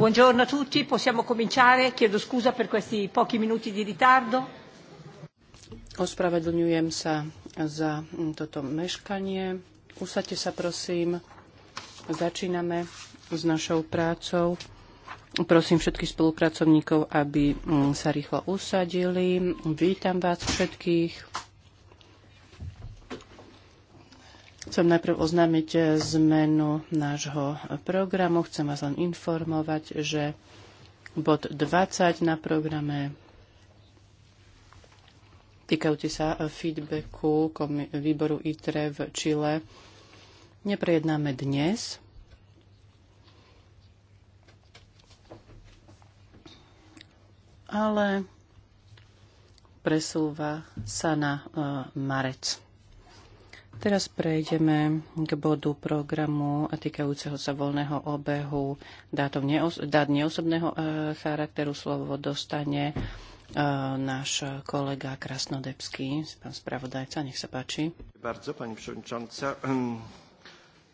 Buongiorno a tutti, possiamo cominciare? Chiedo scusa per questi pochi minuti di ritardo. Ospravedlňujem sa za mm, toto meškanie. Usadte sa prosím. Začíname s našou prácou. Prosím všetkých spolupracovníkov, aby mm, sa rýchlo usadili. Vítam vás všetkých. Chcem najprv oznámiť eh, zmenu nášho programu. Chcem vás len informovať, že bod 20 na programe týkajúci sa feedbacku výboru ITRE v Čile neprejednáme dnes. ale presúva sa na e, marec. Teraz prejdeme k bodu programu týkajúceho sa voľného obehu Dátom neos- dát neosobného e, charakteru. Slovo dostane e, náš kolega Krasnodebský, pán spravodajca, nech sa páči. Bardzo, pani przewodnicząca.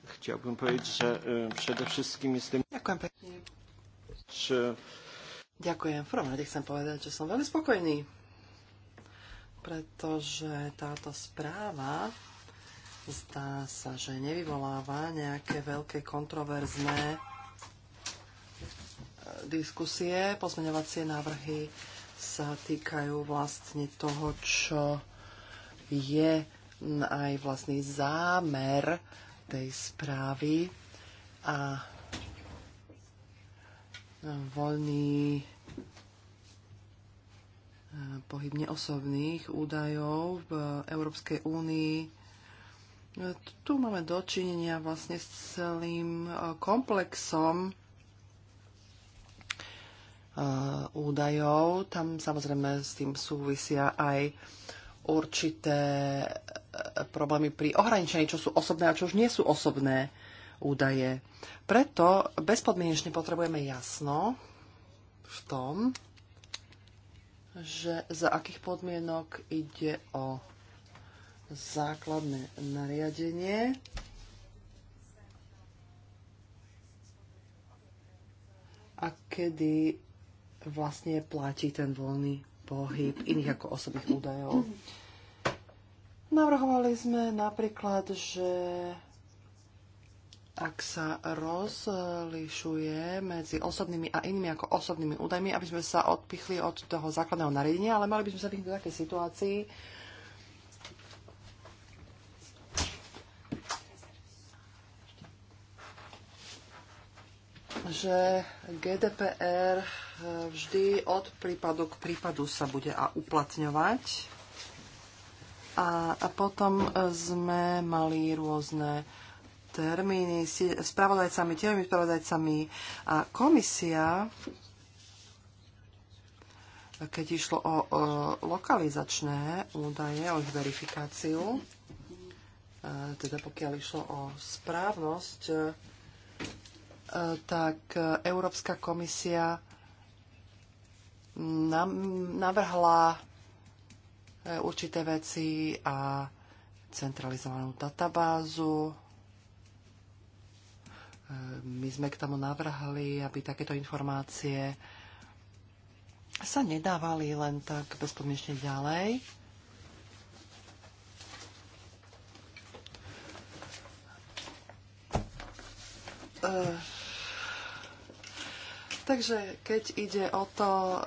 Chciałbym powiedzieć, że e, przede wszystkim jestem... Ďakujem pekne. Czy... E, Ďakujem. V prvom rade chcem povedať, že som veľmi spokojný, pretože táto správa zdá sa, že nevyvoláva nejaké veľké kontroverzné e, diskusie. Pozmeňovacie návrhy sa týkajú vlastne toho, čo je aj vlastný zámer tej správy a voľný e, pohyb neosobných údajov v Európskej únii tu máme dočinenia vlastne s celým e, komplexom e, údajov. Tam samozrejme s tým súvisia aj určité e, problémy pri ohraničení, čo sú osobné a čo už nie sú osobné údaje. Preto bezpodmienečne potrebujeme jasno v tom, že za akých podmienok ide o základné nariadenie. A kedy vlastne platí ten voľný pohyb iných ako osobných údajov. Navrhovali sme napríklad, že ak sa rozlišuje medzi osobnými a inými ako osobnými údajmi, aby sme sa odpichli od toho základného nariadenia, ale mali by sme sa vyhnúť do takej situácii, že GDPR eh, vždy od prípadu k prípadu sa bude a uplatňovať. A, a potom eh, sme mali rôzne termíny s spravodajcami, tieľmi spravodajcami a komisia, keď išlo o, o lokalizačné údaje, o ich verifikáciu, eh, teda pokiaľ išlo o správnosť tak Európska komisia navrhla e, určité veci a centralizovanú databázu. E, my sme k tomu navrhli, aby takéto informácie sa nedávali len tak bezpodmienečne ďalej. Uh Takže keď ide o to e, e,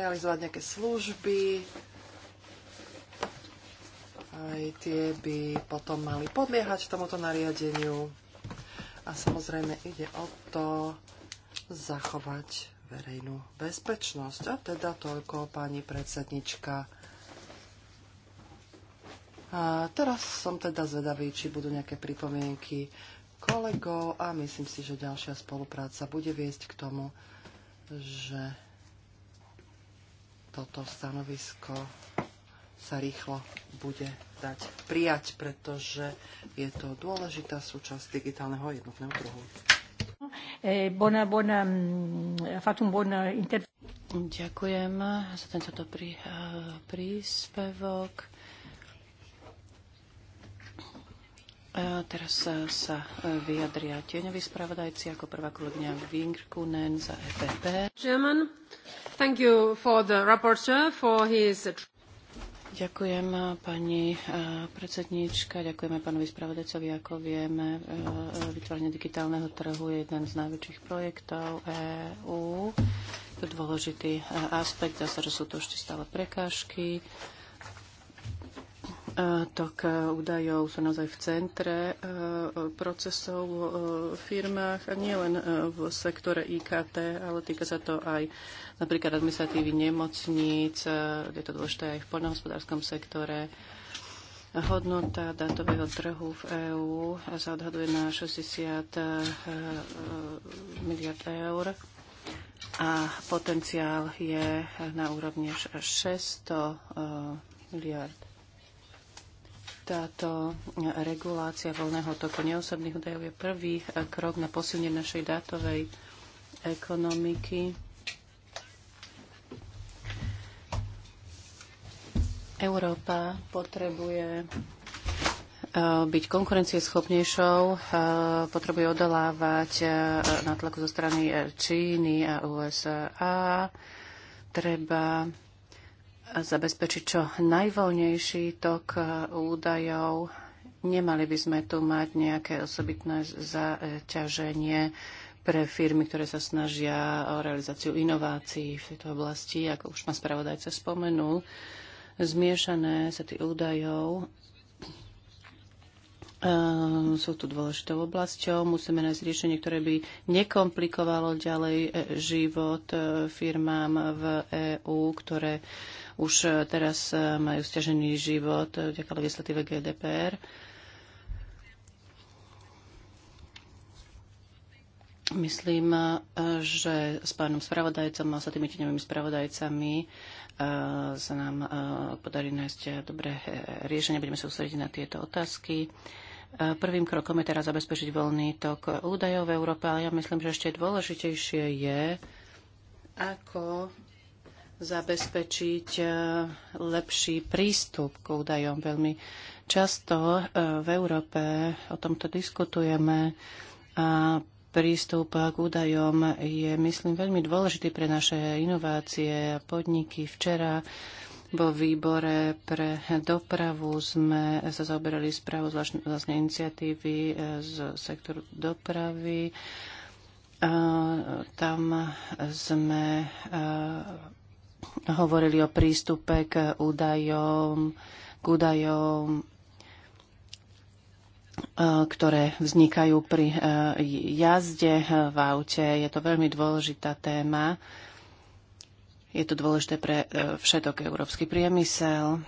realizovať nejaké služby, aj tie by potom mali podliehať tomuto nariadeniu. A samozrejme ide o to zachovať verejnú bezpečnosť. A teda toľko, pani predsednička. A teraz som teda zvedavý, či budú nejaké pripomienky kolegov a myslím si, že ďalšia spolupráca bude viesť k tomu, že toto stanovisko sa rýchlo bude dať prijať, pretože je to dôležitá súčasť digitálneho jednotného trhu. E, bona, bona, mm, bona eh, inter... Ďakujem za tento eh, príspevok. E, teraz sa vyjadria tieňoví spravodajci ako prvá kolegyňa Vinkunen za EPP. Chairman, thank you for the rapporteur for his... Ďakujem pani e, predsedníčka, ďakujeme pánovi spravodajcovi, ako vieme, e, vytvorenie digitálneho trhu je jeden z najväčších projektov EÚ. To je dôležitý aspekt, zase, že sú tu ešte stále prekážky E, tak e, údajov sú naozaj v centre e, procesov v firmách a nie len v sektore IKT, ale týka sa to aj napríklad administratívy nemocníc, je to dôležité aj v poľnohospodárskom sektore. Hodnota datového trhu v EÚ sa odhaduje na 60 miliard eur a potenciál je na úrovni 600 miliard táto regulácia voľného toku neosobných údajov je prvý krok na posilnenie našej dátovej ekonomiky. Európa potrebuje eh, byť konkurencieschopnejšou, eh, potrebuje odolávať eh, na tlaku zo strany Číny a USA. Treba zabezpečiť čo najvoľnejší tok e, údajov. Nemali by sme tu mať nejaké osobitné zaťaženie pre firmy, ktoré sa snažia o realizáciu inovácií v tejto oblasti, ako už ma spravodajca spomenul, zmiešané sa tých údajov e, sú tu dôležitou oblasťou. Musíme nájsť riešenie, ktoré by nekomplikovalo ďalej e, život firmám v EÚ, ktoré už e, teraz e, majú stiažený život e, vďaka legislatíve GDPR. Myslím, že s pánom spravodajcom a s tými teňovými spravodajcami sa nám podarí nájsť dobré riešenie. Budeme sa usrediť na tieto otázky. Prvým krokom je teraz zabezpečiť voľný tok údajov v Európe, ale ja myslím, že ešte dôležitejšie je, ako zabezpečiť e, lepší prístup k údajom. Veľmi často e, v Európe o tomto diskutujeme a prístup k údajom je, myslím, veľmi dôležitý pre naše inovácie a podniky. Včera vo výbore pre dopravu sme sa zaoberali správu zvláštne vlastne iniciatívy e, z sektoru dopravy. Tam sme hovorili o prístupe k údajom, k údajom e, ktoré vznikajú pri e, jazde e, v aute. Je to veľmi dôležitá téma. Je to dôležité pre všetok európsky priemysel.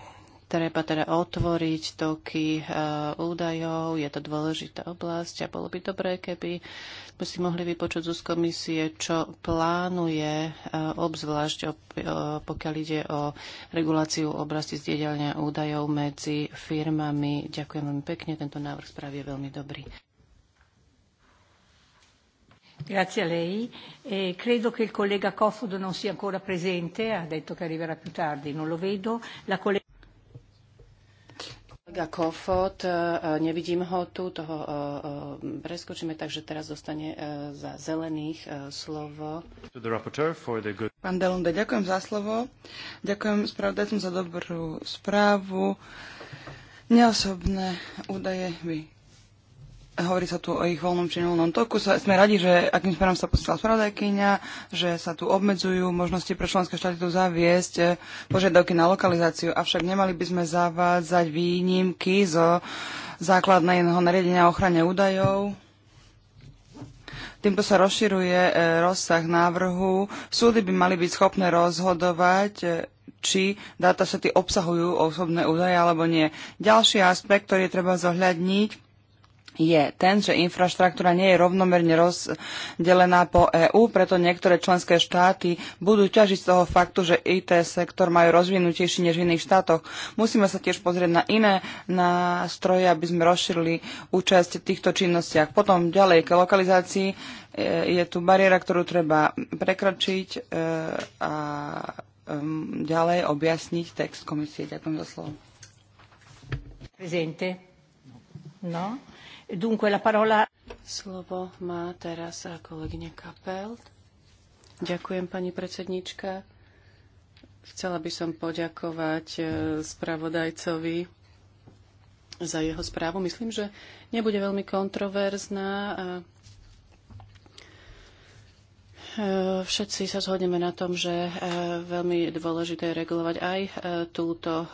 Treba teda otvoriť toky e, údajov, je to dôležitá oblasť a bolo by dobré, keby sme si mohli vypočuť z komisie, čo plánuje, e, obzvlášť o, e, pokiaľ ide o reguláciu oblasti zdieľania údajov medzi firmami. Ďakujem veľmi pekne, tento návrh správy je veľmi dobrý. Grazie a lei. Eh, credo che il collega Cofodo non sia ancora presente, ha detto che arriverà più tardi, non lo vedo. La collega... Kolega Kofot, e, e, nevidím ho tu, toho e, preskočíme, takže teraz dostane za zelených slovo. Pán Delunde, ďakujem za slovo. Ďakujem spravodajcom za dobrú správu. Neosobné údaje by Hovorí sa tu o ich voľnom či nevoľnom toku. Sme radi, že akým smerom sa posiela spravodajkyňa, že sa tu obmedzujú možnosti pre členské štáty tu zaviesť eh, požiadavky na lokalizáciu, avšak nemali by sme zavádzať výnimky zo základného nariadenia o ochrane údajov. Týmto sa rozširuje eh, rozsah návrhu. Súdy by mali byť schopné rozhodovať eh, či datasety obsahujú osobné údaje alebo nie. Ďalší aspekt, ktorý je treba zohľadniť, je ten, že infraštruktúra nie je rovnomerne rozdelená po EÚ, preto niektoré členské štáty budú ťažiť z toho faktu, že IT sektor majú rozvinutejší než v iných štátoch. Musíme sa tiež pozrieť na iné nástroje, aby sme rozšírili účasť v týchto činnostiach. Potom ďalej k lokalizácii e, je tu bariéra, ktorú treba prekročiť e, a ďalej objasniť text komisie. Ďakujem za slovo. No. Dunque la parola... Slovo má teraz kolegyňa Kapel. Ďakujem, pani predsednička. Chcela by som poďakovať e, spravodajcovi za jeho správu. Myslím, že nebude veľmi kontroverzná Eh, všetci sa zhodneme na tom, že eh, veľmi dôležité je regulovať aj eh, túto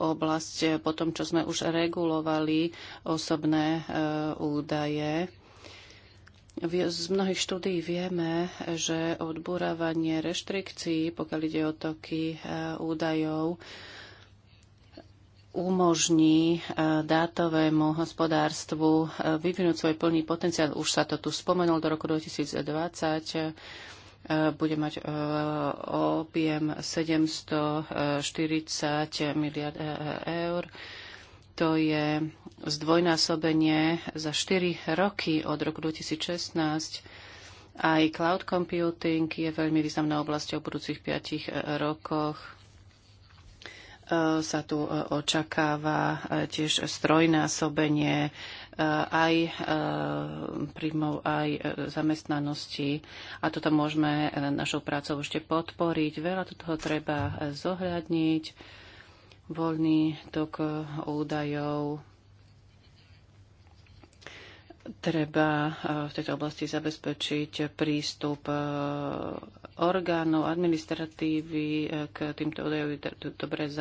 oblasť po tom, čo sme už regulovali osobné údaje. Z mnohých štúdí vieme, že odburávanie reštrikcií, pokiaľ ide o toky údajov, umožní e, dátovému hospodárstvu e, vyvinúť svoj plný potenciál. Už sa to tu spomenul do roku 2020 e, bude mať objem 740 miliard eur. To je zdvojnásobenie za 4 roky od roku 2016. Aj cloud computing je veľmi významnou oblasťou v budúcich 5 rokoch Eh, sa tu eh, očakáva eh, tiež strojnásobenie aj príjmov, aj zamestnanosti. A toto môžeme našou prácou ešte podporiť. Veľa toho treba zohľadniť. Voľný tok údajov, treba v tejto oblasti zabezpečiť prístup orgánov administratívy e, k týmto údajom dobre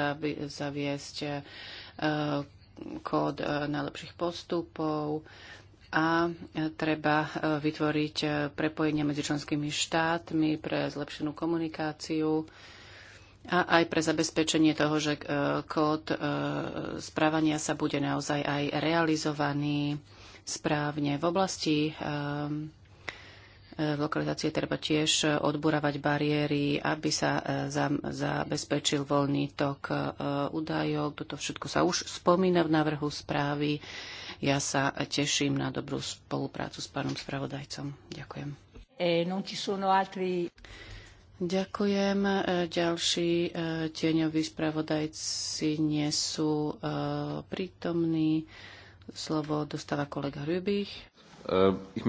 zaviesť e, kód e, najlepších postupov a treba vytvoriť prepojenie medzi členskými štátmi pre zlepšenú komunikáciu a aj pre zabezpečenie toho, že kód správania sa bude naozaj aj realizovaný správne v oblasti v lokalizácii treba tiež odburavať bariéry, aby sa e, zabezpečil voľný tok e, údajov. Toto všetko sa už spomína v návrhu správy. Ja sa teším na dobrú spoluprácu s pánom spravodajcom. Ďakujem. E, Ďakujem. E, ďalší tieňoví spravodajci nie sú prítomní. Slovo dostáva kolega Hrubých. E, ich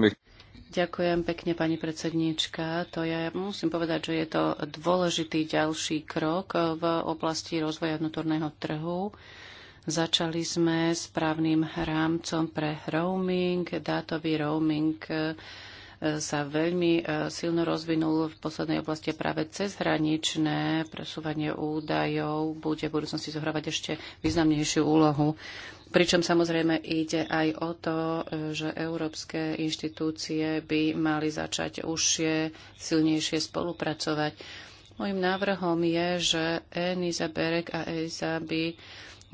Ďakujem pekne, pani predsedníčka. To ja musím povedať, že je to dôležitý ďalší krok v oblasti rozvoja vnútorného trhu. Začali sme s právnym rámcom pre roaming. Dátový roaming e, sa veľmi e, silno rozvinul v poslednej oblasti práve cezhraničné presúvanie údajov bude v budúcnosti zohrávať ešte významnejšiu úlohu. Pričom samozrejme ide aj o to, že európske inštitúcie by mali začať užšie, silnejšie spolupracovať. Mojím návrhom je, že Enisa Berek a EISA by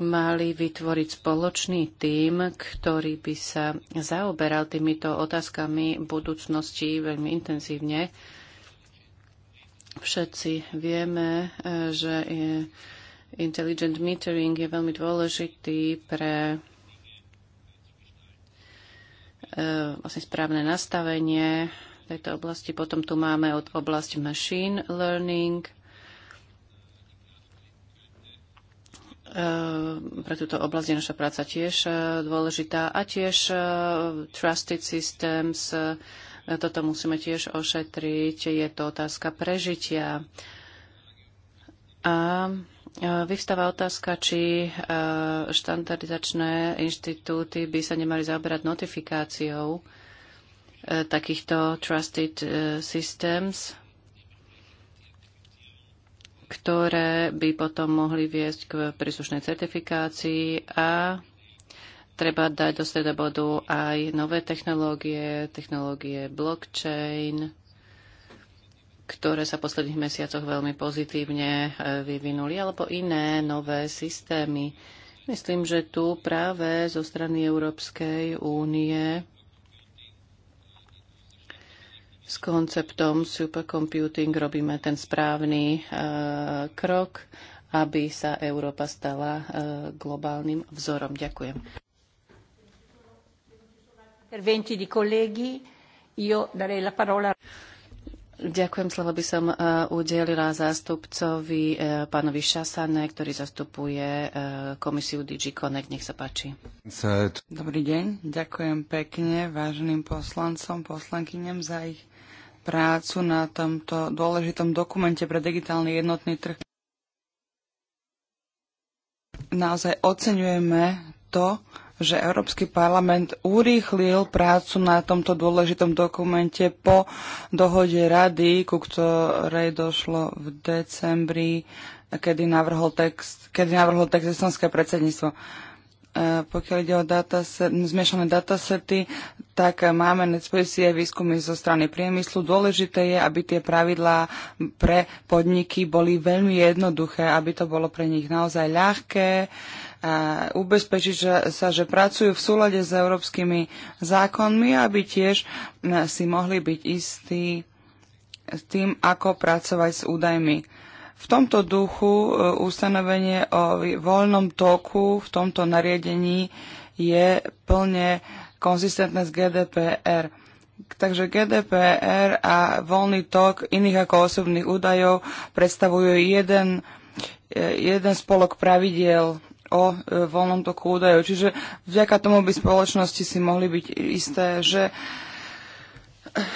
mali vytvoriť spoločný tím, ktorý by sa zaoberal týmito otázkami budúcnosti veľmi intenzívne. Všetci vieme, že je Intelligent metering je veľmi dôležitý pre e, vlastne správne nastavenie tejto oblasti. Potom tu máme od oblasti machine learning. E, pre túto oblasť je naša práca tiež e, dôležitá. A tiež trusted systems, toto musíme tiež ošetriť. Je to otázka prežitia. A Eh, vyvstáva otázka, či eh, štandardizačné inštitúty by sa nemali zaoberať notifikáciou eh, takýchto trusted systems, ktoré by potom mohli viesť k príslušnej certifikácii a treba dať do stredobodu aj nové technológie, technológie blockchain, ktoré sa v posledných mesiacoch veľmi pozitívne e, vyvinuli, alebo iné nové systémy. Myslím, že tu práve zo strany Európskej únie s konceptom supercomputing robíme ten správny e, krok, aby sa Európa stala e, globálnym vzorom. Ďakujem. Interventi di colleghi. Io darei la parola. Ďakujem, slovo by som e, udelila zástupcovi e, pánovi Šasane, ktorý zastupuje e, komisiu DG Connect. Nech sa páči. Dobrý deň, ďakujem pekne váženým poslancom, poslankyňam za ich prácu na tomto dôležitom dokumente pre digitálny jednotný trh. Naozaj oceňujeme to, že Európsky parlament urýchlil prácu na tomto dôležitom dokumente po dohode rady, ku ktorej došlo v decembri, kedy navrhol text, kedy navrhol text estonské predsedníctvo. E, pokiaľ ide o dataset, zmiešané datasety, tak máme na aj výskumy zo strany priemyslu. Dôležité je, aby tie pravidlá pre podniky boli veľmi jednoduché, aby to bolo pre nich naozaj ľahké ubezpečiť že, sa, že pracujú v súlade s európskymi zákonmi, aby tiež si mohli byť istí tým, ako pracovať s údajmi. V tomto duchu e, ustanovenie o voľnom toku v tomto nariadení je plne konzistentné s GDPR. Takže GDPR a voľný tok iných ako osobných údajov predstavujú jeden, e, jeden spolok pravidiel o e, voľnom toku údajov. Čiže vďaka tomu by spoločnosti si mohli byť isté, že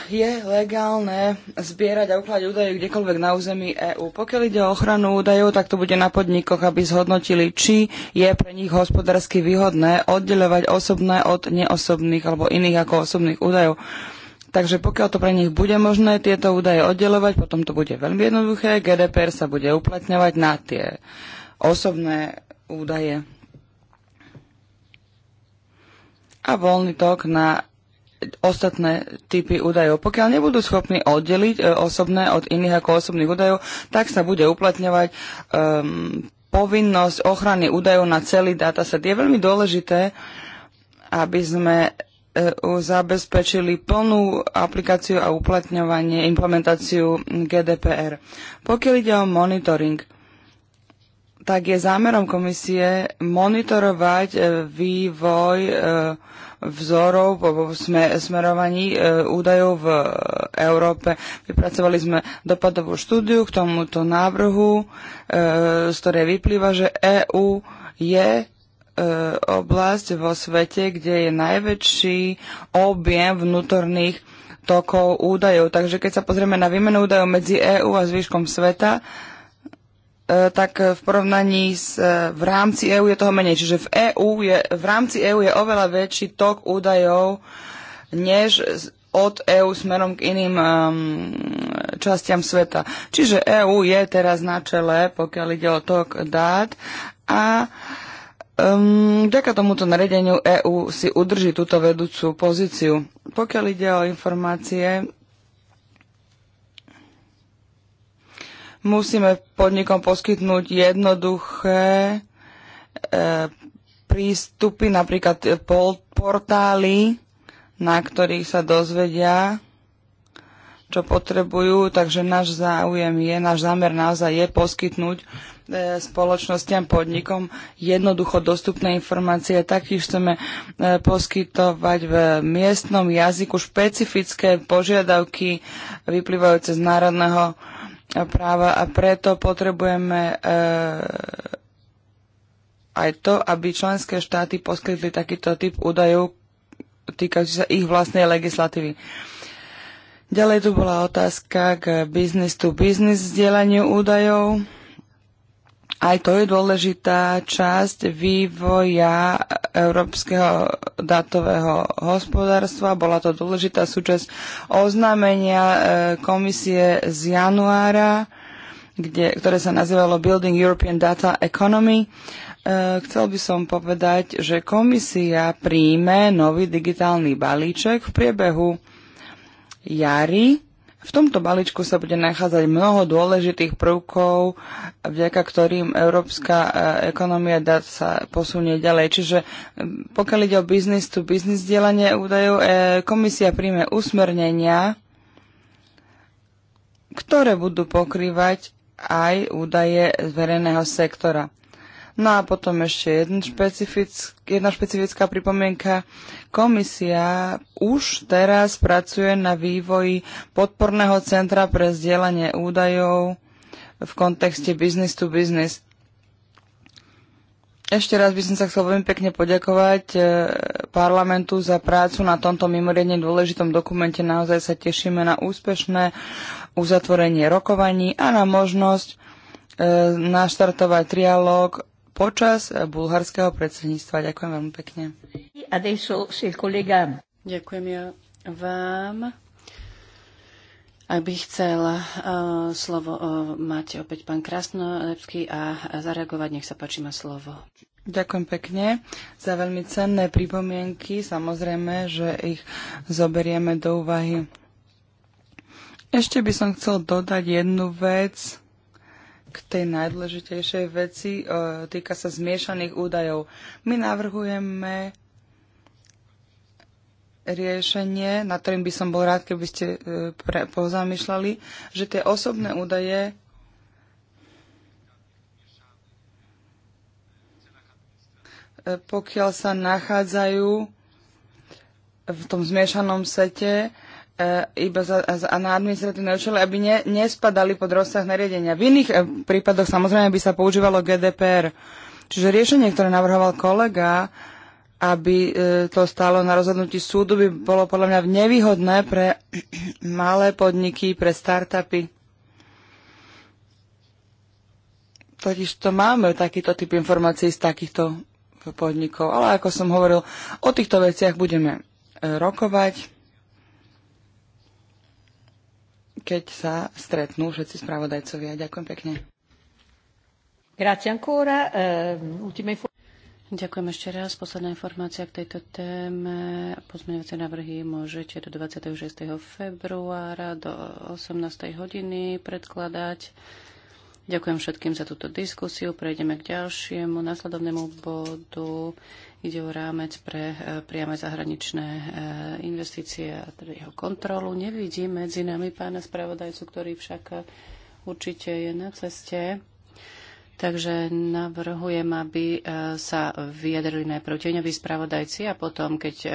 je legálne zbierať a ukladať údaje kdekoľvek na území EÚ. Pokiaľ ide o ochranu údajov, tak to bude na podnikoch, aby zhodnotili, či je pre nich hospodársky výhodné oddeľovať osobné od neosobných alebo iných ako osobných údajov. Takže pokiaľ to pre nich bude možné tieto údaje oddelovať, potom to bude veľmi jednoduché. GDPR sa bude uplatňovať na tie osobné údaje. A voľný tok na ostatné typy údajov. Pokiaľ nebudú schopní oddeliť e, osobné od iných ako osobných údajov, tak sa bude uplatňovať um, povinnosť ochrany údajov na celý dataset. Je veľmi dôležité, aby sme e, zabezpečili plnú aplikáciu a uplatňovanie, implementáciu GDPR. Pokiaľ ide o monitoring, tak je zámerom komisie monitorovať e, vývoj e, vzorov po smerovaní e, údajov v Európe. Vypracovali sme dopadovú štúdiu k tomuto návrhu, z ktorej vyplýva, že EÚ je oblasť vo svete, kde je najväčší objem vnútorných tokov údajov. Takže keď sa pozrieme na výmenu údajov medzi EÚ a zvyškom sveta, E, tak v porovnaní s, e, v rámci EÚ je toho menej. Čiže v, EU je, v rámci EÚ je oveľa väčší tok údajov, než od EÚ smerom k iným um, častiam sveta. Čiže EÚ je teraz na čele, pokiaľ ide o tok dát a um, vďaka tomuto naredeniu EÚ si udrží túto vedúcu pozíciu. Pokiaľ ide o informácie, Musíme podnikom poskytnúť jednoduché e, prístupy, napríklad e, portály, na ktorých sa dozvedia, čo potrebujú, takže náš záujem je, náš zámer naozaj je poskytnúť e, spoločnostiam, podnikom jednoducho dostupné informácie. Taktiež chceme e, poskytovať v miestnom jazyku špecifické požiadavky vyplývajúce z národného práva a preto potrebujeme eh, aj to, aby členské štáty poskytli takýto typ údajov týkajúci sa ich vlastnej legislatívy. Ďalej tu bola otázka k business to business zdieľaniu údajov. Aj to je dôležitá časť vývoja európskeho datového hospodárstva. Bola to dôležitá súčasť oznámenia e, komisie z januára, kde, ktoré sa nazývalo Building European Data Economy. E, chcel by som povedať, že komisia príjme nový digitálny balíček v priebehu jary v tomto balíčku sa bude nachádzať mnoho dôležitých prvkov, vďaka ktorým európska e, ekonomia dá sa posunie ďalej. Čiže pokiaľ ide o biznis, tu biznis dielanie údajov, e, komisia príjme usmernenia, ktoré budú pokrývať aj údaje z verejného sektora. No a potom ešte jedna špecifická pripomienka. Komisia už teraz pracuje na vývoji podporného centra pre zdieľanie údajov v kontexte business to business. Ešte raz by som sa chcel veľmi pekne poďakovať e, parlamentu za prácu na tomto mimoriadne dôležitom dokumente. Naozaj sa tešíme na úspešné uzatvorenie rokovaní a na možnosť e, naštartovať trialóg počas bulharského predsedníctva. Ďakujem veľmi pekne. Adesso collega... Ďakujem ja vám. Ak by chcel uh, slovo uh, mať opäť pán Krasnolepský a, a zareagovať, nech sa páči, má slovo. Ďakujem pekne za veľmi cenné pripomienky. Samozrejme, že ich zoberieme do úvahy. Ešte by som chcel dodať jednu vec k tej najdôležitejšej veci. Uh, týka sa zmiešaných údajov. My navrhujeme riešenie, na ktorým by som bol rád, keby ste e, pre, pozamýšľali, že tie osobné údaje e, pokiaľ sa nachádzajú v tom zmiešanom sete e, iba za, za, na administratívne účely, aby ne, nespadali pod rozsah nariadenia. V iných prípadoch samozrejme by sa používalo GDPR. Čiže riešenie, ktoré navrhoval kolega, aby e, to stálo na rozhodnutí súdu, by bolo podľa mňa nevýhodné pre malé podniky, pre startupy. Totiž to máme takýto typ informácií z takýchto podnikov. Ale ako som hovoril, o týchto veciach budeme e, rokovať, keď sa stretnú všetci spravodajcovia. Ďakujem pekne. Grazie ancora. Uh, e, ultima Ďakujem ešte raz. Posledná informácia k tejto téme. Pozmeňujúce návrhy môžete do 26. februára do 18. hodiny predkladať. Ďakujem všetkým za túto diskusiu. Prejdeme k ďalšiemu následovnému bodu. Ide o rámec pre e, priame zahraničné e, investície a teda jeho kontrolu. Nevidím medzi nami pána spravodajcu, ktorý však určite je na ceste. Takže navrhujem, aby e, sa vyjadrili najprv tieňoví spravodajci a potom, keď e,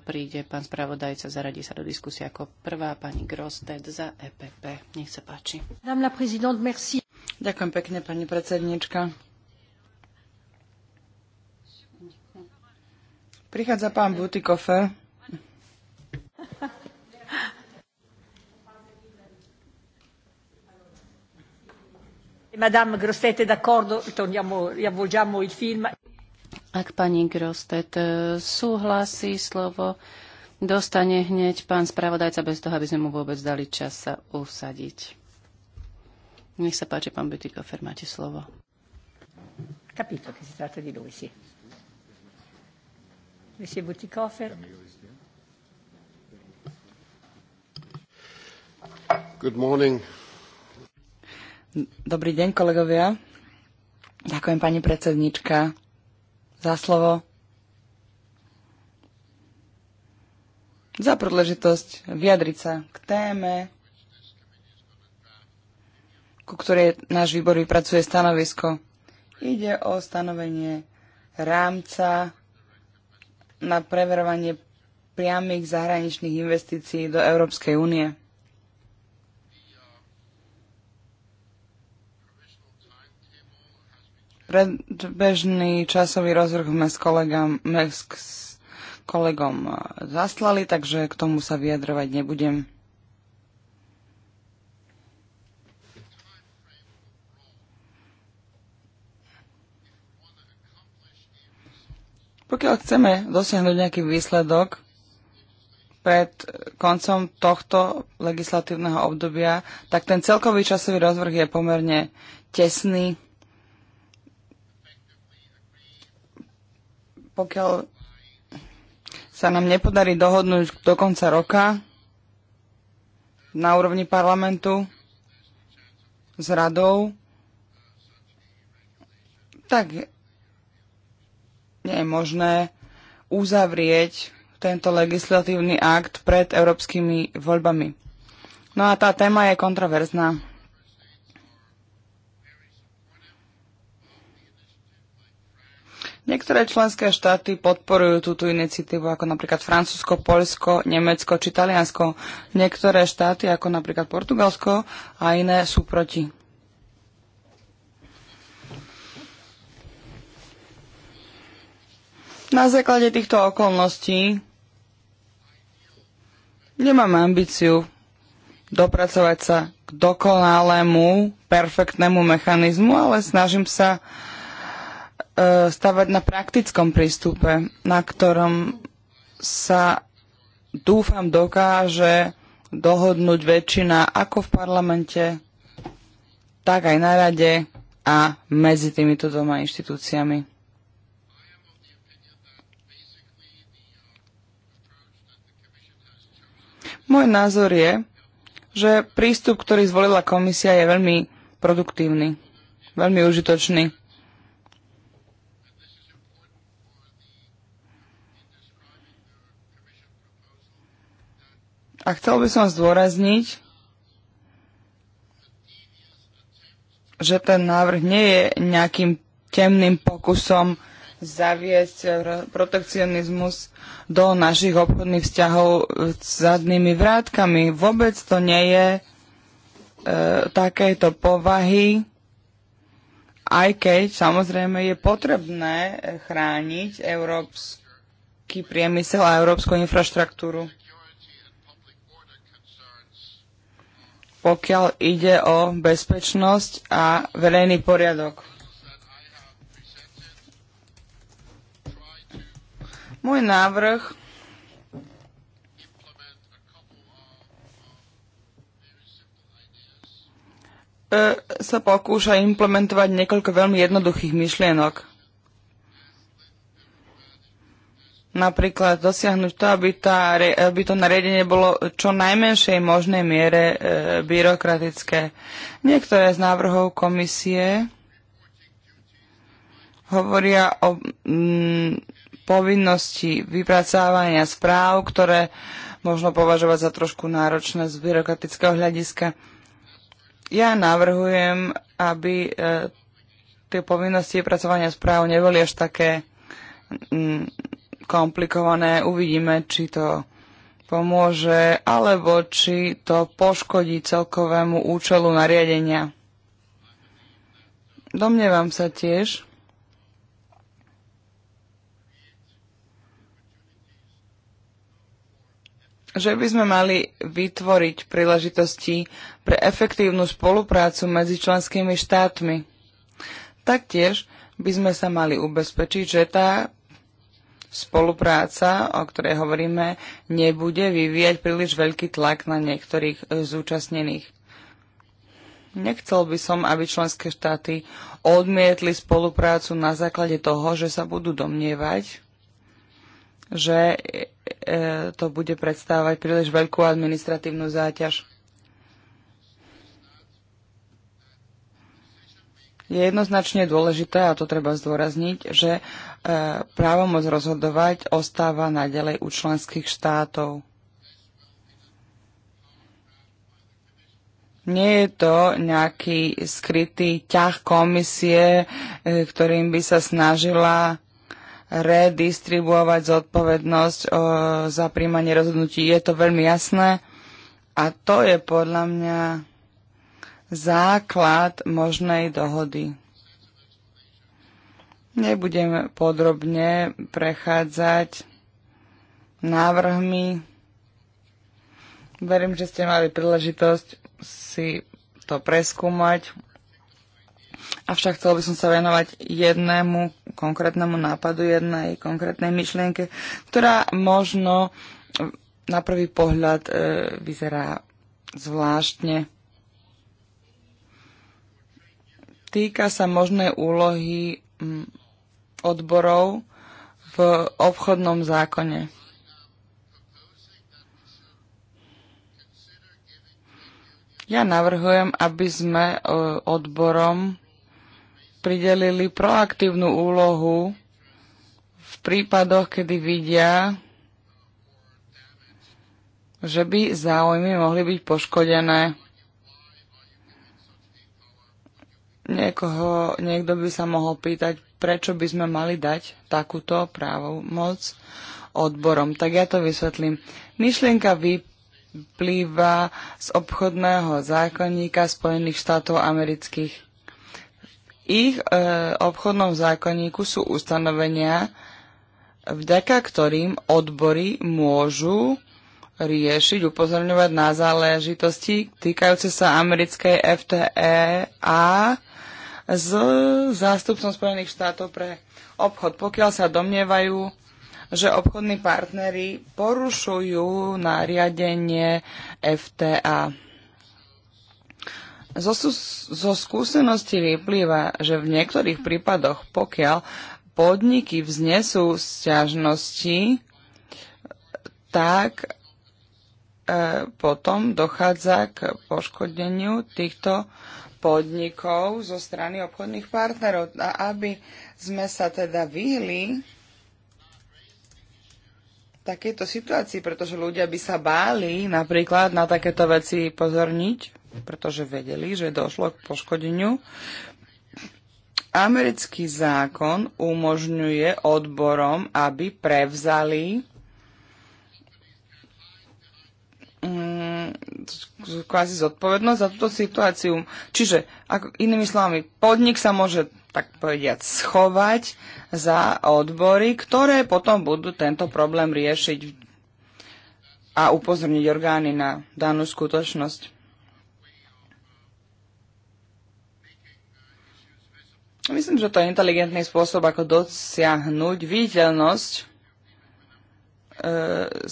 príde pán spravodajca, zaradí sa do diskusie ako prvá pani Grosted za EPP. Nech sa páči. Ďakujem pekne, pani predsednička. Prichádza pán Butikofe. Ak pani grossette eh, súhlasí slovo, dostane hneď pán spravodajca bez toho, aby sme mu vôbec dali čas sa usadiť. Nech sa páči, pán Bütikofer, máte slovo. Capito che si tratta di lui, sì. Monsieur Butikofer. Good morning, Dobrý deň, kolegovia. Ďakujem, pani predsednička, za slovo. Za príležitosť vyjadriť sa k téme, ku ktorej náš výbor vypracuje stanovisko. Ide o stanovenie rámca na preverovanie priamých zahraničných investícií do Európskej únie. Predbežný časový rozvrh sme s, kolegám, s kolegom e, zaslali, takže k tomu sa vyjadrovať nebudem. Pokiaľ chceme dosiahnuť nejaký výsledok pred koncom tohto legislatívneho obdobia, tak ten celkový časový rozvrh je pomerne tesný. pokiaľ sa nám nepodarí dohodnúť do konca roka na úrovni parlamentu s radou, tak nie je možné uzavrieť tento legislatívny akt pred európskymi voľbami. No a tá téma je kontroverzná. Niektoré členské štáty podporujú túto iniciatívu, ako napríklad Francúzsko, Polsko, Nemecko či Taliansko. Niektoré štáty, ako napríklad Portugalsko a iné, sú proti. Na základe týchto okolností nemám ambíciu dopracovať sa k dokonalému, perfektnému mechanizmu, ale snažím sa uh, E, stavať na praktickom prístupe, na ktorom sa dúfam dokáže dohodnúť väčšina ako v parlamente, tak aj na rade a medzi týmito dvoma inštitúciami. Môj názor je, že prístup, ktorý zvolila komisia, je veľmi produktívny, veľmi užitočný A chcel by som zdôrazniť, že ten návrh nie je nejakým temným pokusom zaviesť protekcionizmus do našich obchodných vzťahov s zadnými vrátkami. Vôbec to nie je e, takéto povahy, aj keď samozrejme je potrebné chrániť európsky priemysel a európsku infraštruktúru. pokiaľ ide o bezpečnosť a verejný poriadok. Môj návrh e, sa pokúša implementovať niekoľko veľmi jednoduchých myšlienok. napríklad dosiahnuť to, aby, tá, aby to nariadenie bolo čo najmenšej možnej miere e, byrokratické. Niektoré z návrhov komisie hovoria o mm, povinnosti vypracávania správ, ktoré možno považovať za trošku náročné z byrokratického hľadiska. Ja navrhujem, aby e, tie povinnosti vypracovania správ neboli až také mm, komplikované. Uvidíme, či to pomôže, alebo či to poškodí celkovému účelu nariadenia. Domnievam sa tiež, že by sme mali vytvoriť príležitosti pre efektívnu spoluprácu medzi členskými štátmi. Taktiež by sme sa mali ubezpečiť, že tá spolupráca, o ktorej hovoríme, nebude vyvíjať príliš veľký tlak na niektorých e, zúčastnených. Nechcel by som, aby členské štáty odmietli spoluprácu na základe toho, že sa budú domnievať, že e, e, to bude predstávať príliš veľkú administratívnu záťaž. Je jednoznačne dôležité, a to treba zdôrazniť, že E, právomoc rozhodovať ostáva naďalej u členských štátov. Nie je to nejaký skrytý ťah komisie, e, ktorým by sa snažila redistribuovať zodpovednosť e, za príjmanie rozhodnutí. Je to veľmi jasné a to je podľa mňa základ možnej dohody. Nebudem podrobne prechádzať návrhmi. Verím, že ste mali príležitosť si to preskúmať. Avšak chcel by som sa venovať jednému konkrétnemu nápadu, jednej konkrétnej myšlienke, ktorá možno na prvý pohľad e, vyzerá zvláštne. Týka sa možnej úlohy odborov v obchodnom zákone. Ja navrhujem, aby sme e, odborom pridelili proaktívnu úlohu v prípadoch, kedy vidia, že by záujmy mohli byť poškodené. Niekoho, niekto by sa mohol pýtať, prečo by sme mali dať takúto právomoc odborom. Tak ja to vysvetlím. Myšlienka vyplýva z obchodného zákonníka Spojených štátov amerických. V ich e, obchodnom zákonníku sú ustanovenia, vďaka ktorým odbory môžu riešiť, upozorňovať na záležitosti týkajúce sa americkej FTE a s zástupcom Spojených štátov pre obchod, pokiaľ sa domnievajú, že obchodní partnery porušujú nariadenie FTA. Zo, zo skúsenosti vyplýva, že v niektorých prípadoch, pokiaľ podniky vznesú sťažnosti, tak e, potom dochádza k poškodeniu týchto podnikov zo strany obchodných partnerov. A aby sme sa teda vyhli takéto situácii, pretože ľudia by sa báli napríklad na takéto veci pozorniť, pretože vedeli, že došlo k poškodeniu. Americký zákon umožňuje odborom, aby prevzali kvázi zodpovednosť za túto situáciu. Čiže, ako, inými slovami, podnik sa môže, tak povediať, schovať za odbory, ktoré potom budú tento problém riešiť a upozorniť orgány na danú skutočnosť. Myslím, že to je inteligentný spôsob, ako dosiahnuť viditeľnosť e,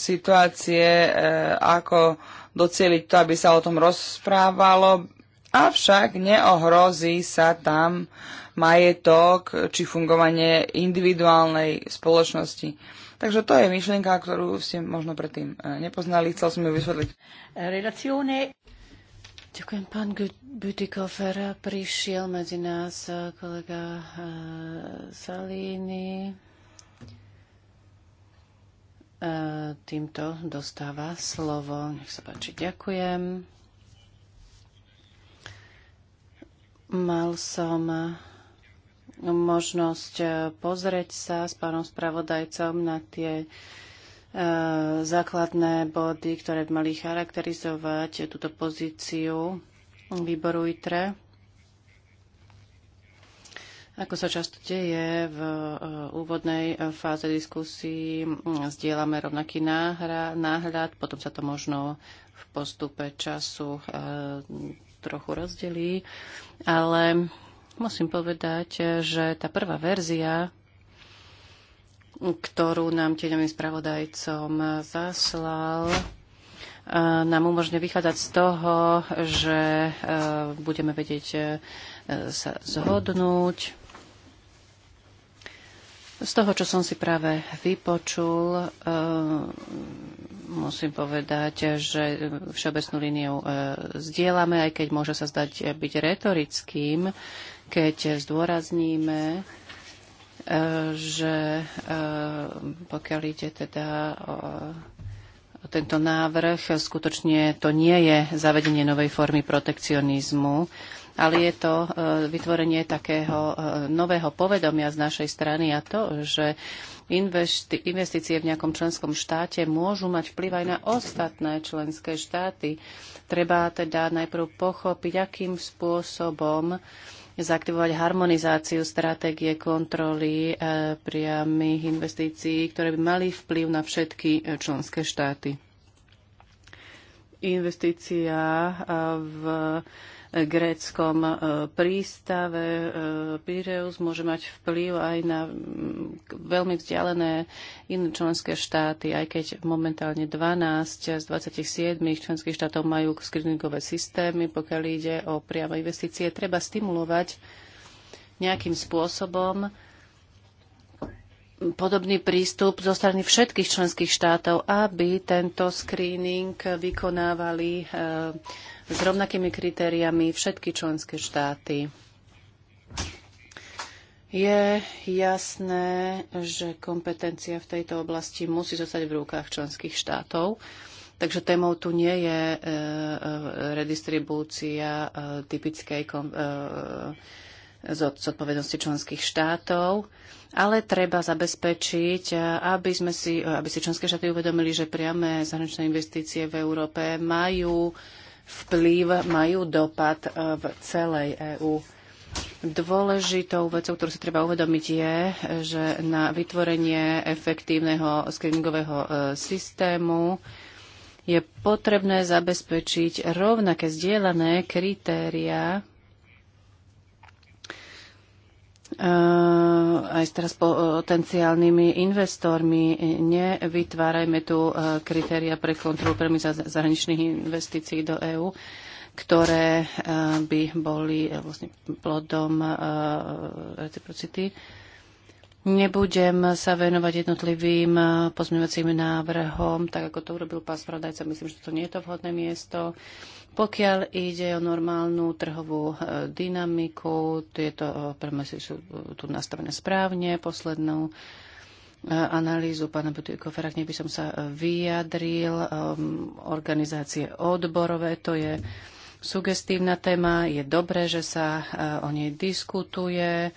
situácie, e, ako docieliť to, aby sa o tom rozprávalo, avšak neohrozí sa tam majetok či fungovanie individuálnej spoločnosti. Takže to je myšlienka, ktorú ste možno predtým e, nepoznali. Chcel som ju vysvetliť. Relacione. Ďakujem, pán Butikofer. Prišiel medzi nás e, kolega e, Salini týmto dostáva slovo. Nech sa páči, ďakujem. Mal som možnosť pozrieť sa s pánom spravodajcom na tie e, základné body, ktoré by mali charakterizovať túto pozíciu výboru ITRE. Ako sa často deje v eh, úvodnej eh, fáze diskusí, mm, zdieľame rovnaký náhľad, potom sa to možno v postupe času eh, trochu rozdelí, ale musím povedať, že tá prvá verzia, ktorú nám tieňovým spravodajcom zaslal, nám umožňuje vychádzať z toho, že budeme vedieť sa zhodnúť z toho, čo som si práve vypočul, e, musím povedať, že všeobecnú líniu e, zdieľame, aj keď môže sa zdať e, byť retorickým, keď zdôrazníme, že pokiaľ ide teda o tento návrh, skutočne to nie je zavedenie novej formy protekcionizmu, ale je to e, vytvorenie takého e, nového povedomia z našej strany a to, že investície v nejakom členskom štáte môžu mať vplyv aj na ostatné členské štáty. Treba teda najprv pochopiť, akým spôsobom zaktivovať harmonizáciu stratégie kontroly e, priamých investícií, ktoré by mali vplyv na všetky členské štáty. Investícia v gréckom e, prístave e, Pireus môže mať vplyv aj na veľmi vzdialené iné členské štáty, aj keď momentálne 12 z 27 členských štátov majú screeningové systémy, pokiaľ ide o priame investície. Treba stimulovať nejakým spôsobom podobný prístup zo strany všetkých členských štátov, aby tento screening vykonávali eh, s rovnakými kritériami všetky členské štáty. Je jasné, že kompetencia v tejto oblasti musí zostať v rukách členských štátov. Takže témou tu nie je eh, eh, redistribúcia typickej kom- zodpovednosti členských štátov, ale treba zabezpečiť, aby, sme si, aby si členské štáty uvedomili, že priame zahraničné investície v Európe majú vplyv, majú dopad eh, v celej EÚ. Dôležitou vecou, ktorú si treba uvedomiť, je, že na vytvorenie efektívneho screeningového eh, systému je potrebné zabezpečiť rovnaké zdieľané kritéria aj s teraz eh, potenciálnymi investormi. Nevytvárajme tu eh, kritéria pre kontrolu premi zahraničných investícií do EÚ, ktoré eh, by boli vlastne plodom reciprocity. Uh, Nebudem sa venovať jednotlivým eh, pozmeňovacím návrhom, tak ako to urobil pán spravodajca. Myslím, že to nie je to vhodné miesto. Pokiaľ ide o normálnu trhovú eh, dynamiku, tieto eh, premesy sú tu nastavené správne. Poslednú analýzu pána Butikofera, k by som sa vyjadril. Organizácie odborové, to je sugestívna téma. Je dobré, že sa o nej diskutuje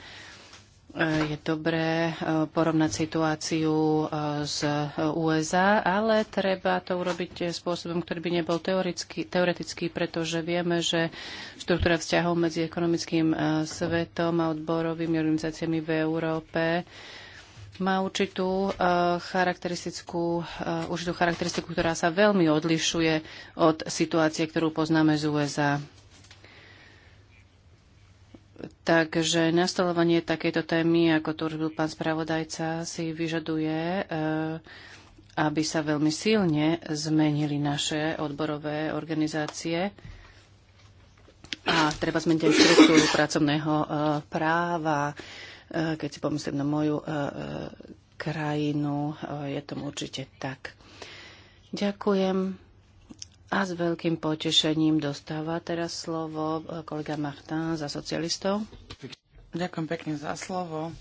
je dobré e, porovnať situáciu e, z USA, ale treba to urobiť e, spôsobom, ktorý by nebol teoretický, teoretický pretože vieme, že štruktúra vzťahov medzi ekonomickým svetom a odborovými organizáciami v Európe má určitú charakteristickú, určitú charakteristiku, ktorá sa veľmi odlišuje od situácie, ktorú poznáme z USA. Takže nastolovanie takejto témy, ako tu už byl pán spravodajca, si vyžaduje, eh, aby sa veľmi silne zmenili naše odborové organizácie a treba zmeniť aj štruktúru pracovného eh, práva. Eh, keď si pomyslím na moju krajinu, je tomu určite tak. Ďakujem. A s veľkým potešením dostáva teraz slovo e, kolega Martin za socialistov. Ďakujem pekne za slovo.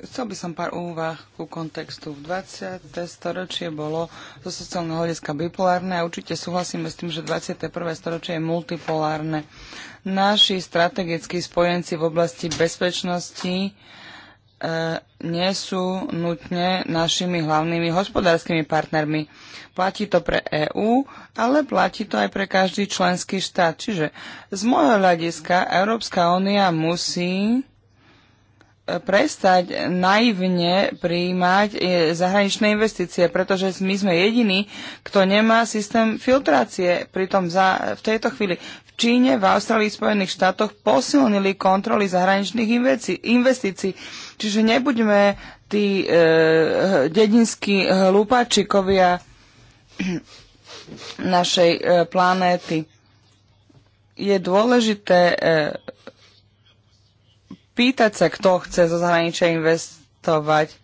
Chcel by som pár úvah ku kontextu. V 20. storočie bolo zo sociálneho hľadiska bipolárne a určite súhlasíme s tým, že 21. storočie je multipolárne. Naši strategickí spojenci v oblasti bezpečnosti E, nie sú nutne našimi hlavnými hospodárskymi partnermi. Platí to pre EÚ, ale platí to aj pre každý členský štát. Čiže z môjho hľadiska Európska únia musí e, prestať naivne prijímať e, zahraničné investície, pretože my sme jediní, kto nemá systém filtrácie. Pritom za, v tejto chvíli Číne, v Austrálii, Spojených štátoch posilnili kontroly zahraničných investícií. Čiže nebuďme tí e, dedinskí hlúpačikovia našej e, planéty. Je dôležité e, pýtať sa, kto chce zo zahraničia investovať.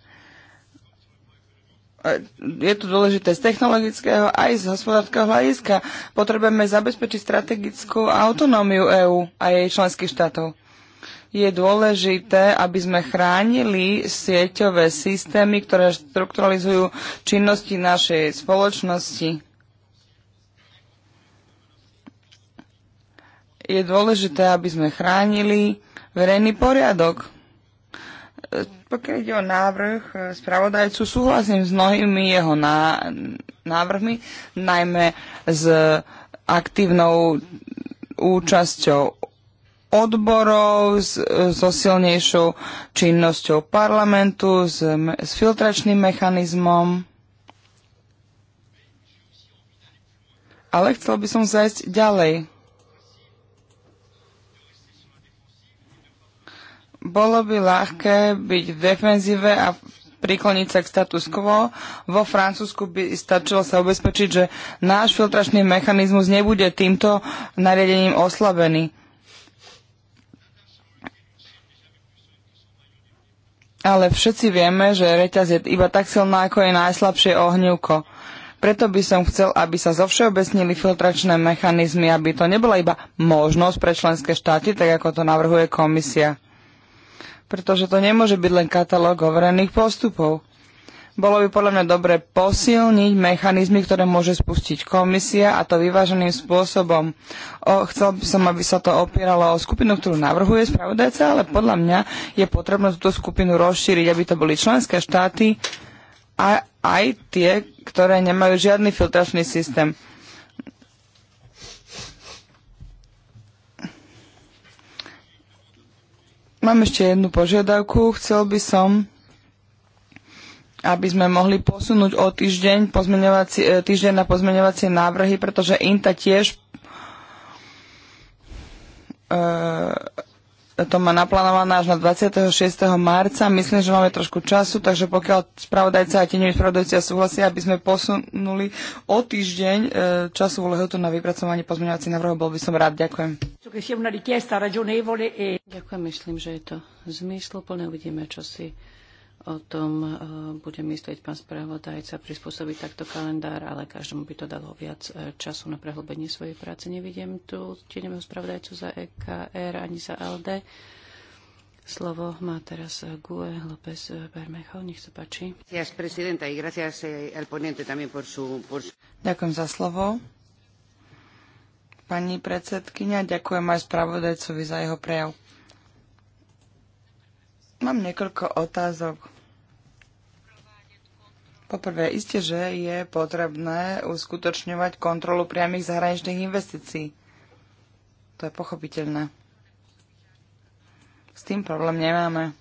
E, je to dôležité z technologického aj z hospodárskeho hľadiska. Potrebujeme zabezpečiť strategickú autonómiu EÚ a jej členských štátov. Je dôležité, aby sme chránili sieťové systémy, ktoré štrukturalizujú činnosti našej spoločnosti. Je dôležité, aby sme chránili verejný poriadok. Pokiaľ ide o návrh e, spravodajcu, súhlasím s mnohými jeho návrhmi, najmä s aktívnou účasťou odborov, s, so silnejšou činnosťou parlamentu, s, s filtračným mechanizmom. Ale chcel by som zajsť ďalej. Bolo by ľahké byť v defenzíve a prikloniť sa k status quo. Vo Francúzsku by stačilo sa ubezpečiť, že náš filtračný mechanizmus nebude týmto nariadením oslabený. Ale všetci vieme, že reťaz je iba tak silná, ako je najslabšie ohnívko. Preto by som chcel, aby sa zovšeobecnili filtračné mechanizmy, aby to nebola iba možnosť pre členské štáty, tak ako to navrhuje komisia pretože to nemôže byť len katalóg overených postupov. Bolo by podľa mňa dobre posilniť mechanizmy, ktoré môže spustiť komisia a to vyváženým spôsobom. O, chcel by som, aby sa to opieralo o skupinu, ktorú navrhuje spravodajca, ale podľa mňa je potrebné túto skupinu rozšíriť, aby to boli členské štáty a aj tie, ktoré nemajú žiadny filtračný systém. Mám ešte jednu požiadavku. Chcel by som, aby sme mohli posunúť o týždeň, e, týždeň na pozmeňovacie návrhy, pretože INTA tiež e, to má naplánované až na 26. marca. Myslím, že máme trošku času, takže pokiaľ spravodajca a tenevi spravodajca súhlasia, aby sme posunuli o týždeň e, času lehotu na vypracovanie pozmeňovacích návrhov, bol by som rád. Ďakujem. E Ďakujem, myslím, že je to zmysluplné. Uvidíme, čo si o tom eh, bude myslieť pán spravodajca, prispôsobiť takto kalendár, ale každému by to dalo viac eh, času na prehlbenie svojej práce. Nevidím tu tieňového spravodajcu za EKR ani za LD. Slovo má teraz eh, Gue López Bermejo. Nech sa páči. Ďakujem za slovo pani predsedkynia. Ďakujem aj spravodajcovi za jeho prejav. Mám niekoľko otázok. Poprvé, isté, že je potrebné uskutočňovať kontrolu priamých zahraničných investícií. To je pochopiteľné. S tým problém nemáme.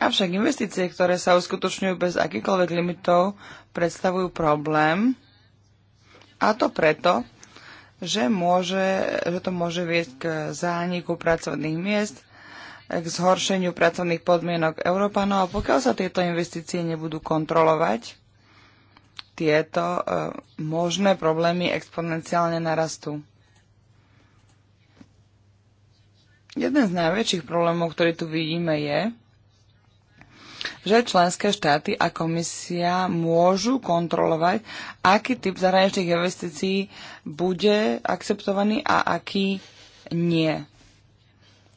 Avšak investície, ktoré sa uskutočňujú bez akýchkoľvek limitov, predstavujú problém. A to preto, že, môže, že to môže viesť k zániku pracovných miest, k zhoršeniu pracovných podmienok Európanov. A pokiaľ sa tieto investície nebudú kontrolovať, tieto e, možné problémy exponenciálne narastú. Jeden z najväčších problémov, ktorý tu vidíme, je, že členské štáty a komisia môžu kontrolovať, aký typ zahraničných investícií bude akceptovaný a aký nie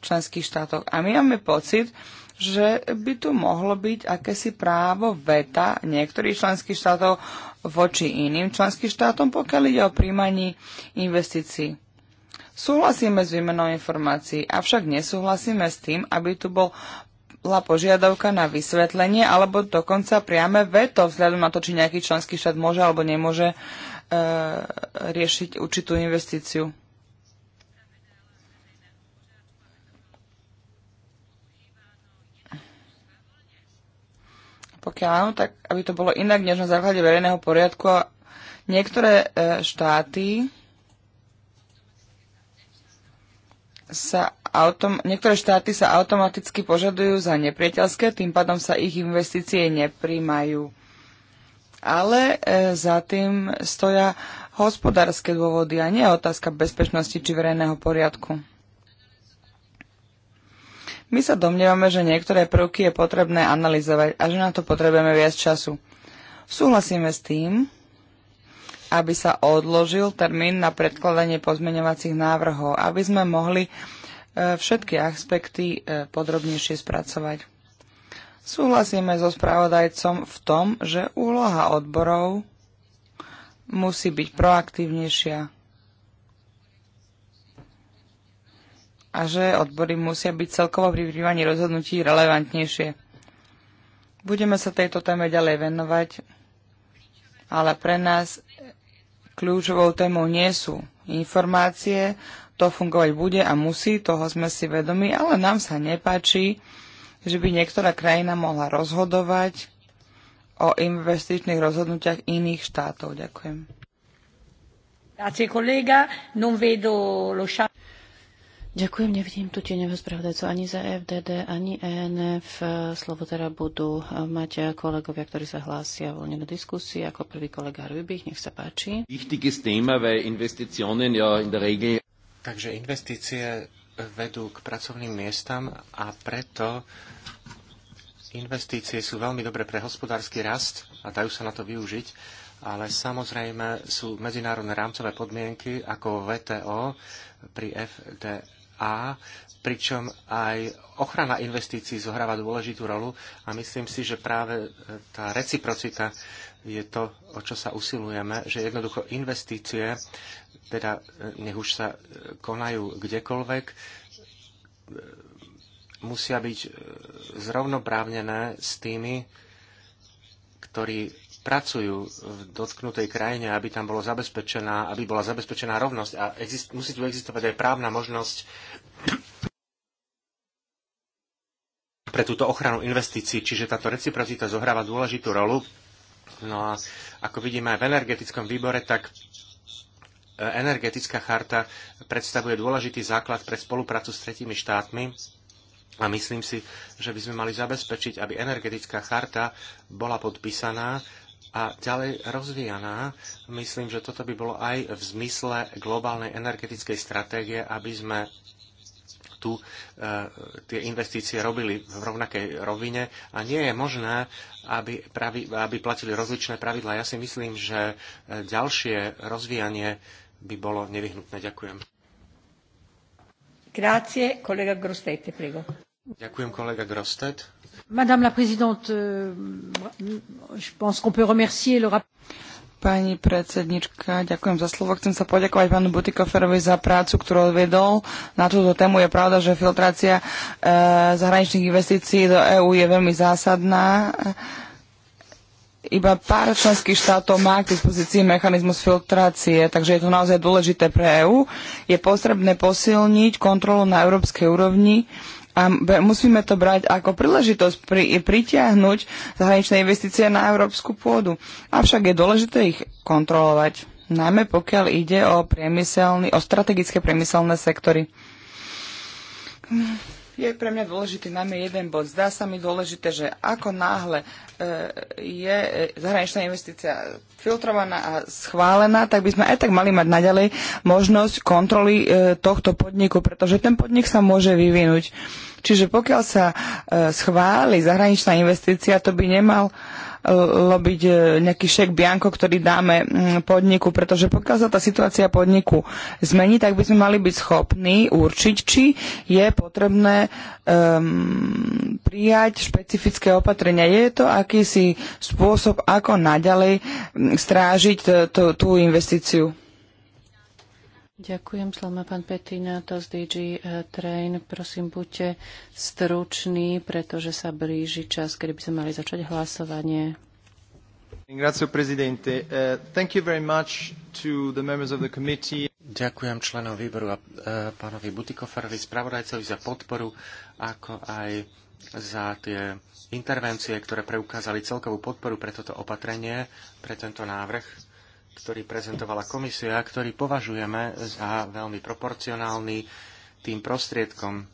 v členských štátoch. A my máme pocit, že by tu mohlo byť akési právo veta niektorých členských štátov voči iným členským štátom, pokiaľ ide o príjmaní investícií. Súhlasíme s výmenou informácií, avšak nesúhlasíme s tým, aby tu bol bola požiadavka na vysvetlenie alebo dokonca priame veto vzhľadom na to, či nejaký členský štát môže alebo nemôže e, riešiť určitú investíciu. Pokiaľ áno, tak aby to bolo inak než na základe verejného poriadku. Niektoré e, štáty sa autom- niektoré štáty sa automaticky požadujú za nepriateľské, tým pádom sa ich investície nepríjmajú. Ale e, za tým stoja hospodárske dôvody a nie otázka bezpečnosti či verejného poriadku. My sa domnievame, že niektoré prvky je potrebné analyzovať a že na to potrebujeme viac času. Súhlasíme s tým, aby sa odložil termín na predkladanie pozmeňovacích návrhov, aby sme mohli e, všetky aspekty e, podrobnejšie spracovať. Súhlasíme so spravodajcom v tom, že úloha odborov musí byť proaktívnejšia a že odbory musia byť celkovo pri príjmaní rozhodnutí relevantnejšie. Budeme sa tejto téme ďalej venovať, ale pre nás Kľúčovou témou nie sú informácie, to fungovať bude a musí, toho sme si vedomi, ale nám sa nepáči, že by niektorá krajina mohla rozhodovať o investičných rozhodnutiach iných štátov. Ďakujem. Grazie collega, non vedo lo Ďakujem, nevidím tu tie spravodajcu ani za e FDD, ani ENF. Slovo teda budú eh, mať eh, kolegovia, ktorí sa hlásia voľne do diskusie. Ako prvý kolega Rybich, nech sa páči. Takže investície vedú k pracovným miestam a preto investície sú veľmi dobre pre hospodársky rast a dajú sa na to využiť, ale samozrejme sú medzinárodné rámcové podmienky ako VTO pri FDE a pričom aj ochrana investícií zohráva dôležitú rolu a myslím si, že práve e, tá reciprocita je to, o čo sa usilujeme, že jednoducho investície, teda e, nech už sa e, konajú kdekoľvek, musia byť zrovnoprávnené s tými, ktorí pracujú v dotknutej krajine, aby tam bolo zabezpečená, aby bola zabezpečená rovnosť a exist, musí tu existovať aj právna možnosť pre túto ochranu investícií, čiže táto reciprocita zohráva dôležitú rolu. No a ako vidíme aj v energetickom výbore, tak e, energetická charta predstavuje dôležitý základ pre spoluprácu s tretími štátmi a myslím si, že by sme mali zabezpečiť, aby energetická charta bola podpísaná a ďalej rozvíjaná. Myslím, že toto by bolo aj v zmysle globálnej energetickej stratégie, aby sme tu e, tie investície robili v rovnakej rovine a nie je možné, aby, pravi, aby platili rozličné pravidlá. Ja si myslím, že e, ďalšie rozvíjanie by bolo nevyhnutné. Ďakujem. Grazie, kolega Grostete, prego. Ďakujem kolega Grostet. Madame la présidente, euh, je pense qu'on peut remercier le Pani predsednička, ďakujem za slovo. Chcem sa poďakovať pánu Butikoferovi za prácu, ktorú odvedol na túto tému. Je pravda, že filtrácia e, zahraničných investícií do EÚ je veľmi zásadná. Iba pár členských štátov má k dispozícii mechanizmus filtrácie, takže je to naozaj dôležité pre EÚ. Je potrebné posilniť kontrolu na európskej úrovni a musíme to brať ako príležitosť pri, pritiahnuť zahraničné investície na európsku pôdu. Avšak je dôležité ich kontrolovať, najmä pokiaľ ide o, priemyselný, o strategické priemyselné sektory je pre mňa dôležitý najmä jeden bod. Zdá sa mi dôležité, že ako náhle e, je e, zahraničná investícia filtrovaná a schválená, tak by sme aj tak mali mať naďalej možnosť kontroly e, tohto podniku, pretože ten podnik sa môže vyvinúť. Čiže pokiaľ sa schváli zahraničná investícia, to by nemal robiť e, nejaký šek bianko, ktorý dáme mm, podniku, pretože pokiaľ sa tá situácia podniku zmení, tak by sme mali byť schopní určiť, či je potrebné um, prijať špecifické opatrenia. Je to akýsi spôsob, ako naďalej mm, strážiť e, tú investíciu. Ďakujem, slova pán Petina, to z DG eh, Train. Prosím, buďte struční, pretože sa blíži čas, kedy by sme mali začať hlasovanie. Eh, Ďakujem členom výboru a eh, pánovi Butikoferovi, spravodajcovi za podporu, ako aj za tie intervencie, ktoré preukázali celkovú podporu pre toto opatrenie, pre tento návrh ktorý prezentovala komisia, ktorý považujeme za veľmi proporcionálny tým prostriedkom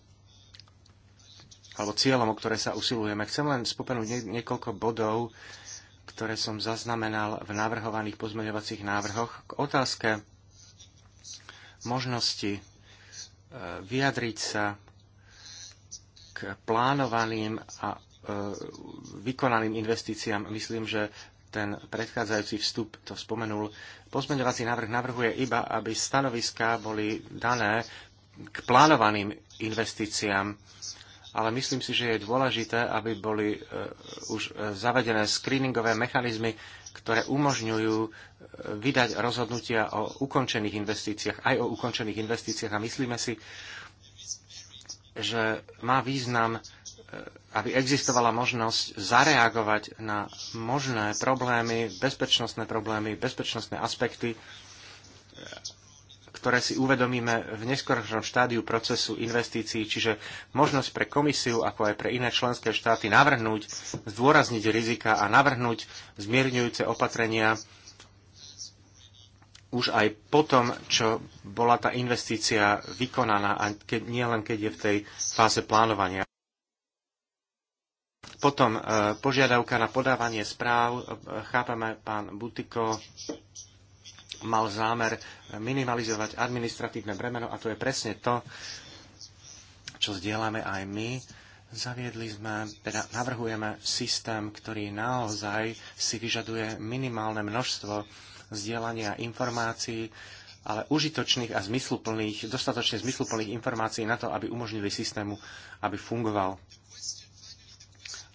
alebo cieľom, o ktoré sa usilujeme. Chcem len spomenúť niekoľko bodov, ktoré som zaznamenal v navrhovaných pozmeňovacích návrhoch k otázke možnosti e, vyjadriť sa k plánovaným a e, vykonaným investíciám. Myslím, že ten predchádzajúci vstup to spomenul. Pozmeňovací návrh navrhuje iba, aby stanoviská boli dané k plánovaným investíciám, ale myslím si, že je dôležité, aby boli e, už e, zavedené screeningové mechanizmy, ktoré umožňujú e, vydať rozhodnutia o ukončených investíciách, aj o ukončených investíciách. A myslíme si, že má význam E, aby existovala možnosť zareagovať na možné problémy, bezpečnostné problémy, bezpečnostné aspekty, e, ktoré si uvedomíme v neskoršom štádiu procesu investícií, čiže možnosť pre komisiu, ako aj pre iné členské štáty navrhnúť, zdôrazniť rizika a navrhnúť zmierňujúce opatrenia už aj po tom, čo bola tá investícia vykonaná, a keď, nie len keď je v tej fáze plánovania. Potom e, požiadavka na podávanie správ. E, Chápame, pán Butiko mal zámer minimalizovať administratívne bremeno a to je presne to, čo zdieľame aj my. Zaviedli sme, teda navrhujeme systém, ktorý naozaj si vyžaduje minimálne množstvo zdieľania informácií, ale užitočných a zmysluplných, dostatočne zmysluplných informácií na to, aby umožnili systému, aby fungoval.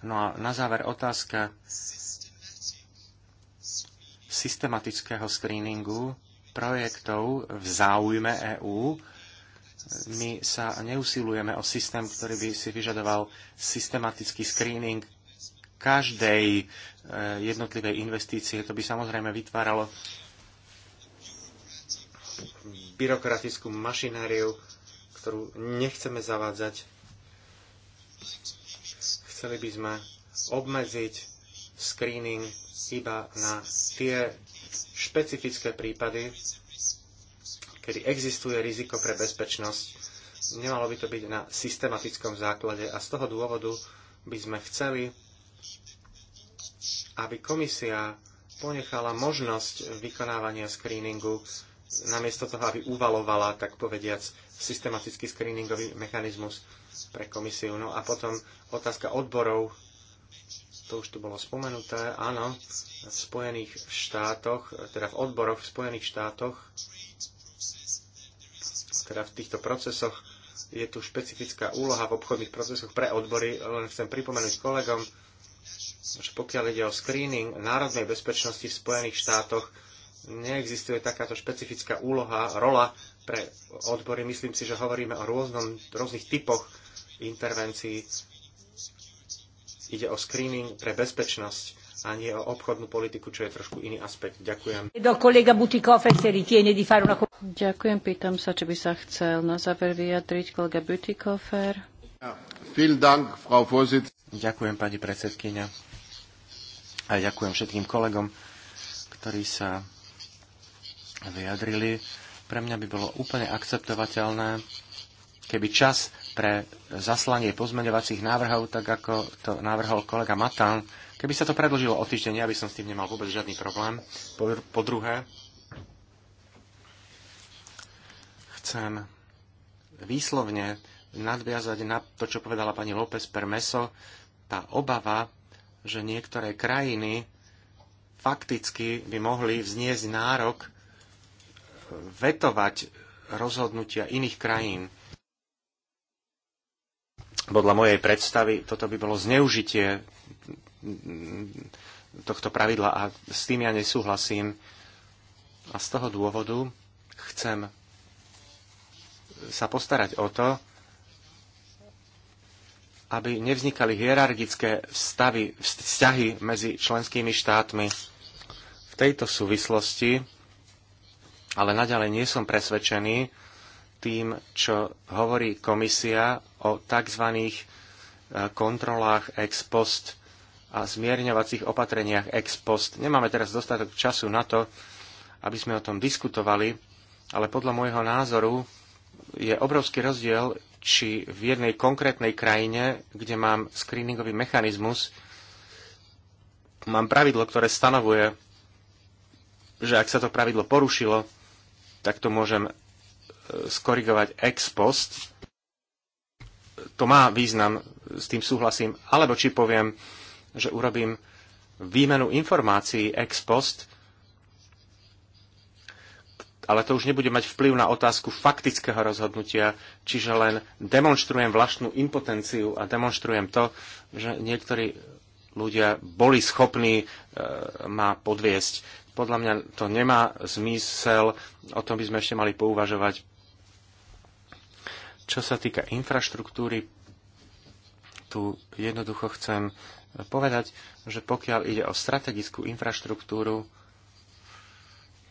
No a na záver otázka systematického screeningu projektov v záujme EÚ. My sa neusilujeme o systém, ktorý by si vyžadoval systematický screening každej e, jednotlivej investície. To by samozrejme vytváralo byrokratickú mašináriu, ktorú nechceme zavádzať. Chceli by sme obmedziť screening iba na tie špecifické prípady, kedy existuje riziko pre bezpečnosť. Nemalo by to byť na systematickom základe a z toho dôvodu by sme chceli, aby komisia ponechala možnosť vykonávania screeningu namiesto toho, aby uvalovala, tak povediac, systematický screeningový mechanizmus pre komisiu. No a potom otázka odborov, to už tu bolo spomenuté, áno, v Spojených štátoch, teda v odboroch v Spojených štátoch, teda v týchto procesoch je tu špecifická úloha v obchodných procesoch pre odbory. Len chcem pripomenúť kolegom, že pokiaľ ide o screening národnej bezpečnosti v Spojených štátoch, neexistuje takáto špecifická úloha, rola pre odbory. Myslím si, že hovoríme o rôznom, rôznych typoch intervencií. Ide o screening pre bezpečnosť a nie o obchodnú politiku, čo je trošku iný aspekt. Ďakujem. Ďakujem, pýtam sa, či by sa chcel na záver vyjadriť kolega Butikofer. Ďakujem, pani predsedkynia. A ďakujem všetkým kolegom, ktorí sa vyjadrili. Pre mňa by bolo úplne akceptovateľné, keby čas pre zaslanie pozmeňovacích návrhov, tak ako to navrhol kolega Matan, keby sa to predložilo o týždeň, ja by som s tým nemal vôbec žiadny problém. Po, po druhé, chcem výslovne nadviazať na to, čo povedala pani López Permeso, tá obava, že niektoré krajiny fakticky by mohli vzniesť nárok vetovať rozhodnutia iných krajín. Podľa mojej predstavy toto by bolo zneužitie tohto pravidla a s tým ja nesúhlasím. A z toho dôvodu chcem sa postarať o to, aby nevznikali hierarchické vzťahy medzi členskými štátmi. V tejto súvislosti ale naďalej nie som presvedčený tým, čo hovorí komisia o tzv. E, kontrolách ex post a zmierňovacích opatreniach ex post. Nemáme teraz dostatok času na to, aby sme o tom diskutovali, ale podľa môjho názoru je obrovský rozdiel, či v jednej konkrétnej krajine, kde mám screeningový mechanizmus, mám pravidlo, ktoré stanovuje, že ak sa to pravidlo porušilo, tak to môžem e, skorigovať ex post, to má význam, s tým súhlasím, alebo či poviem, že urobím výmenu informácií ex post, ale to už nebude mať vplyv na otázku faktického rozhodnutia, čiže len demonstrujem vlastnú impotenciu a demonstrujem to, že niektorí ľudia boli schopní e, ma podviesť. Podľa mňa to nemá zmysel, o tom by sme ešte mali pouvažovať. Čo sa týka infraštruktúry, tu jednoducho chcem povedať, že pokiaľ ide o strategickú infraštruktúru,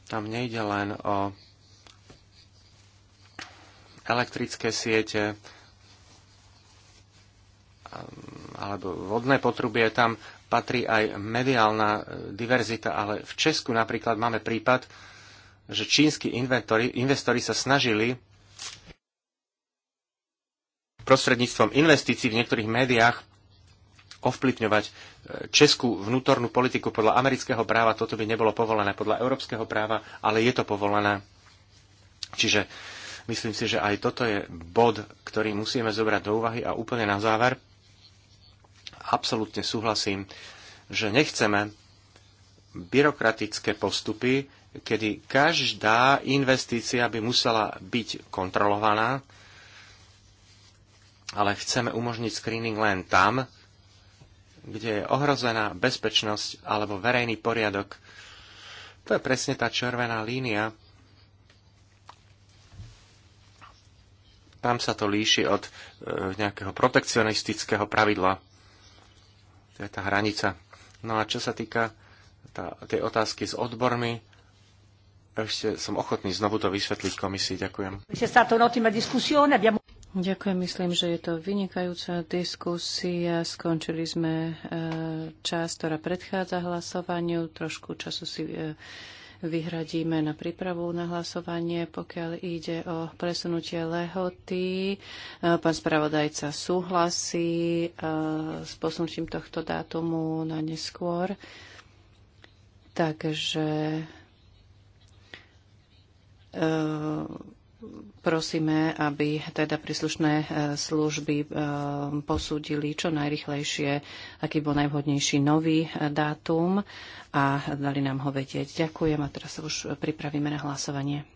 tam nejde len o elektrické siete alebo vodné potrubie, tam patrí aj mediálna e, diverzita, ale v Česku napríklad máme prípad, že čínsky investori sa snažili prostredníctvom investícií v niektorých médiách ovplyvňovať e, českú vnútornú politiku podľa amerického práva, toto by nebolo povolené podľa európskeho práva, ale je to povolené. Čiže myslím si, že aj toto je bod, ktorý musíme zobrať do úvahy a úplne na záver absolútne súhlasím, že nechceme byrokratické postupy, kedy každá investícia by musela byť kontrolovaná, ale chceme umožniť screening len tam, kde je ohrozená bezpečnosť alebo verejný poriadok. To je presne tá červená línia. Tam sa to líši od e, nejakého protekcionistického pravidla to je tá hranica. No a čo sa týka tá, tej otázky s odbormi, ešte som ochotný znovu to vysvetliť komisii. Ďakujem. Ďakujem, myslím, že je to vynikajúca diskusia. Skončili sme e, čas, ktorá predchádza hlasovaniu. Trošku času si e, vyhradíme na prípravu na hlasovanie, pokiaľ ide o presunutie lehoty. E, pán spravodajca súhlasí e, s posunutím tohto dátumu na neskôr. Takže e, Prosíme, aby teda príslušné e, služby e, posúdili čo najrychlejšie, aký bol najvhodnejší nový e, dátum a dali nám ho vedieť. Ďakujem a teraz už pripravíme na hlasovanie.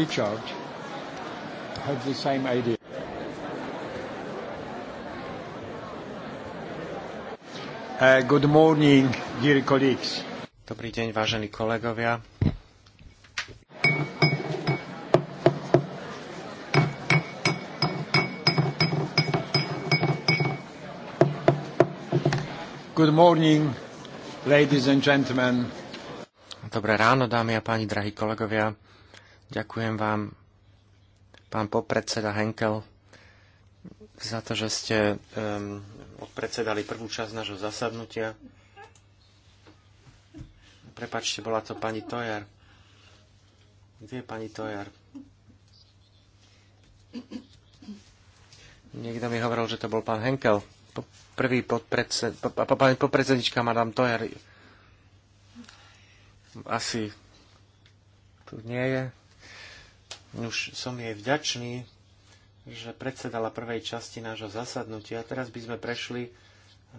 Richard have the same idea. Uh, good morning, dear colleagues. Dobrý deň, vážení kolegovia. Good morning, ladies and gentlemen. Dobré ráno, dámy a páni, drahí kolegovia. Ďakujem vám, pán podpredseda Henkel, za to, že ste um, odpredsedali prvú časť nášho zasadnutia. Prepačte, bola to pani Tojar. Kde je pani Tojar? Niekto mi hovoril, že to bol pán Henkel. Prvý podpredsed, pani podpredsednička, madame Tojar. Asi tu nie je. Už som jej vďačný, že predsedala prvej časti nášho zasadnutia. Teraz by sme prešli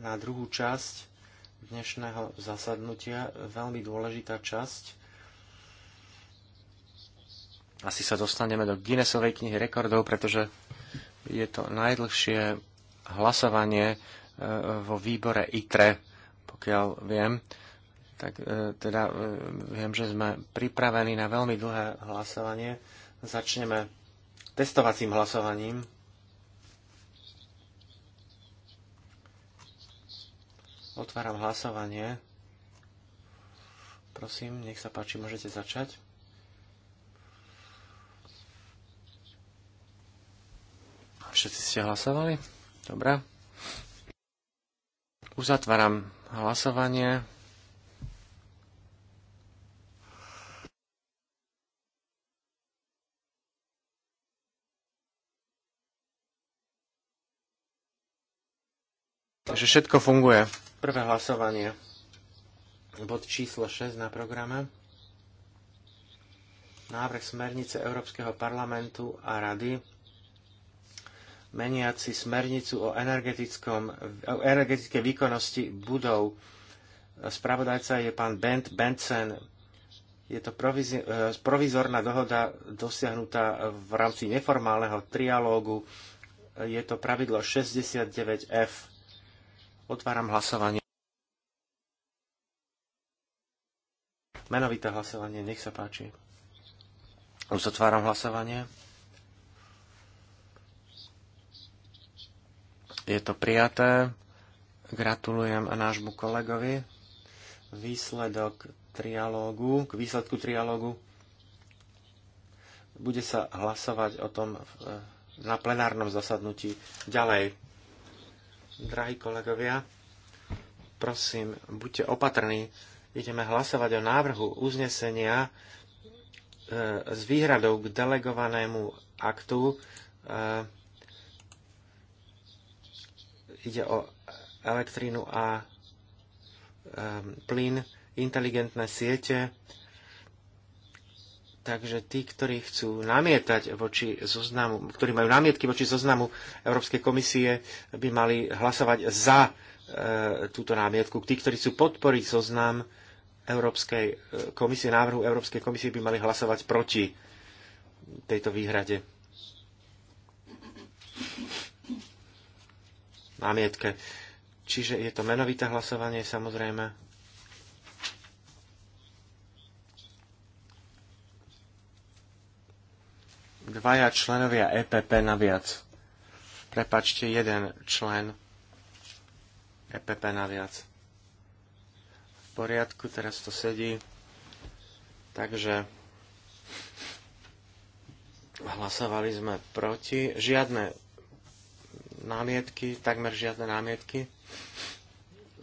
na druhú časť dnešného zasadnutia. Veľmi dôležitá časť. Asi sa dostaneme do Guinnessovej knihy rekordov, pretože je to najdlhšie hlasovanie e, vo výbore ITRE, pokiaľ viem. Tak e, teda e, viem, že sme pripravení na veľmi dlhé hlasovanie Začneme testovacím hlasovaním. Otváram hlasovanie. Prosím, nech sa páči, môžete začať. Všetci ste hlasovali? Dobre. Uzatváram hlasovanie. že všetko funguje. Prvé hlasovanie. Bod číslo 6 na programe. Návrh smernice Európskeho parlamentu a rady meniaci smernicu o, o energetickej výkonnosti budov. Spravodajca je pán Bent Bentsen. Je to provizi- e, provizorná dohoda dosiahnutá v rámci neformálneho trialógu. Je to pravidlo 69F Otváram hlasovanie. Menovité hlasovanie, nech sa páči. Už otváram hlasovanie. Je to prijaté. Gratulujem nášmu kolegovi. Výsledok trialógu, k výsledku trialógu bude sa hlasovať o tom na plenárnom zasadnutí ďalej. Drahí kolegovia, prosím, buďte opatrní. Ideme hlasovať o návrhu uznesenia e, s výhradou k delegovanému aktu. E, ide o elektrínu a e, plyn, inteligentné siete, Takže tí, ktorí chcú namietať voči zoznamu, ktorí majú námietky voči zoznamu Európskej komisie, by mali hlasovať za e, túto námietku. Tí, ktorí chcú podporiť zoznam Európskej e, komisie, návrhu Európskej komisie, by mali hlasovať proti tejto výhrade. Námietke. Čiže je to menovité hlasovanie, samozrejme. dvaja členovia EPP naviac. Prepačte, jeden člen EPP naviac. V poriadku, teraz to sedí. Takže hlasovali sme proti. Žiadne námietky, takmer žiadne námietky.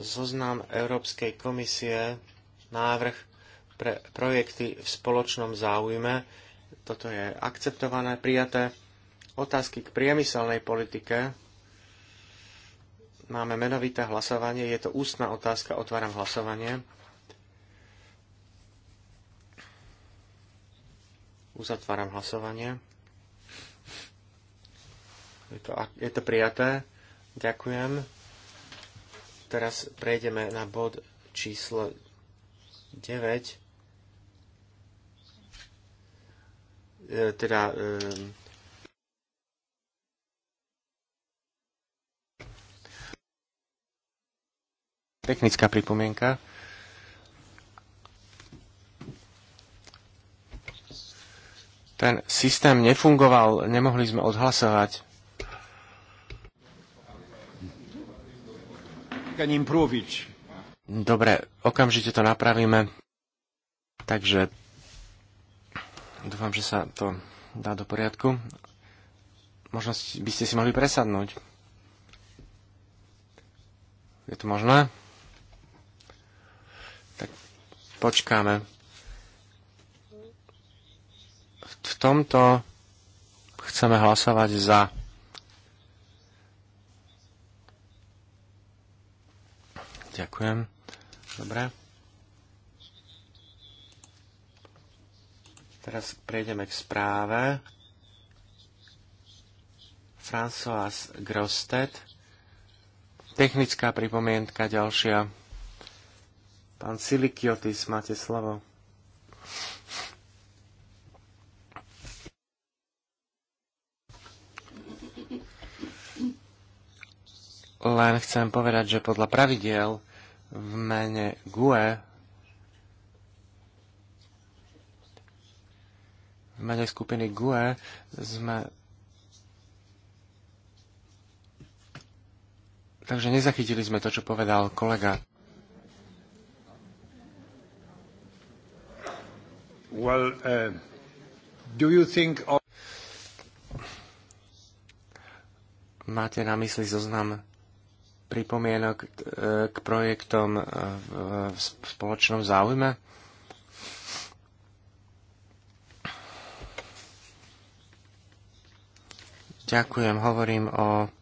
Zoznam Európskej komisie návrh pre projekty v spoločnom záujme toto je akceptované, prijaté. Otázky k priemyselnej politike. Máme menovité hlasovanie. Je to ústna otázka. Otváram hlasovanie. Uzatváram hlasovanie. Je to, je to prijaté. Ďakujem. Teraz prejdeme na bod číslo 9. E, teda e, technická pripomienka. Ten systém nefungoval, nemohli sme odhlasovať. Dobre, okamžite to napravíme. Takže Dúfam, že sa to dá do poriadku. Možno by ste si mohli presadnúť. Je to možné? Tak počkáme. V tomto chceme hlasovať za. Ďakujem. Dobre. Teraz prejdeme k správe. François Grostet. Technická pripomienka ďalšia. Pán Silikiotis, máte slovo. Len chcem povedať, že podľa pravidiel v mene GUE mene skupiny GUE sme Takže nezachytili sme to, čo povedal kolega. Well, uh, do you think of... Máte na mysli zoznam pripomienok eh, k projektom eh, v spoločnom záujme? Ďakujem, hovorím o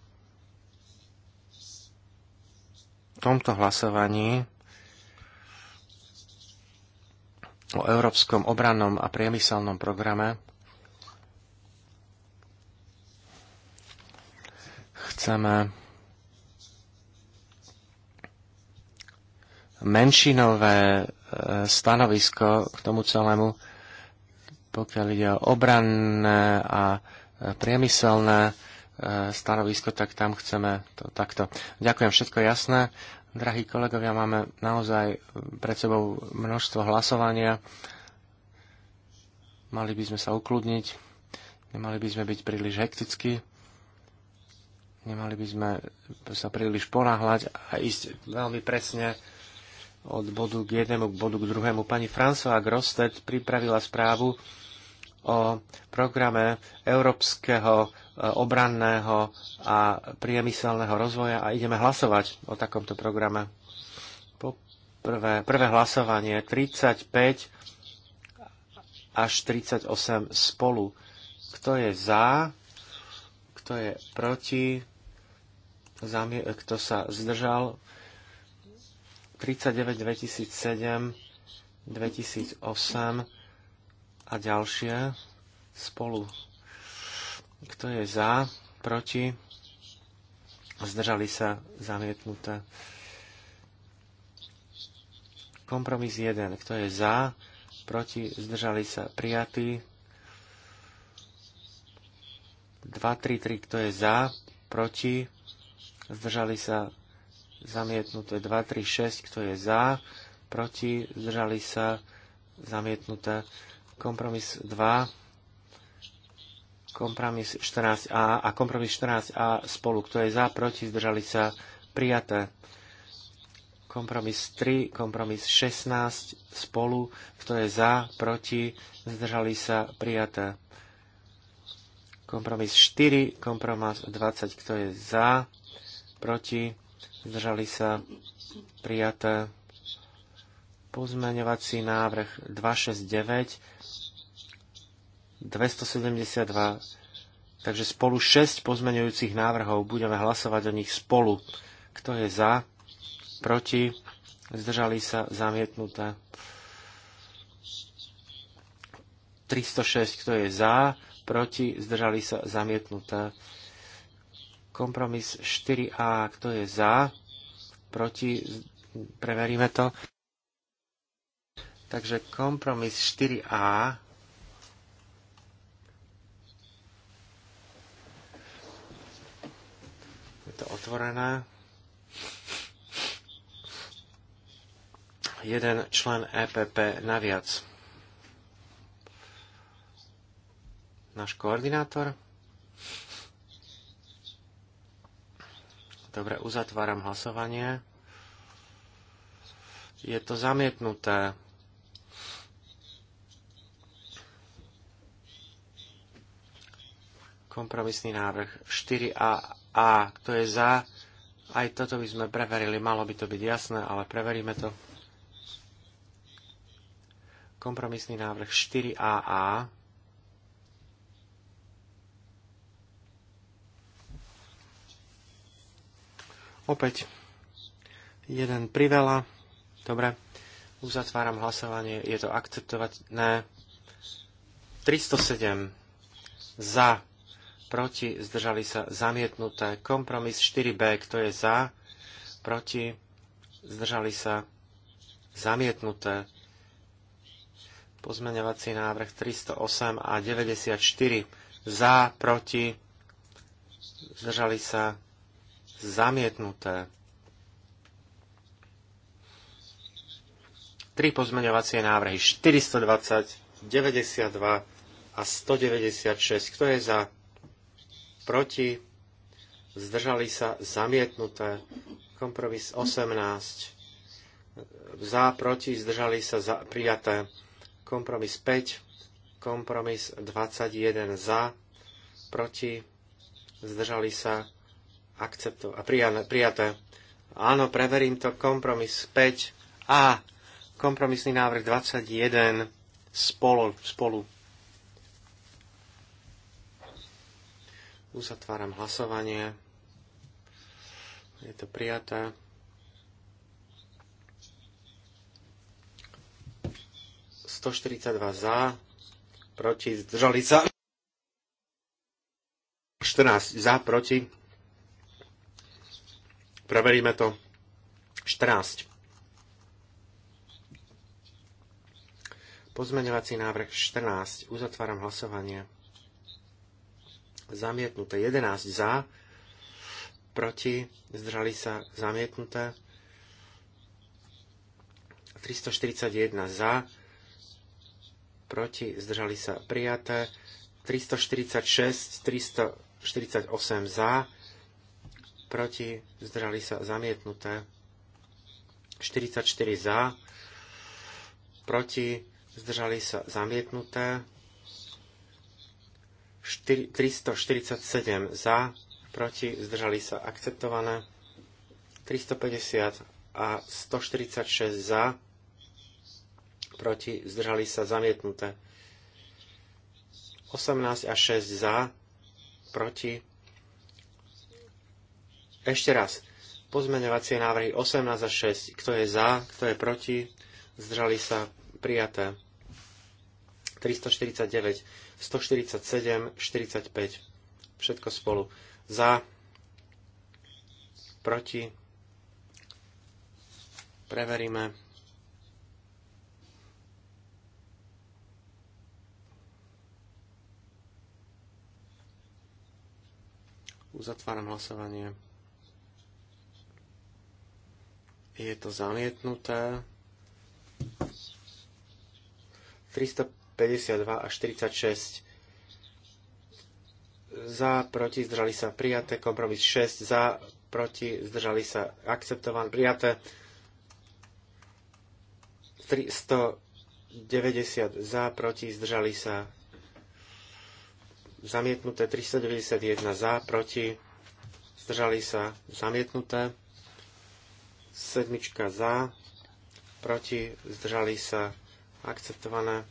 tomto hlasovaní o Európskom obrannom a priemyselnom programe chceme menšinové e, stanovisko k tomu celému, pokiaľ ide o obranné a E, priemyselné e, stanovisko, tak tam chceme to takto. Ďakujem, všetko jasné. Drahí kolegovia, máme naozaj pred sebou množstvo hlasovania. Mali by sme sa ukludniť, nemali by sme byť príliš hektickí, nemali by sme sa príliš ponáhľať a ísť veľmi presne od bodu k jednému k bodu k druhému. Pani François Grostet pripravila správu o programe Európskeho e, obranného a priemyselného rozvoja a ideme hlasovať o takomto programe. Po prvé, prvé hlasovanie 35 až 38 spolu. Kto je za? Kto je proti? Kto sa zdržal? 39 2007 2008 a ďalšie spolu. Kto je za, proti, zdržali sa zamietnuté. Kompromis 1. Kto je za, proti, zdržali sa prijatí. 2, 3, 3. Kto je za, proti, zdržali sa zamietnuté. 2, 3, 6. Kto je za, proti, zdržali sa zamietnuté kompromis 2, kompromis 14a a kompromis 14a spolu. Kto je za, proti, zdržali sa, prijaté. Kompromis 3, kompromis 16 spolu. Kto je za, proti, zdržali sa, prijaté. Kompromis 4, kompromis 20. Kto je za, proti, zdržali sa, prijaté. Pozmeňovací návrh 269 272, takže spolu 6 pozmenujúcich návrhov. Budeme hlasovať o nich spolu. Kto je za? Proti? Zdržali sa? Zamietnuté? 306, kto je za, proti, zdržali sa, zamietnuté. Kompromis 4a, kto je za, proti, preveríme to. Takže kompromis 4a, to otvorené. Jeden člen EPP naviac. Náš koordinátor. Dobre, uzatváram hlasovanie. Je to zamietnuté. kompromisný návrh 4A a kto je za, aj toto by sme preverili, malo by to byť jasné, ale preveríme to. Kompromisný návrh 4AA. Opäť jeden priveľa. Dobre, uzatváram hlasovanie, je to Ne. 307 za proti, zdržali sa zamietnuté. Kompromis 4B, kto je za, proti, zdržali sa zamietnuté. Pozmeňovací návrh 308 a 94 za, proti, zdržali sa zamietnuté. Tri pozmeňovacie návrhy 420, 92 a 196. Kto je za? proti, zdržali sa zamietnuté, kompromis 18, za, proti, zdržali sa za, prijaté, kompromis 5, kompromis 21 za, proti, zdržali sa akcepto- a prijaté. Áno, preverím to, kompromis 5 a kompromisný návrh 21 spolu. spolu. Uzatváram hlasovanie. Je to prijaté. Sto za, proti, zdržali sa. 14 za, proti. Preveríme to. 14. Pozmeňovací návrh 14. Uzatváram hlasovanie zamietnuté 11 za, proti, zdržali sa zamietnuté 341 za, proti, zdržali sa prijaté 346, 348 za, proti, zdržali sa zamietnuté 44 za, proti, zdržali sa zamietnuté 4, 347 za, proti, zdržali sa akceptované, 350 a 146 za, proti, zdržali sa zamietnuté, 18 a 6 za, proti. Ešte raz, pozmeňovacie návrhy 18 a 6, kto je za, kto je proti, zdržali sa prijaté. 349 147, 45. Všetko spolu. Za, proti, preveríme. Uzatváram hlasovanie. Je to zamietnuté. 300 52 až 46 za, proti, zdržali sa prijaté, kompromis 6 za, proti, zdržali sa akceptované, prijaté, 390 za, proti, zdržali sa zamietnuté, 391 za, proti, zdržali sa zamietnuté, sedmička za, proti, zdržali sa akceptované,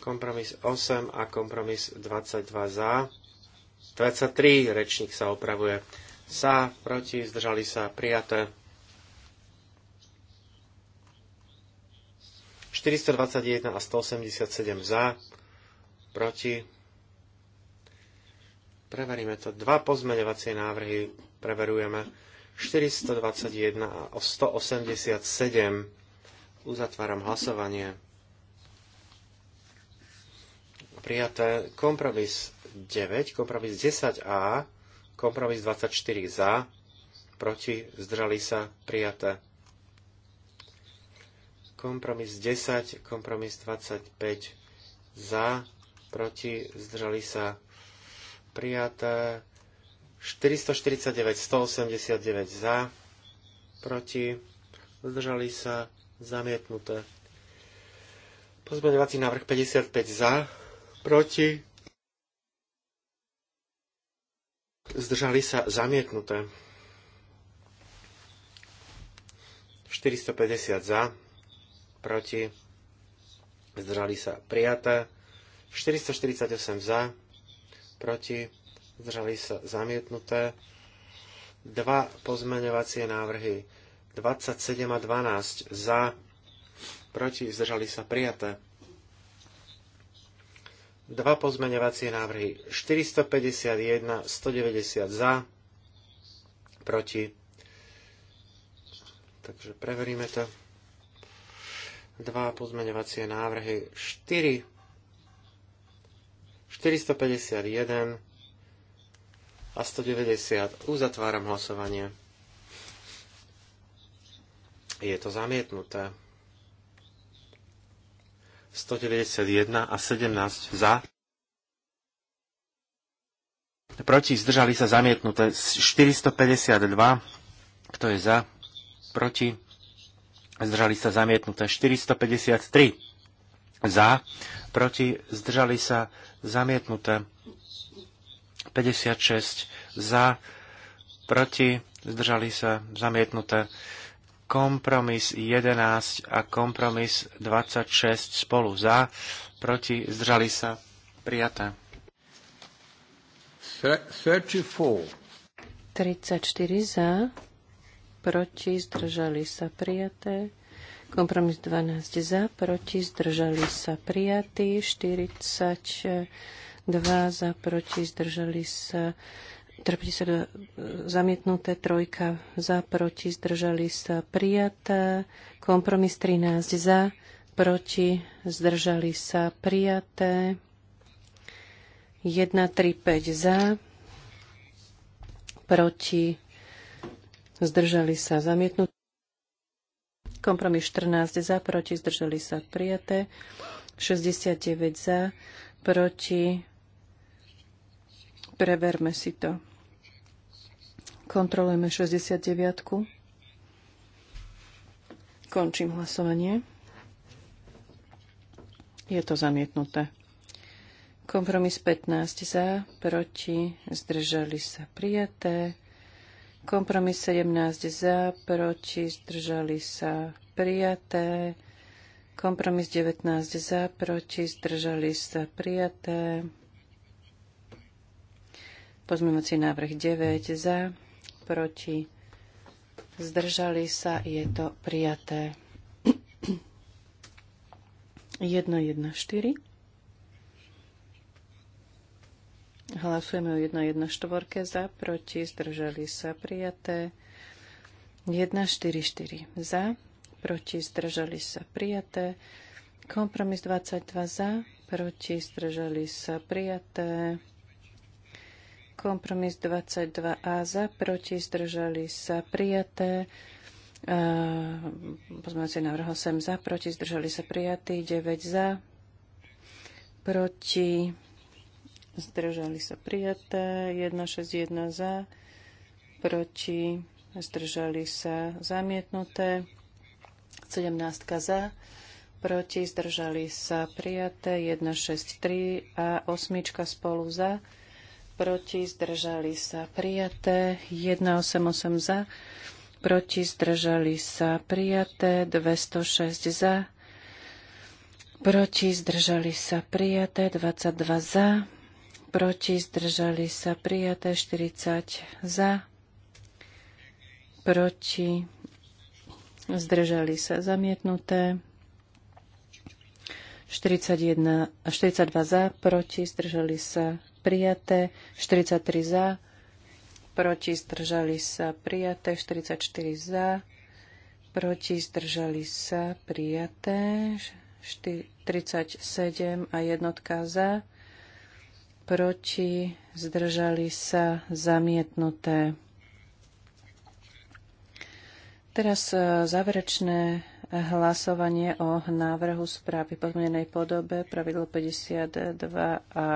Kompromis 8 a kompromis 22 za. 23 rečník sa opravuje. Sa, proti, zdržali sa, prijaté. 421 a 187 za, proti. Preveríme to. Dva pozmeňovacie návrhy preverujeme. 421 a 187. Uzatváram hlasovanie prijaté kompromis 9, kompromis 10a, kompromis 24 za, proti, zdržali sa, prijaté. Kompromis 10, kompromis 25 za, proti, zdržali sa, prijaté. 449, 189 za, proti, zdržali sa, zamietnuté. Pozmeňovací návrh 55 za, proti, zdržali sa zamietnuté. 450 za, proti, zdržali sa prijaté. 448 za, proti, zdržali sa zamietnuté. Dva pozmeňovacie návrhy 27 a 12 za, proti, zdržali sa prijaté. Dva pozmeňovacie návrhy 451, 190 za, proti. Takže preveríme to. Dva pozmeňovacie návrhy 4, 451 a 190. Uzatváram hlasovanie. Je to zamietnuté. 191 a 17 za. Proti zdržali sa zamietnuté 452. Kto je za? Proti zdržali sa zamietnuté 453. Za. Proti zdržali sa zamietnuté 56. Za. Proti zdržali sa zamietnuté kompromis 11 a kompromis 26 spolu za, proti, zdržali sa, prijaté. 34. za, proti, zdržali sa, prijaté. Kompromis 12 za, proti, zdržali sa, prijatí. 42 za, proti, zdržali sa, sa e, zamietnuté, trojka za, proti, zdržali sa prijaté, kompromis 13 za, proti, zdržali sa prijaté, 1, 3, 5 za, proti, zdržali sa zamietnuté, kompromis 14 za, proti, zdržali sa prijaté, 69 za, proti, preverme si to. Kontrolujeme 69. Končím hlasovanie. Je to zamietnuté. Kompromis 15 za, proti, zdržali sa prijaté. Kompromis 17 za, proti, zdržali sa prijaté. Kompromis 19 za, proti, zdržali sa prijaté. Pozmievací návrh 9 za, proti, zdržali sa, je to prijaté. 1.1.4. Hlasujeme o 1.1.4 za, proti, zdržali sa, prijaté. 1.4.4 za, proti, zdržali sa, prijaté. Kompromis 22 za, proti, zdržali sa, prijaté. Kompromis 22a za, proti, zdržali sa prijaté. E, pozmeňujúci návrh 8 za, proti, zdržali sa prijatí, 9 za, proti, zdržali sa prijaté, 161 za, proti, zdržali sa zamietnuté, 17 za, proti, zdržali sa prijaté, 163 a 8 spolu za, proti, zdržali sa prijaté, 188 za, proti, zdržali sa prijaté, 206 za, proti, zdržali sa prijaté, 22 za, proti, zdržali sa prijaté, 40 za, proti, zdržali sa zamietnuté, 41, 42 za, proti, zdržali sa prijaté, 43 za, proti zdržali sa prijaté, 44 za, proti zdržali sa prijaté, 37 a jednotka za, proti zdržali sa zamietnuté. Teraz e, záverečné hlasovanie o návrhu správy podmienenej podobe pravidlo 52 a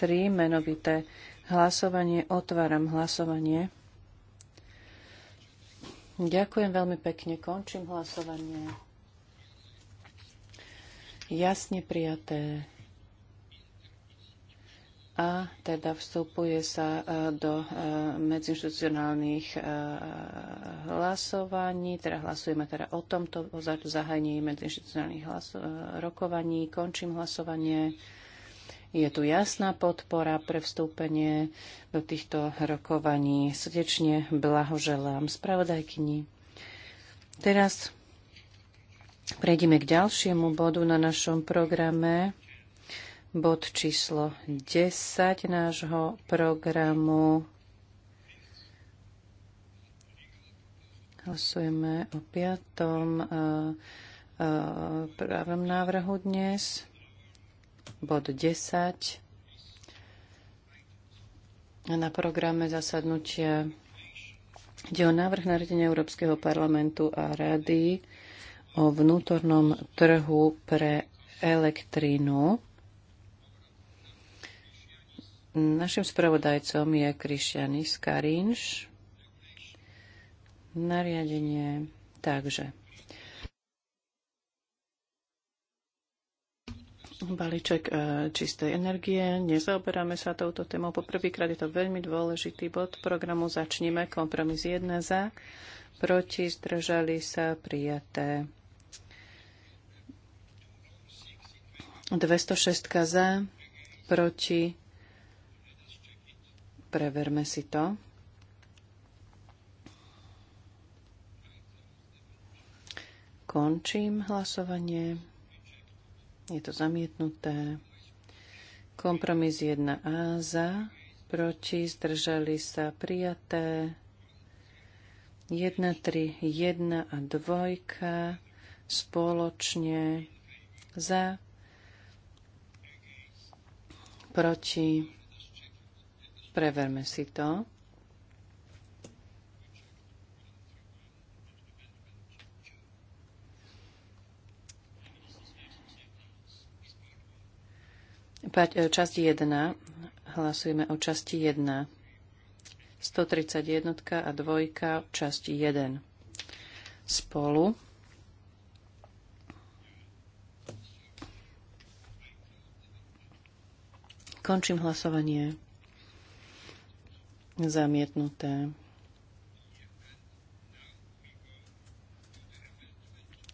3, menovité hlasovanie. Otváram hlasovanie. Ďakujem veľmi pekne. Končím hlasovanie. Jasne prijaté. A teda vstupuje sa e, do e, medzinstitucionálnych e, hlasovaní, teda hlasujeme teda o tomto, o zahájení medzinstitucionálnych rokovaní. Končím hlasovanie. Je tu jasná podpora pre vstúpenie do týchto rokovaní. Srdečne blahoželám spravodajkyni. Teraz prejdeme k ďalšiemu bodu na našom programe. Bod číslo 10 nášho programu. Hlasujeme o piatom eh, eh, právom návrhu dnes bod 10 na programe zasadnutia ide o návrh nariadenia Európskeho parlamentu a rady o vnútornom trhu pre elektrínu. Našim spravodajcom je Krišianis Karinš. Nariadenie takže. balíček e, čistej energie. Nezaoberáme sa touto témou. Poprvýkrát je to veľmi dôležitý bod programu. začníme. kompromis 1 za, proti, zdržali sa, prijaté. 206 za, proti, preverme si to. Končím hlasovanie. Je to zamietnuté. Kompromis 1A za, proti, zdržali sa prijaté. 1, 3, 1 a 2 spoločne za, proti. Preverme si to. E, časť 1. Hlasujeme o časti 1. 131 a 2. Časť 1. Spolu. Končím hlasovanie. Zamietnuté.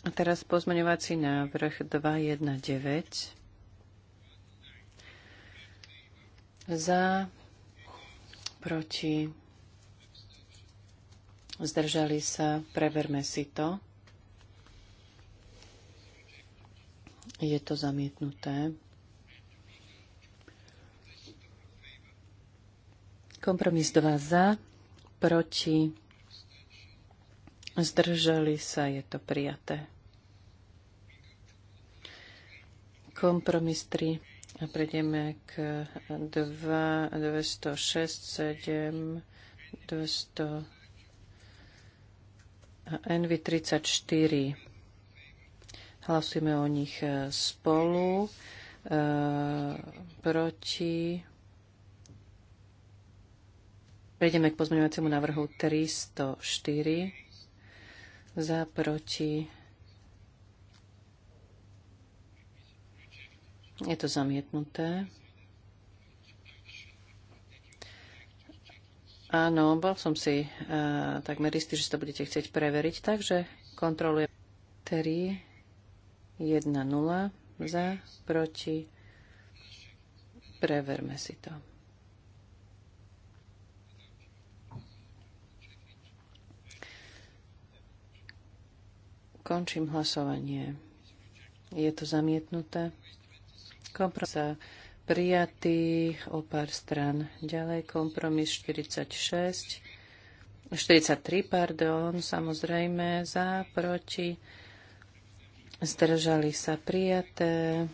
A teraz pozmeňovací návrh 219. Za, proti, zdržali sa, preverme si to. Je to zamietnuté. Kompromis 2 za, proti, zdržali sa, je to prijaté. Kompromis 3 Prejdeme k 2, 206, 7, 200 a NV34. Hlasujeme o nich e, spolu. E, proti. Prejdeme k pozmeňovaciemu návrhu 304. Za, proti. Je to zamietnuté. Áno, bol som si e, takmer istý, že to budete chcieť preveriť, takže kontrolujem 3, 1, 0, za, proti, preverme si to. Končím hlasovanie. Je to zamietnuté. Kompromis sa prijatý o pár stran. Ďalej kompromis 46. 43, pardon, samozrejme, za, proti, zdržali sa prijaté.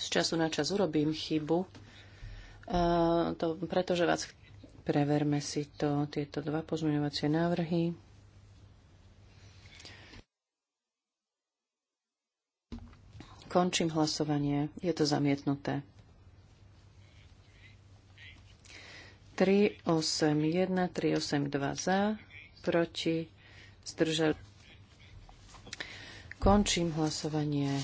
Z času na čas urobím chybu, uh, to, pretože vás preverme si to, tieto dva pozmeňovacie návrhy. Končím hlasovanie. Je to zamietnuté. 3, 8, 1, 3, 8, 2 za, proti, zdržali. Končím hlasovanie.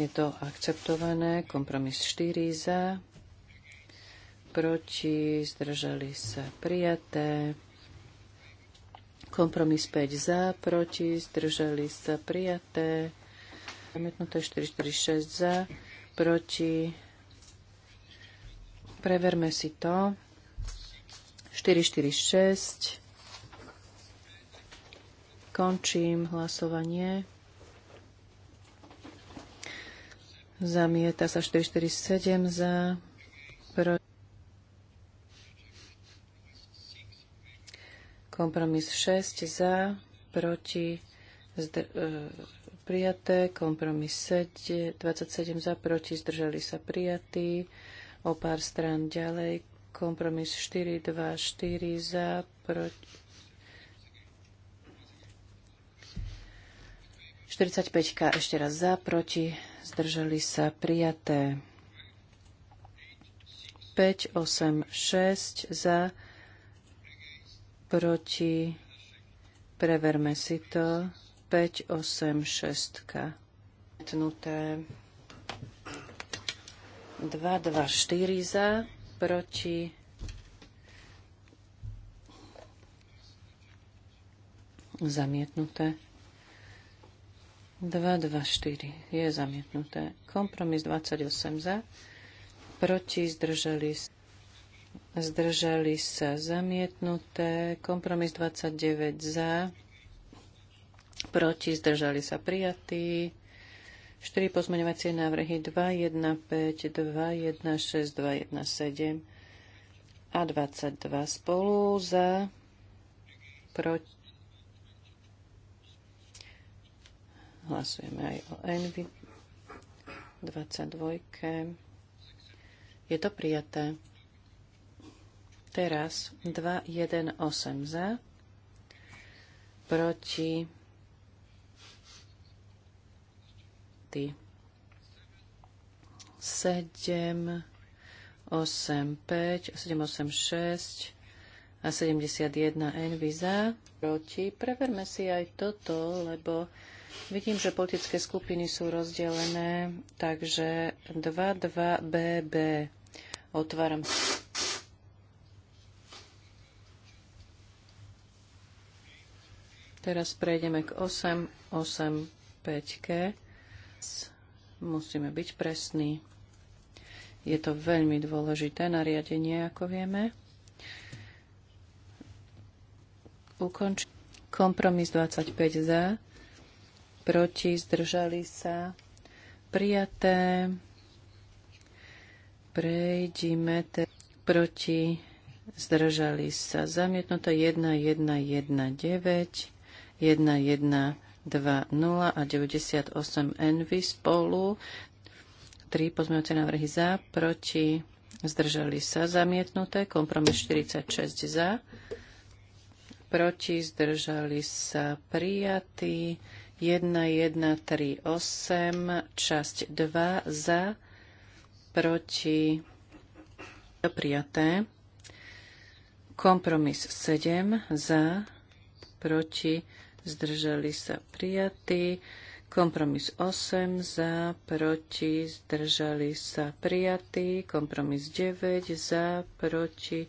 Je to akceptované. Kompromis 4 za, proti, zdržali sa prijaté. Kompromis 5 za, proti, zdržali sa prijaté. Zamietnuté 446 za, proti. Preverme si to. 446. Končím hlasovanie. Zamieta sa 447 za, proti. Kompromis 6 za, proti, zdr- e, prijaté. Kompromis 7, 27 za, proti, zdržali sa prijatí. O pár strán ďalej. Kompromis 4, 2, 4 za, proti, 45 ešte raz za, proti, zdržali sa prijaté. 5, 8, 6 za, proti, preverme si to, 5, 8, 6. Tnuté 2, 2, 4 za, proti, zamietnuté. 2, 2, 4 je zamietnuté. Kompromis 28 za, proti zdržali zdržali sa zamietnuté, kompromis 29 za, proti zdržali sa prijatí, 4 pozmeňovacie návrhy 2, 1, 5, 2, 1, 6, 2, 1, 7 a 22 spolu za, proti. Hlasujeme aj o NV 22. Je to prijaté. Teraz 2, 1, 8 za, proti, ty, 7, 8, 5, 7, 8, 6 a 71 envy za, proti. Preverme si aj toto, lebo vidím, že politické skupiny sú rozdelené, takže 2, 2, BB. Otváram Teraz prejdeme k 8, 8, 5. Musíme byť presní. Je to veľmi dôležité nariadenie, ako vieme. Ukonč- kompromis 25 za, proti, zdržali sa, prijaté. Prejdime te- proti, zdržali sa, zamietnuté 1, 1, 1, 9 1120 a 98 Envy spolu. Tri pozmeňujúce návrhy za, proti, zdržali sa zamietnuté, kompromis 46 za, proti, zdržali sa prijatí, 1138, časť 2 za, proti, prijaté, kompromis 7 za, proti, zdržali sa prijatí. Kompromis 8 za, proti, zdržali sa prijatí. Kompromis 9 za, proti,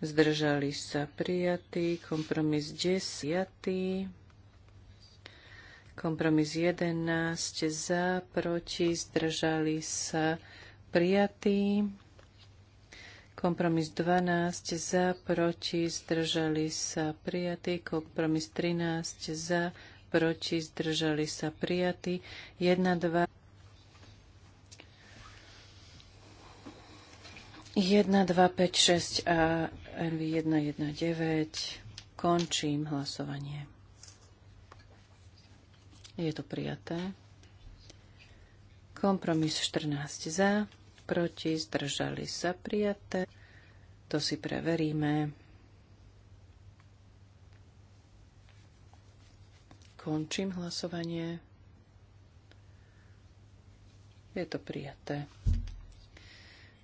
zdržali sa prijatí. Kompromis 10. Kompromis 11 za, proti, zdržali sa prijatí. Kompromis 12 za, proti, zdržali sa prijatí. Kompromis 13 za, proti, zdržali sa prijatí. 1, 2, 1, 2, 5, 6 a NV 1, 1, 9. Končím hlasovanie. Je to prijaté. Kompromis 14 za, proti, zdržali sa prijaté. To si preveríme. Končím hlasovanie. Je to prijaté.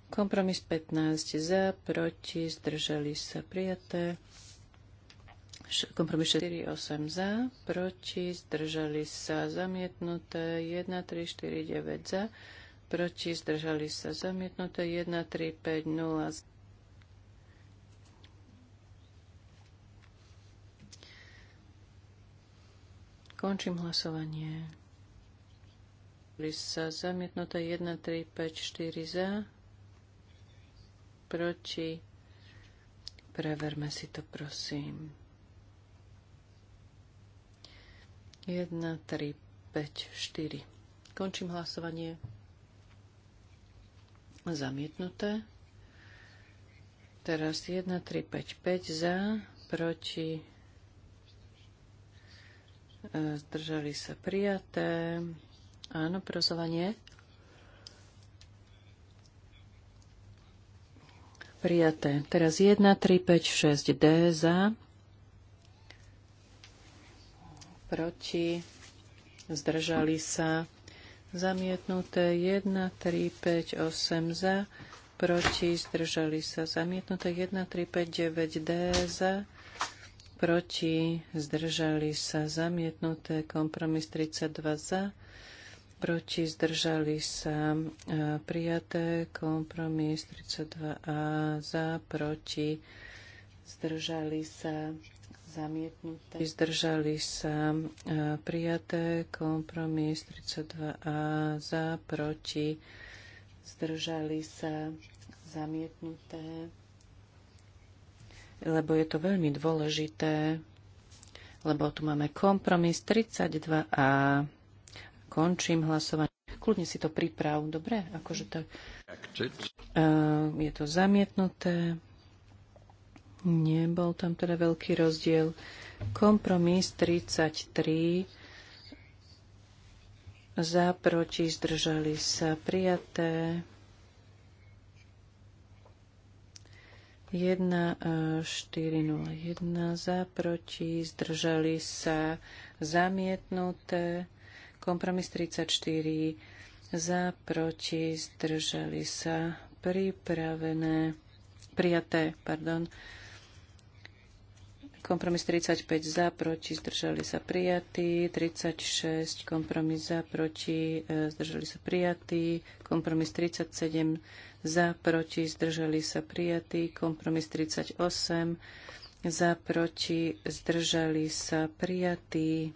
Kompromis 15 za, proti, zdržali sa prijaté. Kompromis 4, 8 za, proti, zdržali sa zamietnuté, 1, 3, 4, 9 za proti, zdržali sa zamietnuté, 1, 3, 5, 0. Končím hlasovanie. Sa zamietnuté 1, 3, 5, 4 za, proti. Preverme si to, prosím. 1, 3, 5, 4. Končím hlasovanie. Zamietnuté. Teraz 1, 3, 5, 5 za, proti, e, zdržali sa prijaté. Áno, prosovanie. Prijaté. Teraz 1, 3, 5, 6, D za, proti, zdržali sa Zamietnuté 1, 3, 5, 8 za, proti, zdržali sa. Zamietnuté 1, 3, 5, 9 D za, proti, zdržali sa. Zamietnuté kompromis 32 za, proti, zdržali sa. E, prijaté kompromis 32 A za, proti, zdržali sa zamietnuté. Zdržali sa e, prijaté kompromis 32A za, proti. Zdržali sa zamietnuté, lebo je to veľmi dôležité, lebo tu máme kompromis 32A. Končím hlasovanie. Kľudne si to priprav, dobre? Akože to, e, je to zamietnuté. Nebol tam teda veľký rozdiel. Kompromis 33 za, proti, zdržali sa prijaté. 1, 4, 0, 1 za, proti, zdržali sa zamietnuté. Kompromis 34 za, proti, zdržali sa pripravené, prijaté, pardon. Kompromis 35 za, proti, zdržali sa prijatí. 36, kompromis e, za, proti, zdržali sa prijatí. Kompromis 37 za, proti, zdržali sa prijatí. Kompromis 38 za, proti, zdržali sa prijatí.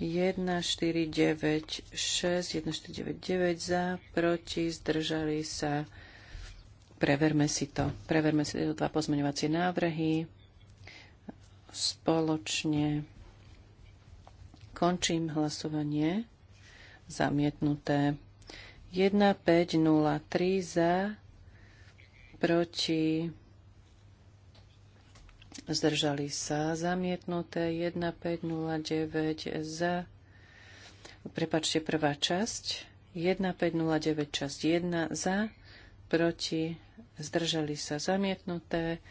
1, 4, 9, 6, 1, 4, 9, 9 za, proti, zdržali sa. Preverme si to. Preverme si to dva pozmeňovacie návrhy spoločne. Končím hlasovanie. Zamietnuté. 1503 za, proti, zdržali sa, zamietnuté 1509 za, prepačte, prvá časť, 1509 časť 1 za, proti, zdržali sa, zamietnuté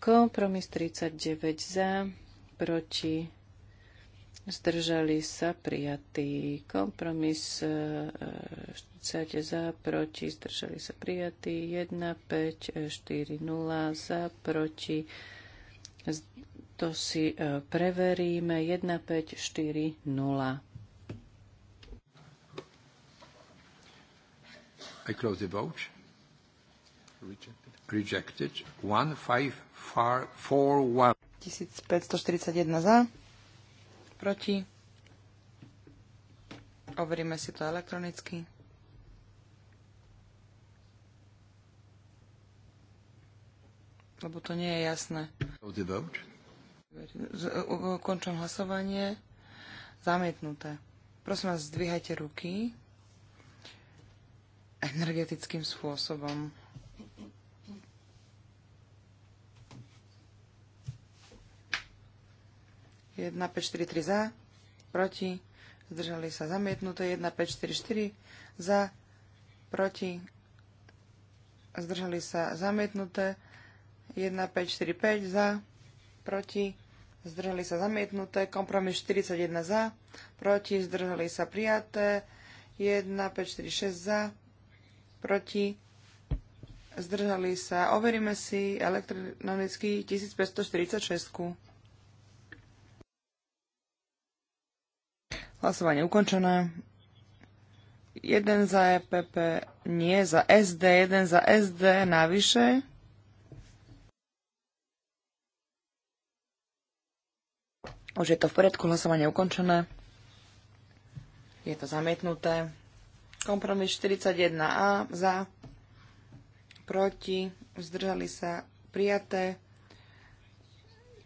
Kompromis 39 za, proti, zdržali sa prijatý. Kompromis 40 e, za, proti, zdržali sa prijatý. 1, 5, 4, 0 za, proti. To si e, preveríme. 1, 5, 4, 0. I close the vote. Rejected. Rejected. 1, 5, 1541 za, proti. Overíme si to elektronicky. Lebo to nie je jasné. Končím hlasovanie. Zamietnuté. Prosím vás, zdvíhajte ruky energetickým spôsobom. 1, 5, 4, 3 za, proti, zdržali sa zamietnuté, 1, 5, 4, 4 za, proti, zdržali sa zamietnuté, 1, 5, 4, 5 za, proti, zdržali sa zamietnuté, kompromis 41 za, proti, zdržali sa prijaté, 1, 5, 4, 6 za, proti, zdržali sa, overíme si elektronicky 1546. Hlasovanie ukončené. 1 za EPP, nie za SD, 1 za SD navyše. Už je to v poriadku, hlasovanie ukončené. Je to zamietnuté. Kompromis 41A za, proti, zdržali sa prijaté.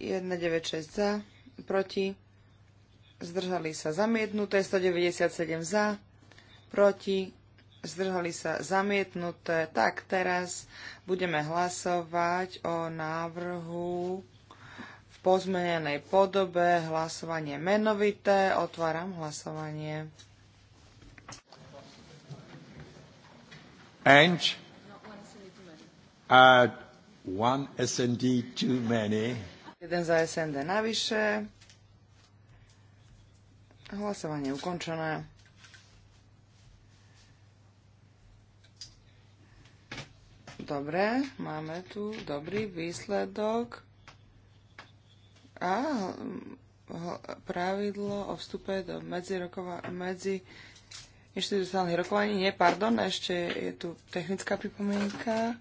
196 za, proti, zdržali sa zamietnuté, 197 za, proti, zdržali sa zamietnuté. Tak teraz budeme hlasovať o návrhu v pozmenenej podobe, hlasovanie menovité, otváram hlasovanie. Ange? uh, one SND too many. Jeden za SND navyše. Hlasovanie je ukončené. Dobre, máme tu dobrý výsledok. A pravidlo o vstupe do medzi inštitucionálnych rokovaní. Nie, pardon, ešte je tu technická pripomienka.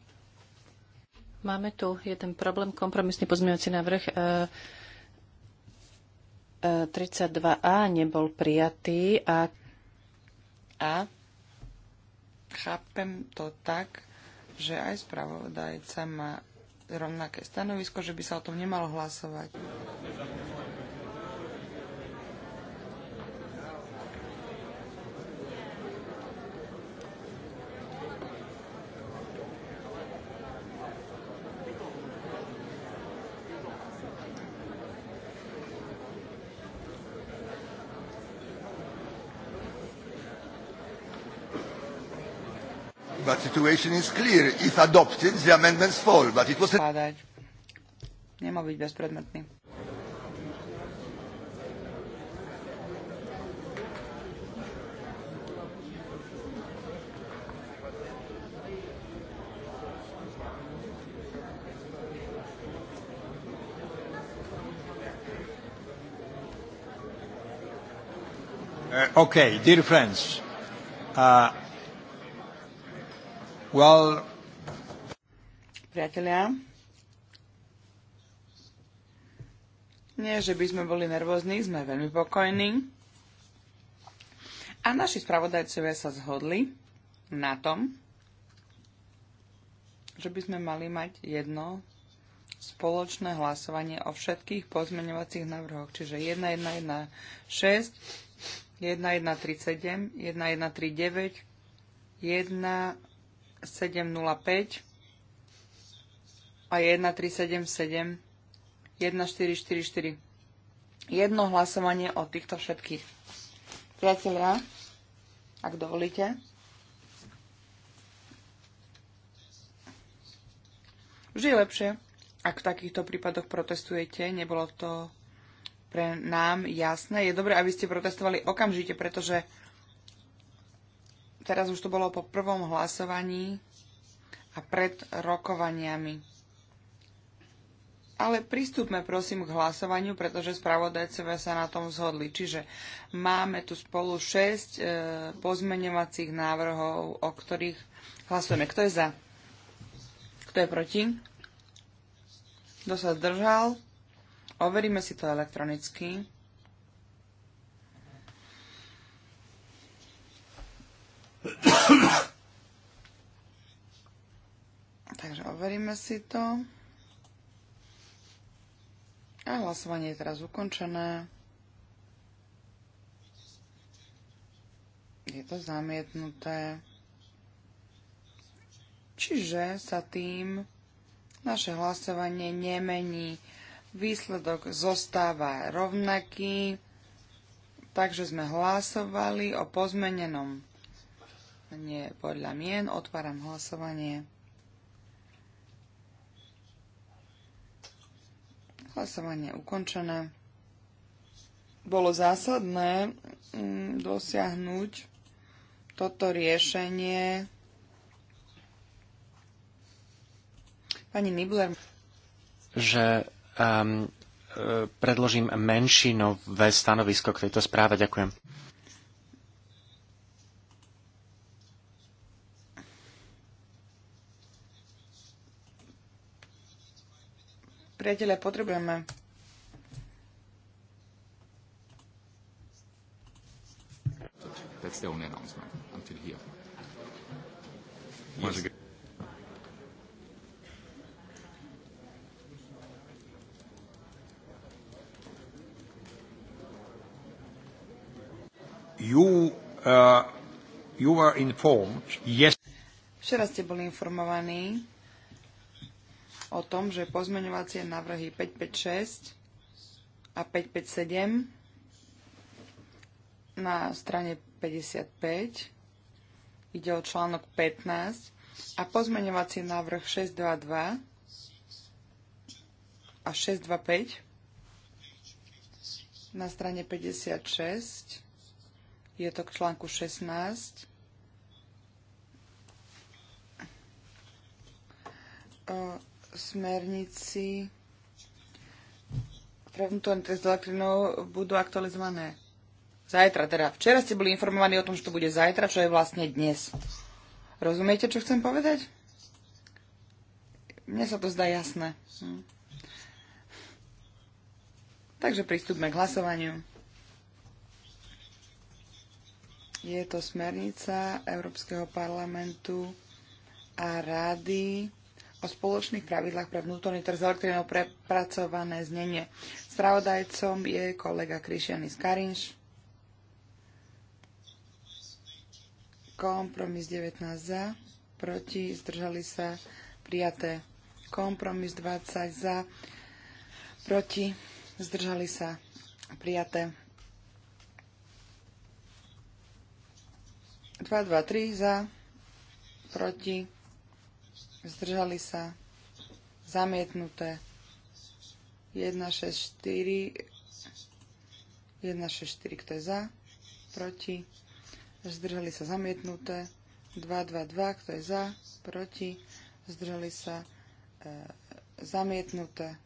Máme tu jeden problém, kompromisný pozmeňovací návrh. E- 32a e, nebol prijatý a, a chápem to tak, že aj spravodajca má rovnaké stanovisko, že by sa o tom nemalo hlasovať. situation is clear. If adopted, the amendments fall, but it was... Nemal byť bezpredmetný. Uh, okay, dear friends, uh, Well... Priatelia, nie, že by sme boli nervózni, sme veľmi pokojní. A naši spravodajcovia sa zhodli na tom, že by sme mali mať jedno spoločné hlasovanie o všetkých pozmeňovacích návrhoch, čiže 1116, 1137, 1139, 1 705 a 1377 1444. Jedno hlasovanie o týchto všetkých. Priatelia, ak dovolíte. Vždy je lepšie, ak v takýchto prípadoch protestujete. Nebolo to pre nám jasné. Je dobré, aby ste protestovali okamžite, pretože teraz už to bolo po prvom hlasovaní a pred rokovaniami. Ale pristúpme prosím k hlasovaniu, pretože spravodajcovia sa na tom zhodli. Čiže máme tu spolu 6 e, pozmeňovacích návrhov, o ktorých hlasujeme. Kto je za? Kto je proti? Kto sa zdržal? Overíme si to elektronicky. Takže overíme si to. A hlasovanie je teraz ukončené. Je to zamietnuté. Čiže sa tým naše hlasovanie nemení. Výsledok zostáva rovnaký. Takže sme hlasovali o pozmenenom. Nie podľa mien. Otváram hlasovanie. Hlasovanie ukončené. Bolo zásadné mm, dosiahnuť toto riešenie. Pani Nibler. Že um, predložím menšinové stanovisko k tejto správe. Ďakujem. Priatelia, potrebujeme That's the only announcement until here. Yes. You, uh, you were informed, yes. Včera ste boli informovaní, o tom, že pozmeňovacie návrhy 556 a 557 na strane 55 ide o článok 15 a pozmeňovací návrh 622 a 625 na strane 56 je to k článku 16 uh, smernici pre vnútorný test s elektrinou budú aktualizované zajtra. Teda včera ste boli informovaní o tom, že to bude zajtra, čo je vlastne dnes. Rozumiete, čo chcem povedať? Mne sa to zdá jasné. Hm. Takže pristúpme k hlasovaniu. Je to smernica Európskeho parlamentu a rady o spoločných pravidlách pre vnútorný trh s elektrinou prepracované znenie. Spravodajcom je kolega Krišianis Karinš. Kompromis 19 za, proti, zdržali sa, prijaté. Kompromis 20 za, proti, zdržali sa, prijaté. 2, 2, 3 za, proti, zdržali sa, zamietnuté. 164, 164, kto je za, proti, zdržali sa, zamietnuté. 222, kto je za, proti, zdržali sa, e, zamietnuté.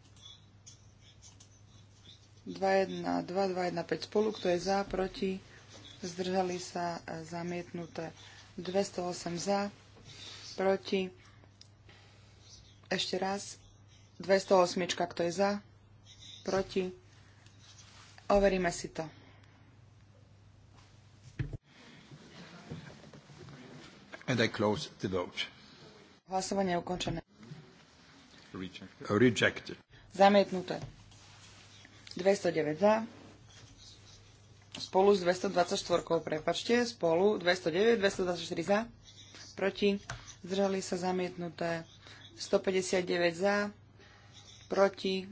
2, 1, 2, 2, 1, 5 spolu, kto je za, proti, zdržali sa, e, zamietnuté 208 za, proti, ešte raz. 208. Kto je za? Proti? Overíme si to. And I close the vote. Hlasovanie je ukončené. Rejected. Zamietnuté. 209 za. Spolu s 224, prepačte, spolu 209, 224 za. Proti, zdržali sa zamietnuté. 159 za, proti,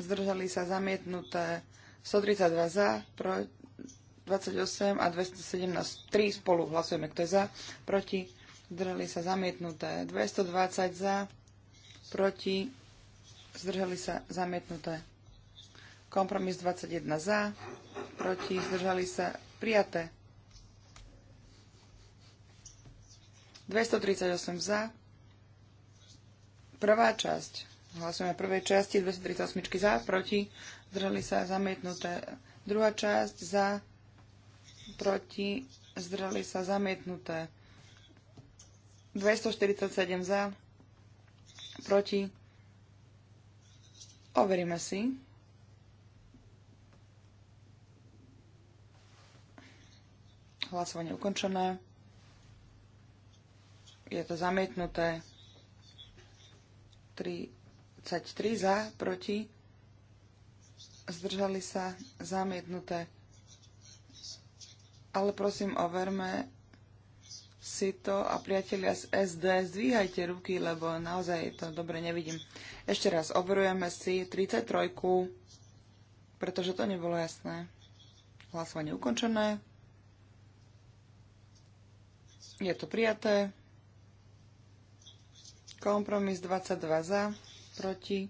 zdržali sa zamietnuté 132 za, pro, 28 a 217, 3 spolu hlasujeme, kto je za, proti, zdržali sa zamietnuté 220 za, proti, zdržali sa zamietnuté. Kompromis 21 za, proti, zdržali sa prijaté. 238 za, Prvá časť. Hlasujeme prvej časti 238 za, proti, zdržali sa zamietnuté. Druhá časť za, proti, zdržali sa zamietnuté. 247 za, proti. Overíme si. Hlasovanie ukončené. Je to zamietnuté. 33 za, proti, zdržali sa, zamietnuté. Ale prosím, overme si to a priatelia z SD, zdvíhajte ruky, lebo naozaj to dobre nevidím. Ešte raz, overujeme si 33, pretože to nebolo jasné. Hlasovanie ukončené. Je to prijaté. Kompromis 22 za, proti,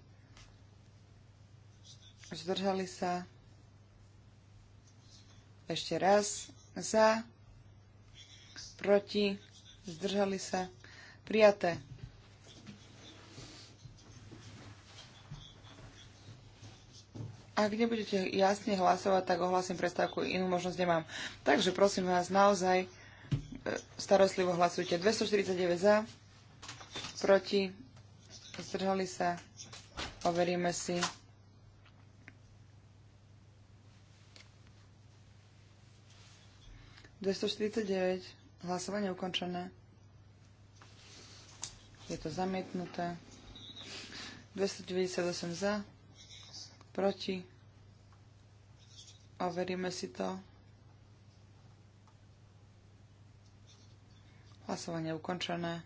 zdržali sa. Ešte raz, za, proti, zdržali sa. Prijaté. Ak nebudete jasne hlasovať, tak ohlasím prestávku, inú možnosť nemám. Takže prosím vás, naozaj e, starostlivo hlasujte. 249 za, proti, zdržali sa, overíme si. Dvestoštyridsaťdeväť, hlasovanie ukončené. Je to zamietnuté. 298 za, proti. Overíme si to. Hlasovanie ukončené.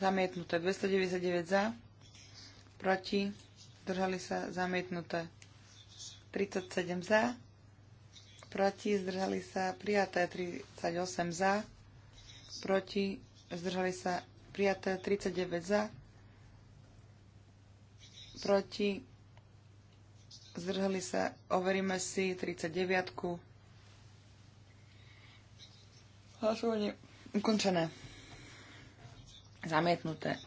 Zamietnuté. 299 za. Proti. Zdržali sa. Zamietnuté. 37 za. Proti. Zdržali sa. Prijaté. 38 za. Proti. Zdržali sa. Prijaté. 39 za. Proti. Zdržali sa. Overíme si 39. Hlasovanie ukončené. Zamietnuté.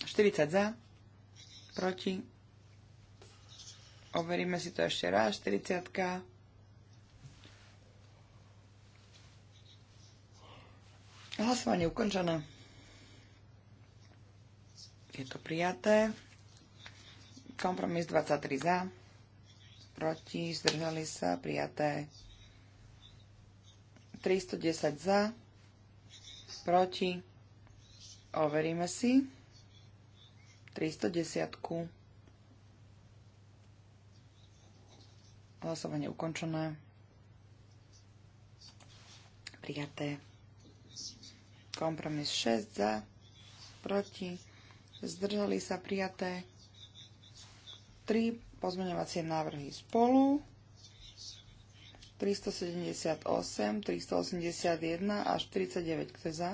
40 za, proti. Overíme si to ešte raz. 40. Hlasovanie ukončené. Je to prijaté. Kompromis 23 za. Proti, zdržali sa, prijaté. 310 za. Proti. Overíme si. 310. Hlasovanie ukončené. Prijaté. Kompromis 6 za, proti, zdržali sa prijaté. 3 pozmeňovacie návrhy spolu. 378, 381 až 49, kto je za?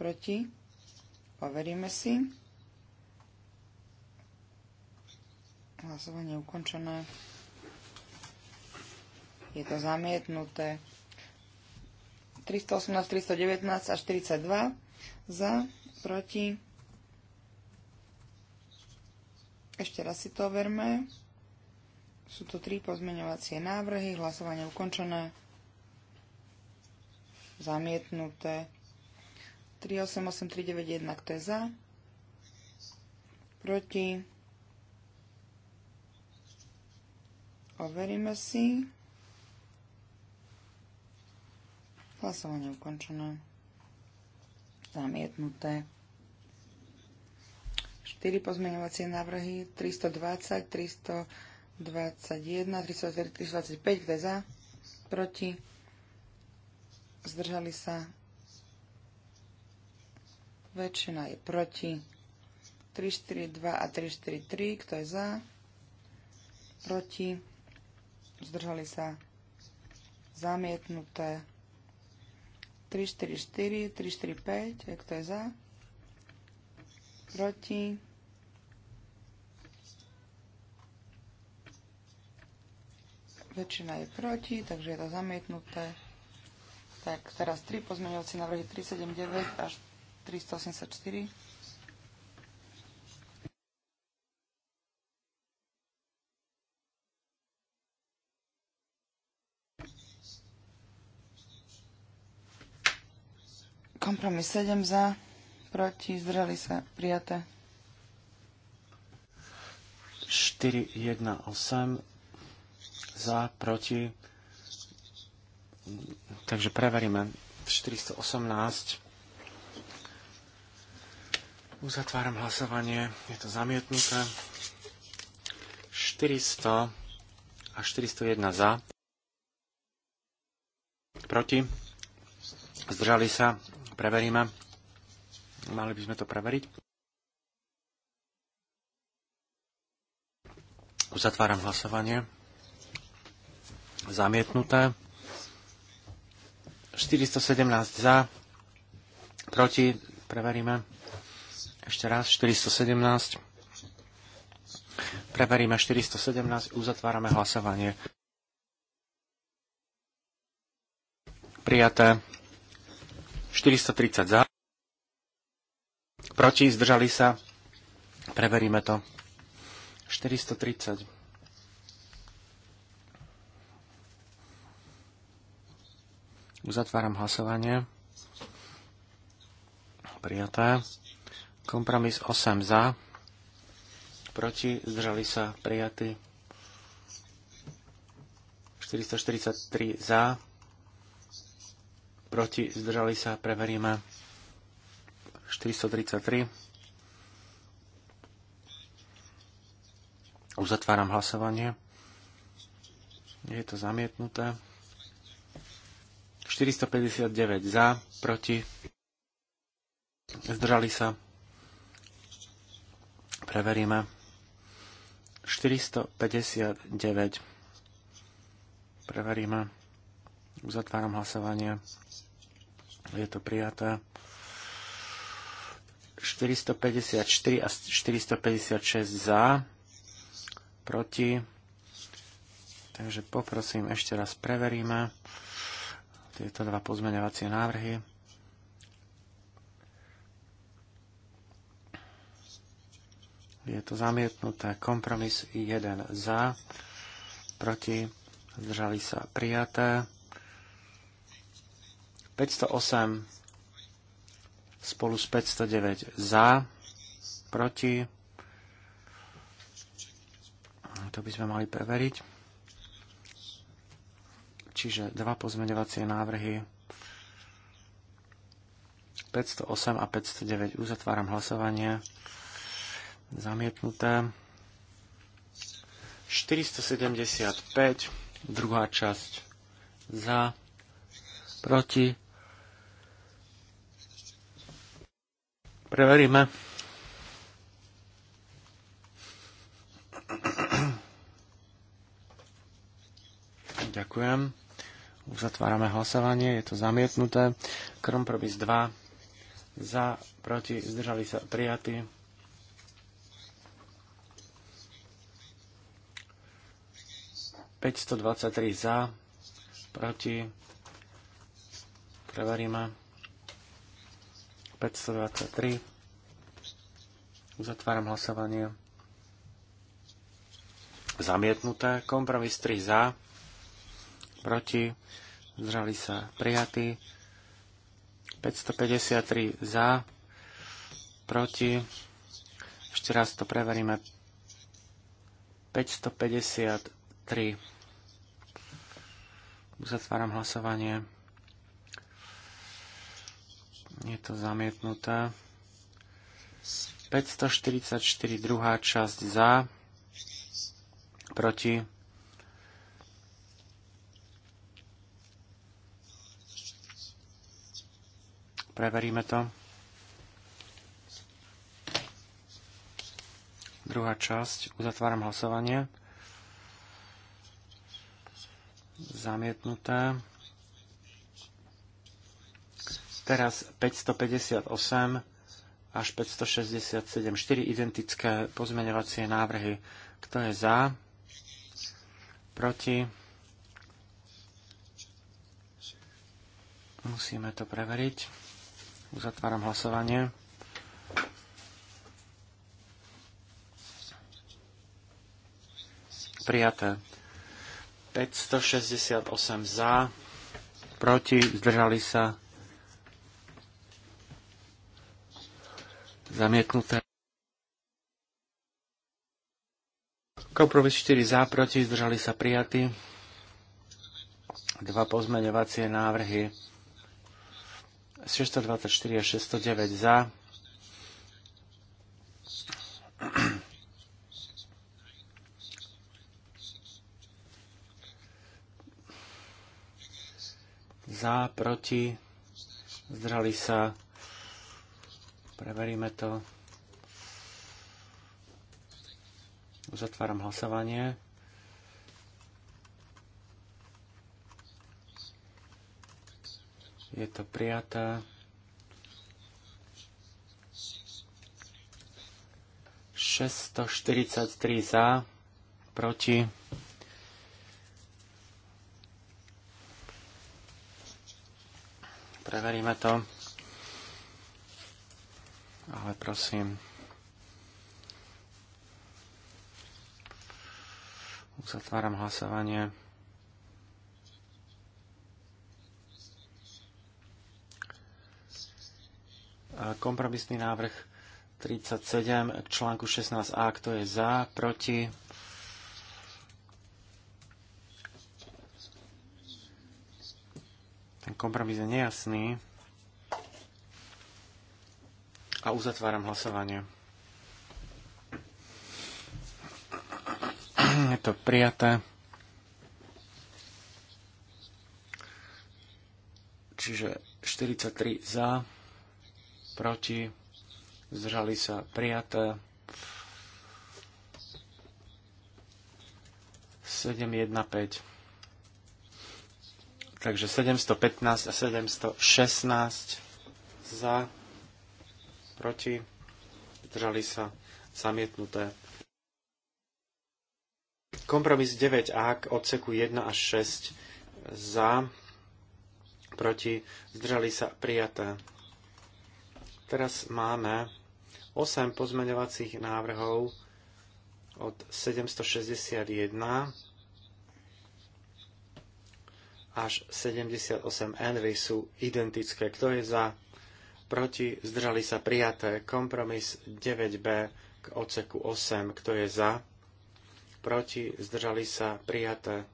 proti, overíme si. Hlasovanie ukončené. Je to zamietnuté. 318, 319 až 42 za, proti. Ešte raz si to overme. Sú tu tri pozmeňovacie návrhy, hlasovanie ukončené, zamietnuté. 388391, kto je za? Proti? Overíme si. Hlasovanie ukončené. Zamietnuté. 4 pozmeňovacie návrhy 320, 321, 324, 325, kto je za? Proti? Zdržali sa väčšina je proti. 3, 4, 2 a 3, 4, 3, kto je za, proti, zdržali sa, zamietnuté. 3, 4, 4, 3, 4, 5, kto je za, proti, väčšina je proti, takže je to zamietnuté. Tak teraz 3 pozmeňovacie návrhy 379 až 384. Kompromis 7 za, proti, zdržali sa, prijaté. 4, 1, 8 za, proti. Takže preveríme 418. Uzatváram hlasovanie. Je to zamietnuté. 400 a 401 za. Proti. Zdržali sa. Preveríme. Mali by sme to preveriť. Uzatváram hlasovanie. Zamietnuté. 417 za. Proti. Preveríme. Ešte raz, 417. Preveríme 417, uzatvárame hlasovanie. Prijaté. 430 za. Proti, zdržali sa. Preveríme to. 430. Uzatváram hlasovanie. Prijaté. Kompromis 8 za, proti, zdržali sa prijatí. 443 za, proti, zdržali sa, preveríme. 433. Uzatváram hlasovanie. Je to zamietnuté. 459 za, proti, zdržali sa preveríme. 459. Preveríme. Uzatváram hlasovanie. Je to prijaté. 454 a 456 za, proti. Takže poprosím, ešte raz preveríme tieto dva pozmeňovacie návrhy. je to zamietnuté. Kompromis 1 za, proti, zdržali sa prijaté. 508 spolu s 509 za, proti. To by sme mali preveriť. Čiže dva pozmeňovacie návrhy 508 a 509. Uzatváram hlasovanie. Zamietnuté. 475, druhá časť za, proti. Preveríme. Ďakujem. Uzatvárame hlasovanie, je to zamietnuté. Krom 2 za, proti, zdržali sa prijatí. 523 za, proti, preveríme, 523, zatváram hlasovanie, zamietnuté, kompromis 3 za, proti, zdrali sa prijatí, 553 za, proti, ešte raz to preveríme, 550 3. Uzatváram hlasovanie. Je to zamietnuté. 544, druhá časť za, proti. Preveríme to. Druhá časť. Uzatváram hlasovanie zamietnuté. Teraz 558 až 567, 4 identické pozmeňovacie návrhy. Kto je za? Proti? Musíme to preveriť. Uzatváram hlasovanie. Prijaté. 568 za, proti, zdržali sa, zamietnuté. Kompromis 4 za, proti, zdržali sa prijatí. Dva pozmeňovacie návrhy 624 a 609 za, Za, proti, zdrali sa. Preveríme to. Uzatváram hlasovanie. Je to prijaté. 643 za, proti Preveríme to. Ale prosím. Uzatváram hlasovanie. Kompromisný návrh 37 k článku 16a. Kto je za? Proti? kompromis je nejasný a uzatváram hlasovanie. Je to prijaté. Čiže 43 za, proti, zdržali sa prijaté. 715 Takže 715 a 716 za, proti, zdržali sa, zamietnuté. Kompromis 9a k odseku 1 až 6 za, proti, zdržali sa, prijaté. Teraz máme 8 pozmeňovacích návrhov od 761 až 78 envy sú identické. Kto je za? Proti? Zdržali sa prijaté. Kompromis 9b k oceku 8. Kto je za? Proti? Zdržali sa prijaté.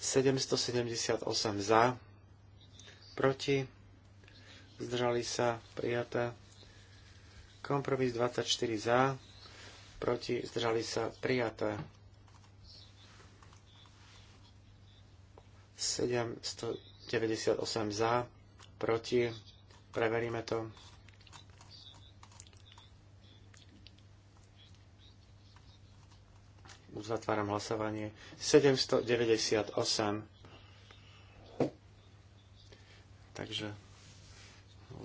778 za. Proti? Zdržali sa prijaté. Kompromis 24 za. Proti? Zdržali sa prijaté. 798 za, proti, preveríme to. Uzatváram hlasovanie. 798. Takže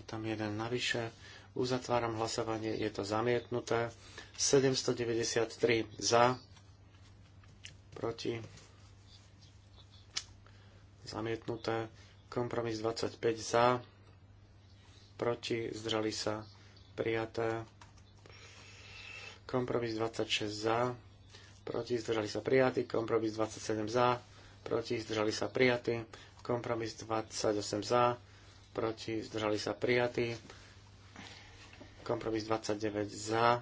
tam jeden navyše. Uzatváram hlasovanie, je to zamietnuté. 793 za, proti zamietnuté, kompromis 25 za, proti, zdržali sa, prijaté, kompromis 26 za, proti, zdržali sa, prijatý, kompromis 27 za, proti, zdržali sa, prijatý, kompromis 28 za, proti, zdržali sa, prijatý, kompromis 29 za,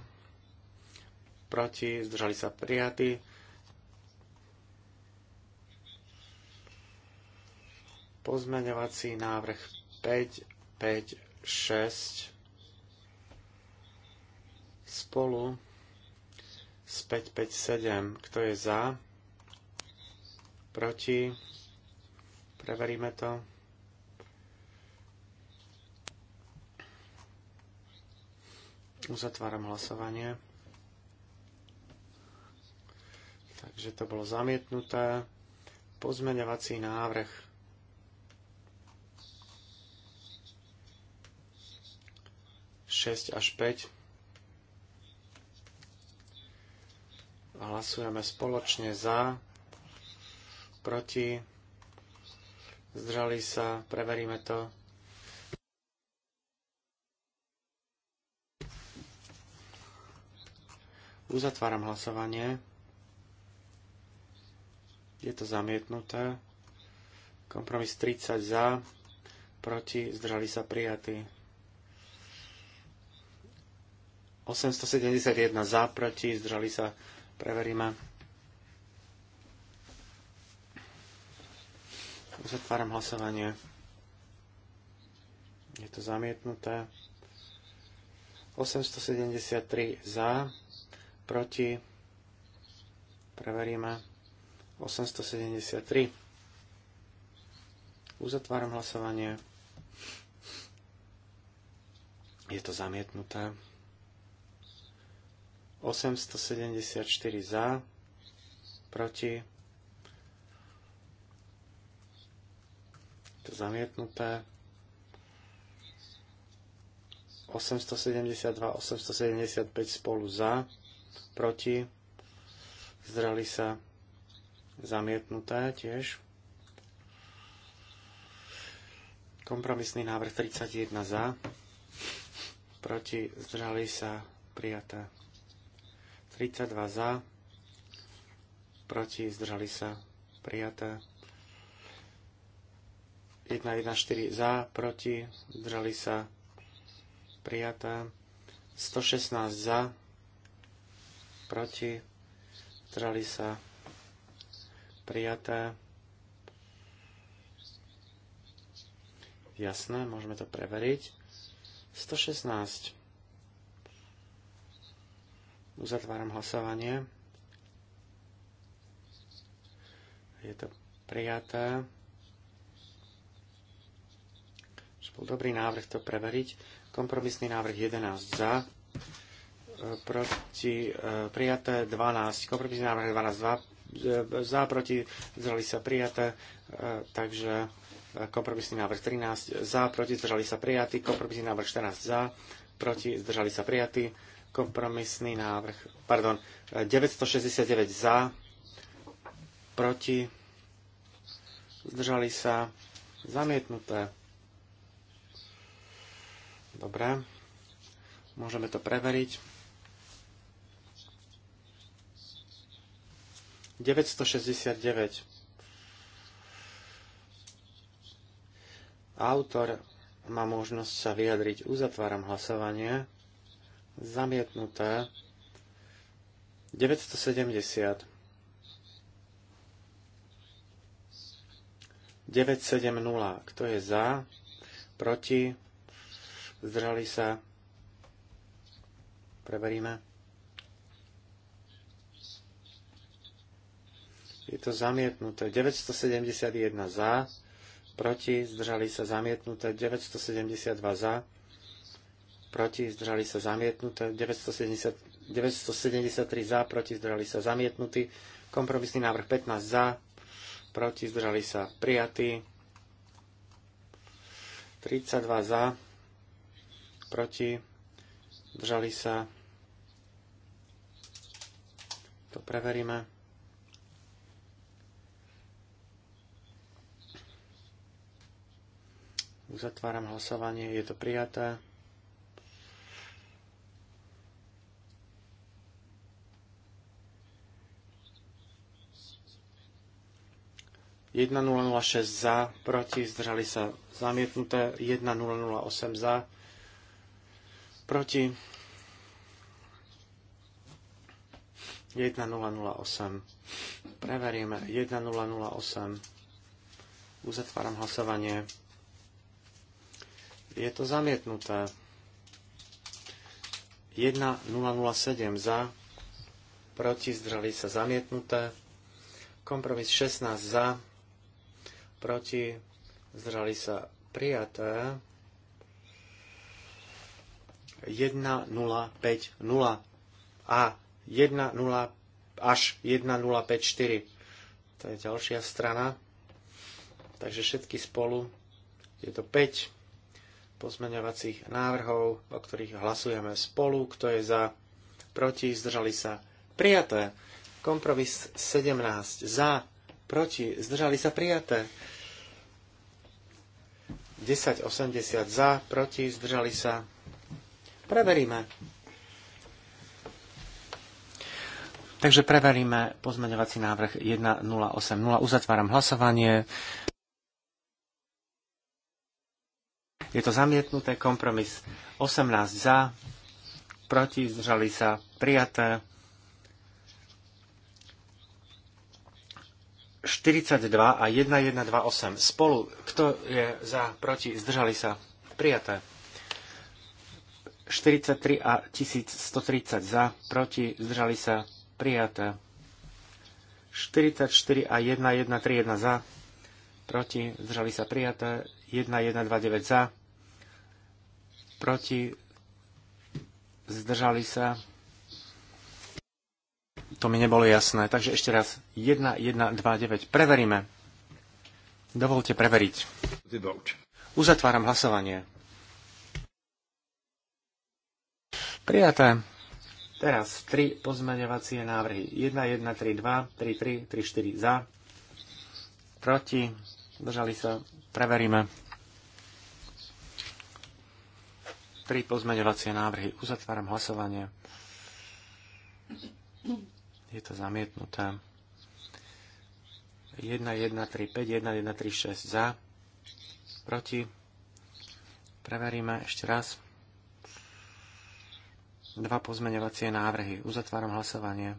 proti, zdržali sa, prijatý, Pozmeňovací návrh 5, 5, 6 spolu s 5, 5, 7. Kto je za? Proti? Preveríme to. Uzatváram hlasovanie. Takže to bolo zamietnuté. Pozmeňovací návrh 6 až 5. Hlasujeme spoločne za, proti, zdrali sa, preveríme to. Uzatváram hlasovanie. Je to zamietnuté. Kompromis 30 za, proti, zdržali sa prijatí. 871 za, proti, zdržali sa, preveríme. Uzatváram hlasovanie. Je to zamietnuté. 873 za, proti, preveríme. 873. Uzatváram hlasovanie. Je to zamietnuté. 874 za, proti, to zamietnuté, 872, 875 spolu za, proti, zdrali sa zamietnuté tiež. Kompromisný návrh 31 za, proti, zdrali sa prijaté. 32 za, proti, zdržali sa, prijaté. 1, 4 za, proti, zdržali sa, prijaté. 116 za, proti, zdržali sa, prijaté. Jasné, môžeme to preveriť. 116. Uzatváram hlasovanie. Je to prijaté. Bol dobrý návrh to preveriť. Kompromisný návrh 11 za, e, proti e, prijaté 12. Kompromisný návrh 12 2, e, za, proti zdržali sa prijaté, takže kompromisný návrh 13 za, proti zdržali sa prijatí, kompromisný návrh 14 za, proti zdržali sa prijatí. Kompromisný návrh, pardon, 969 za, proti, zdržali sa, zamietnuté. Dobre, môžeme to preveriť. 969. Autor má možnosť sa vyjadriť. Uzatváram hlasovanie. Zamietnuté. 970. 970. Kto je za? Proti? Zdržali sa? Preveríme. Je to zamietnuté. 971 za, proti, zdržali sa zamietnuté. 972 za, proti, zdržali sa zamietnuté, 970, 973 za, proti, zdržali sa zamietnutí, kompromisný návrh 15 za, proti, zdržali sa prijatí, 32 za, proti, zdržali sa, to preveríme. Uzatváram hlasovanie, je to prijaté. 1006 za, proti, zdržali sa zamietnuté. 1008 za, proti. 1008. Preveríme. 1008. Uzatváram hlasovanie. Je to zamietnuté. 1007 za, proti, zdržali sa zamietnuté. Kompromis 16 za, proti, zdržali sa prijaté. 1050 a 10 až 1054. To je ďalšia strana. Takže všetky spolu. Je to 5 pozmeňovacích návrhov, o ktorých hlasujeme spolu. Kto je za, proti, zdržali sa, prijaté. Kompromis 17 za, proti, zdržali sa prijaté. 10,80 za, proti, zdržali sa. Preveríme. Takže preveríme pozmeňovací návrh 1080. Uzatváram hlasovanie. Je to zamietnuté kompromis 18 za, proti, zdržali sa, prijaté. 42 a 1128 spolu. Kto je za, proti, zdržali sa? Prijaté. 43 a 1130 za, proti, zdržali sa? Prijaté. 44 a 1131 za, proti, zdržali sa? Prijaté. 1129 za, proti, zdržali sa? To mi nebolo jasné. Takže ešte raz 1129. Preveríme. Dovolte preveriť. Uzatváram hlasovanie. Prijaté. Teraz tri pozmeňovacie návrhy. 1, 1, 3, 2, 3, 3, 3, 4 za. Proti. Držali sa. Preveríme. Tri pozmeňovacie návrhy. Uzatváram hlasovanie. Je to zamietnuté. 1, 1, 3, 5, 1, 1, 3, 6 za, proti. Preveríme ešte raz. Dva pozmeňovacie návrhy. Uzatváram hlasovanie.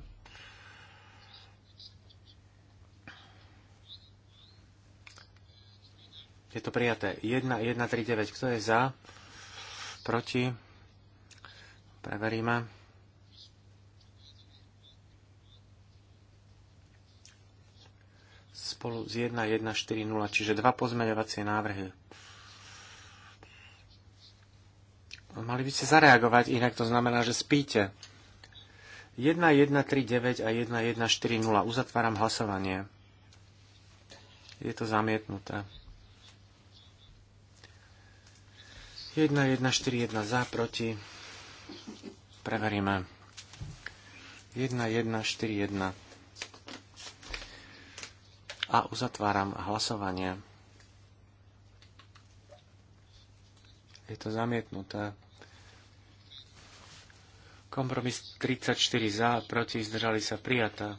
Je to prijaté. 1, 1, 3, 9. Kto je za? Proti? Preveríme. spolu s 1140, čiže dva pozmeňovacie návrhy. Mali by ste zareagovať, inak to znamená, že spíte. 1139 a 1140. Uzatváram hlasovanie. Je to zamietnuté. 1141 za, proti. Preveríme. 1141. A uzatváram hlasovanie. Je to zamietnuté. Kompromis 34 za, proti zdržali sa prijatá.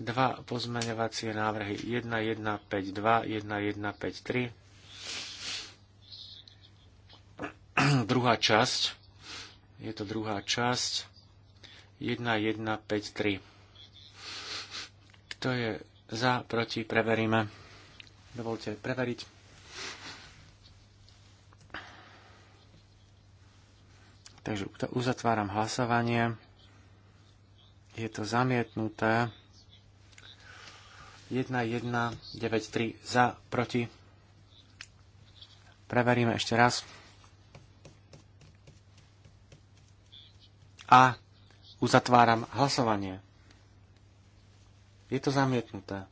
Dva pozmeňovacie návrhy 1152, 1153. druhá časť. Je to druhá časť. 1153. Kto je za, proti, preveríme. Dovolte preveriť. Takže uzatváram hlasovanie. Je to zamietnuté. 1, 1, 9, 3 za, proti. Preveríme ešte raz. A uzatváram hlasovanie. Je to zamietnuté.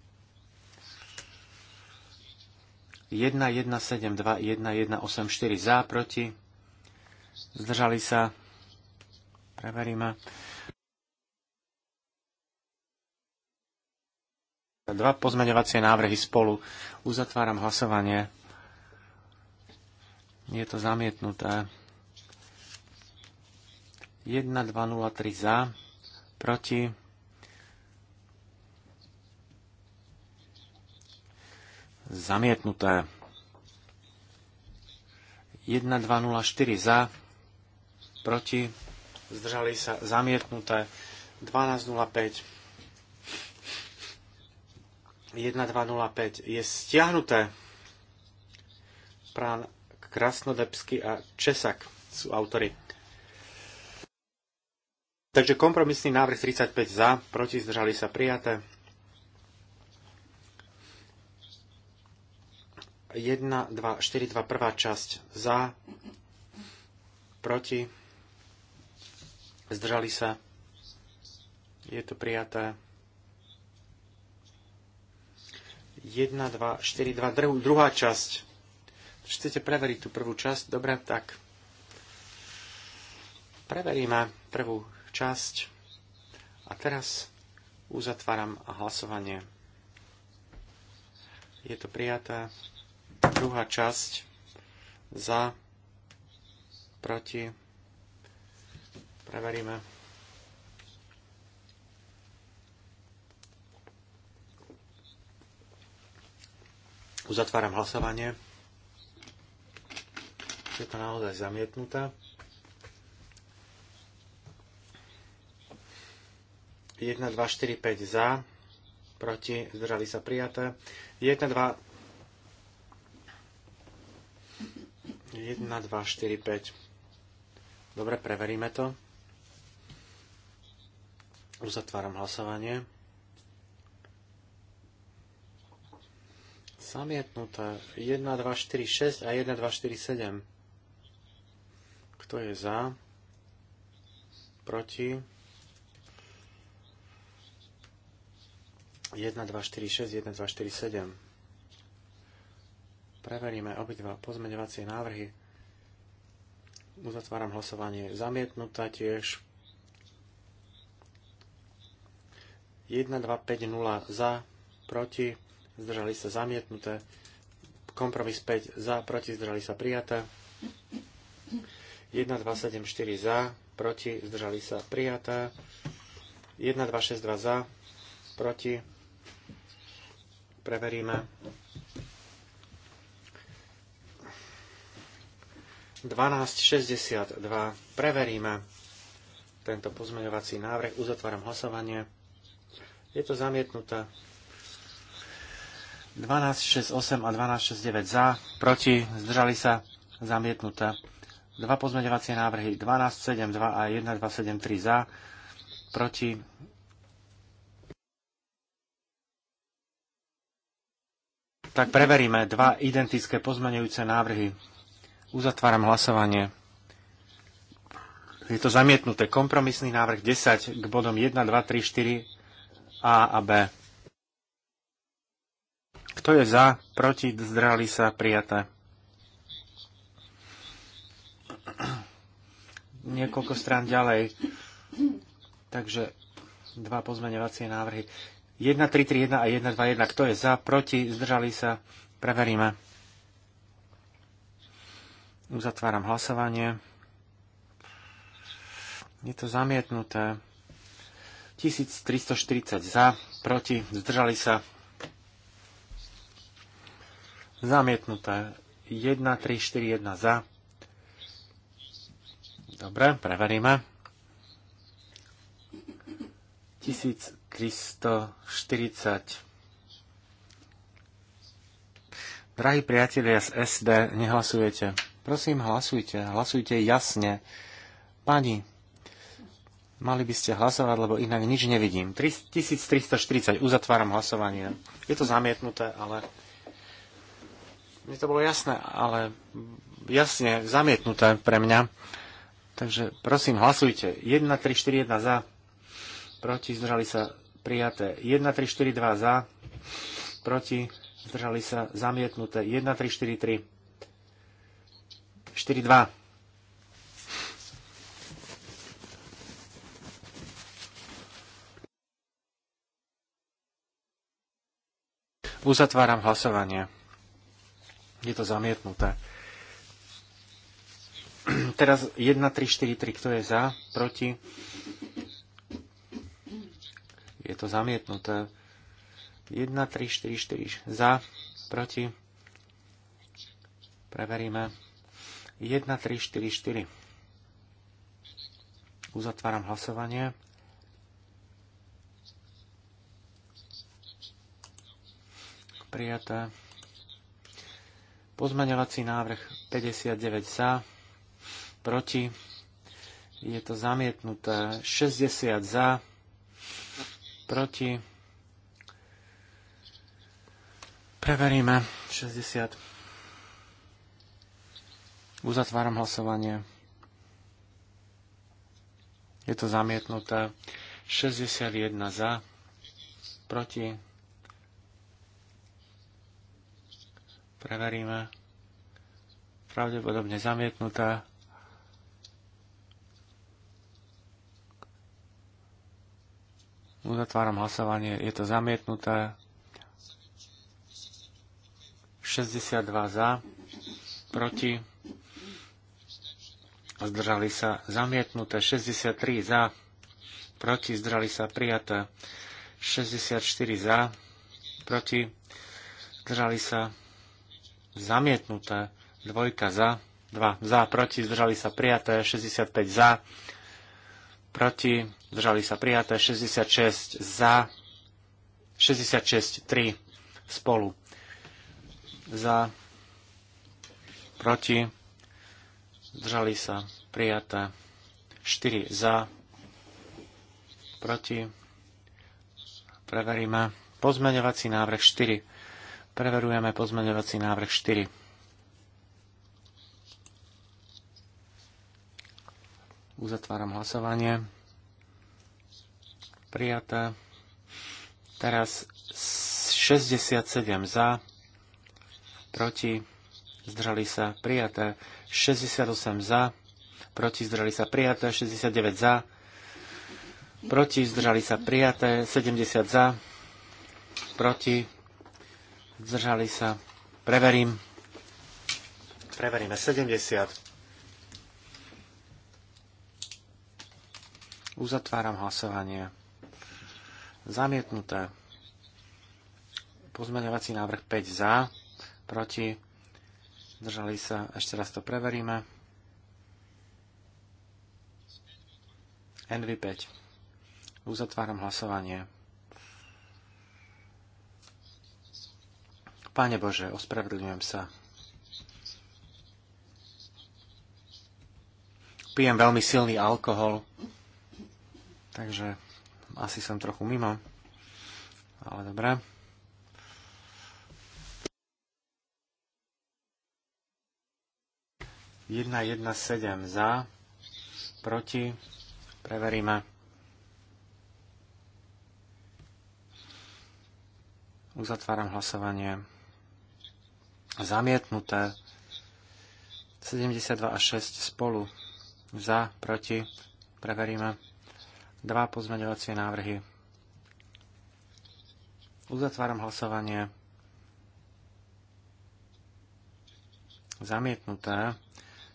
1, 1, 7, 2, 1, 1, 8, 4 za, proti. Zdržali sa. Preveríme. 2 pozmeňovacie návrhy spolu. Uzatváram hlasovanie. Je to zamietnuté. 1, 2, 0, 3 za, proti. Zamietnuté. 1204 za, proti, zdržali sa, zamietnuté. 1205. 1205 je stiahnuté. Prán Krasnodebsky a Česak sú autory. Takže kompromisný návrh 35 za, proti zdržali sa prijaté. 1, 2, 4, 2, prvá časť za, proti, zdržali sa, je to prijaté. 1, 2, 4, 2, druhá časť. Chcete preveriť tú prvú časť? Dobre, tak. Preveríme prvú časť. A teraz uzatváram hlasovanie. Je to prijaté. Druhá časť za, proti, preveríme. Uzatváram hlasovanie. Je to naozaj zamietnuté. Jedna, dva, štyri, päť za, proti, zdržali sa prijaté. Jedna, dva, 1, 2, 4, 5. Dobre, preveríme to. Uzatváram hlasovanie. Samietnuté 1, 2, 4, 6 a 1, 2, 4, 7. Kto je za? Proti? 1, 2, 4, 6, 1, 2, 4, 7 preveríme obidva pozmeňovacie návrhy. Uzatváram hlasovanie zamietnutá tiež. 1, 2, 5, 0 za, proti, zdržali sa zamietnuté. Kompromis 5 za, proti, zdržali sa prijaté. 1, 2, 7, 4 za, proti, zdržali sa prijaté. 1, 2, 6, 2 za, proti, preveríme. 1262. Preveríme tento pozmeňovací návrh. Uzatváram hlasovanie. Je to zamietnuté. 1268 a 1269 za, proti, zdržali sa, zamietnuté. Dva pozmeňovacie návrhy 1272 a 1273 za, proti, Tak preveríme dva identické pozmeňujúce návrhy. Uzatváram hlasovanie. Je to zamietnuté. Kompromisný návrh 10 k bodom 1, 2, 3, 4 A a B. Kto je za, proti, zdrali sa, prijaté. Niekoľko strán ďalej. Takže dva pozmeňovacie návrhy. 1, 3, 3, 1 a 1, 2, 1. Kto je za, proti, zdržali sa, preveríme. Uzatváram hlasovanie. Je to zamietnuté. 1340 za, proti, zdržali sa. Zamietnuté. 1, 3, 4, 1 za. Dobre, preveríme. 1340 Drahí priatelia z SD, nehlasujete. Prosím, hlasujte. Hlasujte jasne. Pani, mali by ste hlasovať, lebo inak nič nevidím. 1340. Uzatváram hlasovanie. Je to zamietnuté, ale... Mne to bolo jasné, ale jasne zamietnuté pre mňa. Takže prosím, hlasujte. 1, 3, 4, 1 za. Proti, zdržali sa prijaté. 1, 3, 4, 2 za. Proti, zdržali sa zamietnuté. 1, 3, 4, 3 4-2. Uzatváram hlasovanie. Je to zamietnuté. Teraz 1, 3, 4, 3. Kto je za? Proti? Je to zamietnuté. 1, 3, 4, 4. Za? Proti? Preveríme. 1, 4, 4. Uzatváram hlasovanie. Prijaté. Pozmeňovací návrh 59 za, proti, je to zamietnuté 60 za, proti, preveríme 60. Uzatváram hlasovanie. Je to zamietnuté. 61 za, proti. Preveríme. Pravdepodobne zamietnuté. Uzatváram hlasovanie. Je to zamietnuté. 62 za, proti zdržali sa zamietnuté, 63 za, proti, zdržali sa prijaté, 64 za, proti, zdržali sa zamietnuté, dvojka za, 2 za, proti, zdržali sa prijaté, 65 za, proti, zdržali sa prijaté, 66 za, 66, 3 spolu. Za, proti, Zdržali sa prijaté 4 za, proti. Preveríme pozmeňovací návrh 4. Preverujeme pozmeňovací návrh 4. Uzatváram hlasovanie. Prijaté. Teraz 67 za, proti, zdržali sa, prijaté. 68 za, proti zdržali sa prijaté, 69 za, proti zdržali sa prijaté, 70 za, proti zdržali sa, preverím, preveríme 70. Uzatváram hlasovanie. Zamietnuté. Pozmeňovací návrh 5 za, proti Zdržali sa. Ešte raz to preveríme. NV5. Uzatváram hlasovanie. Pane Bože, ospravedlňujem sa. Pijem veľmi silný alkohol, takže asi som trochu mimo, ale dobré. 117 za, proti, preveríme. Uzatváram hlasovanie. Zamietnuté. 72 a 6 spolu. Za, proti, preveríme. Dva pozmeňovacie návrhy. Uzatváram hlasovanie. Zamietnuté.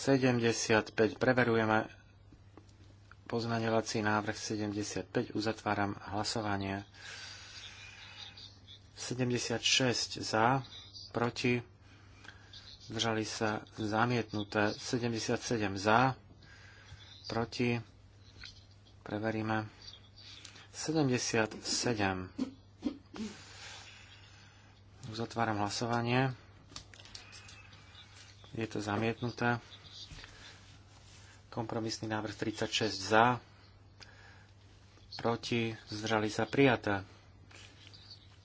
75. Preverujeme pozmaňovací návrh 75. Uzatváram hlasovanie. 76 za, proti, držali sa zamietnuté. 77 za, proti, preveríme. 77. Uzatváram hlasovanie. Je to zamietnuté. Kompromisný návrh 36 za, proti, zdržali sa prijaté.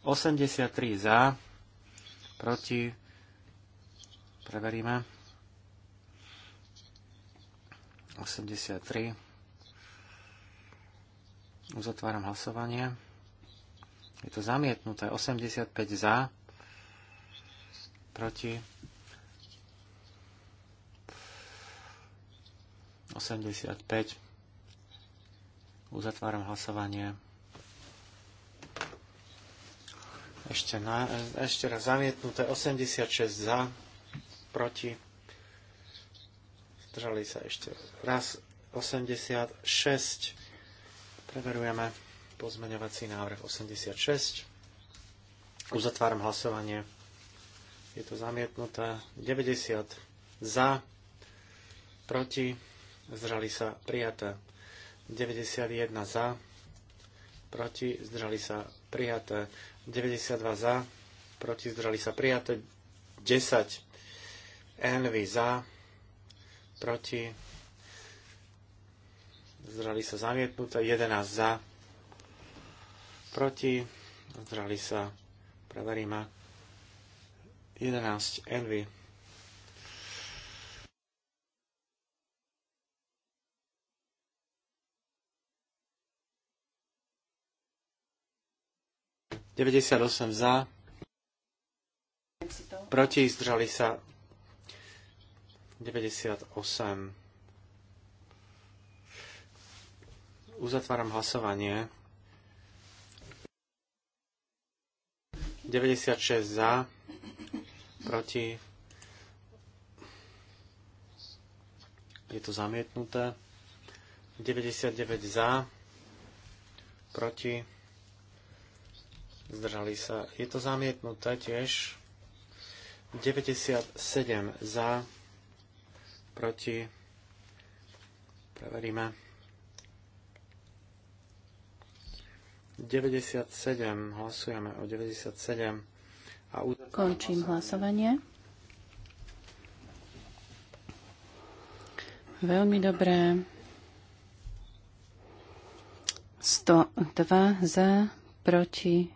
83 za, proti, preveríme. 83. Uzatváram hlasovanie. Je to zamietnuté. 85 za, proti, 85. Uzatváram hlasovanie. Ešte, na, ešte raz zamietnuté. 86 za, proti. Zdržali sa ešte raz. 86. Preverujeme pozmeňovací návrh 86. Uzatváram hlasovanie. Je to zamietnuté. 90 za, proti zdržali sa prijaté. 91 za, proti, zdržali sa prijaté. 92 za, proti, zdržali sa prijaté. 10 envy za, proti, zdržali sa zamietnuté. 11 za, proti, zdržali sa, preveríme. 11 envy 98 za, proti, zdržali sa 98. Uzatváram hlasovanie. 96 za, proti. Je to zamietnuté. 99 za, proti zdržali sa. Je to zamietnuté tiež. 97 za, proti, preveríme. 97, hlasujeme o 97. A Končím hlasovanie. Veľmi dobré. 102 za, proti,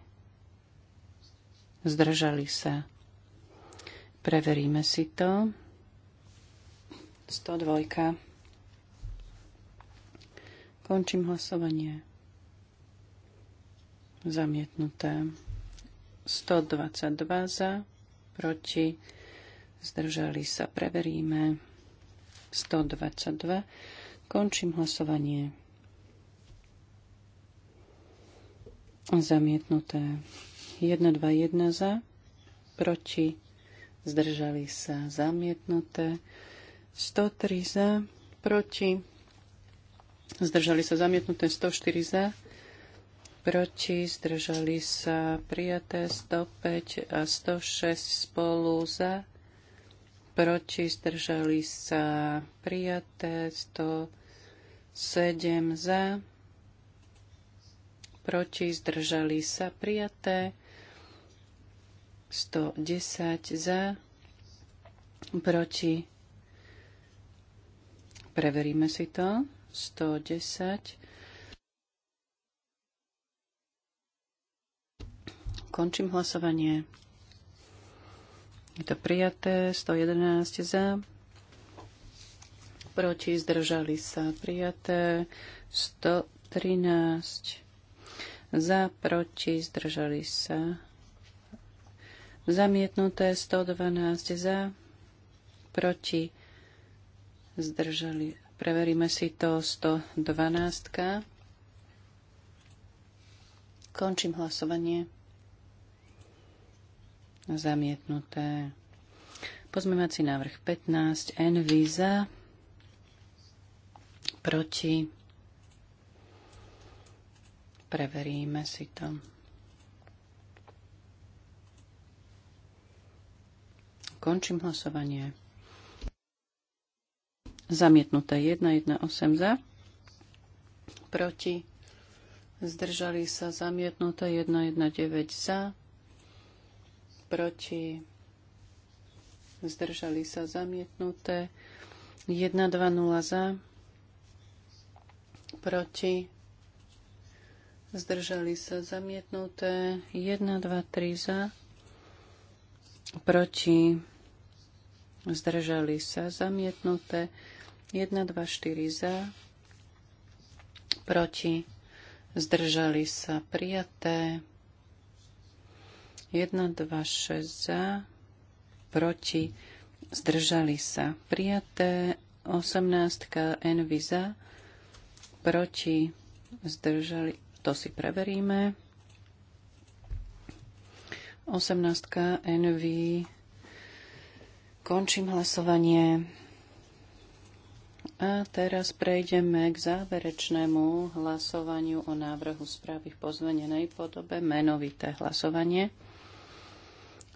zdržali sa. Preveríme si to. 102. Končím hlasovanie. Zamietnuté. 122 za, proti, zdržali sa, preveríme. 122. Končím hlasovanie. Zamietnuté. 121 za, proti, zdržali sa zamietnuté, 103 za, proti, zdržali sa zamietnuté, 104 za, proti, zdržali sa prijaté, 105 a 106 spolu za, proti, zdržali sa prijaté, 107 za, proti, zdržali sa prijaté, 110 za, proti. Preveríme si to. 110. Končím hlasovanie. Je to prijaté. 111 za. Proti. Zdržali sa. Prijaté. 113 za. Proti. Zdržali sa Zamietnuté 112 za, proti, zdržali. Preveríme si to 112. Končím hlasovanie. Zamietnuté. Pozmevací návrh 15. N víza. Proti. Preveríme si to. Končím hlasovanie. Zamietnuté 118 za. Proti. Zdržali sa zamietnuté 119 za. Proti. Zdržali sa zamietnuté 120 za. Proti. Zdržali sa zamietnuté 1, 2, 3 za proti, zdržali sa, zamietnuté, 1, 2, 4 za, proti, zdržali sa, prijaté, 1, 2, 6 za, proti, zdržali sa, prijaté, 18 envy za, proti, zdržali, to si preveríme. 18 NV. Končím hlasovanie. A teraz prejdeme k záverečnému hlasovaniu o návrhu správy v pozvenenej podobe, menovité hlasovanie.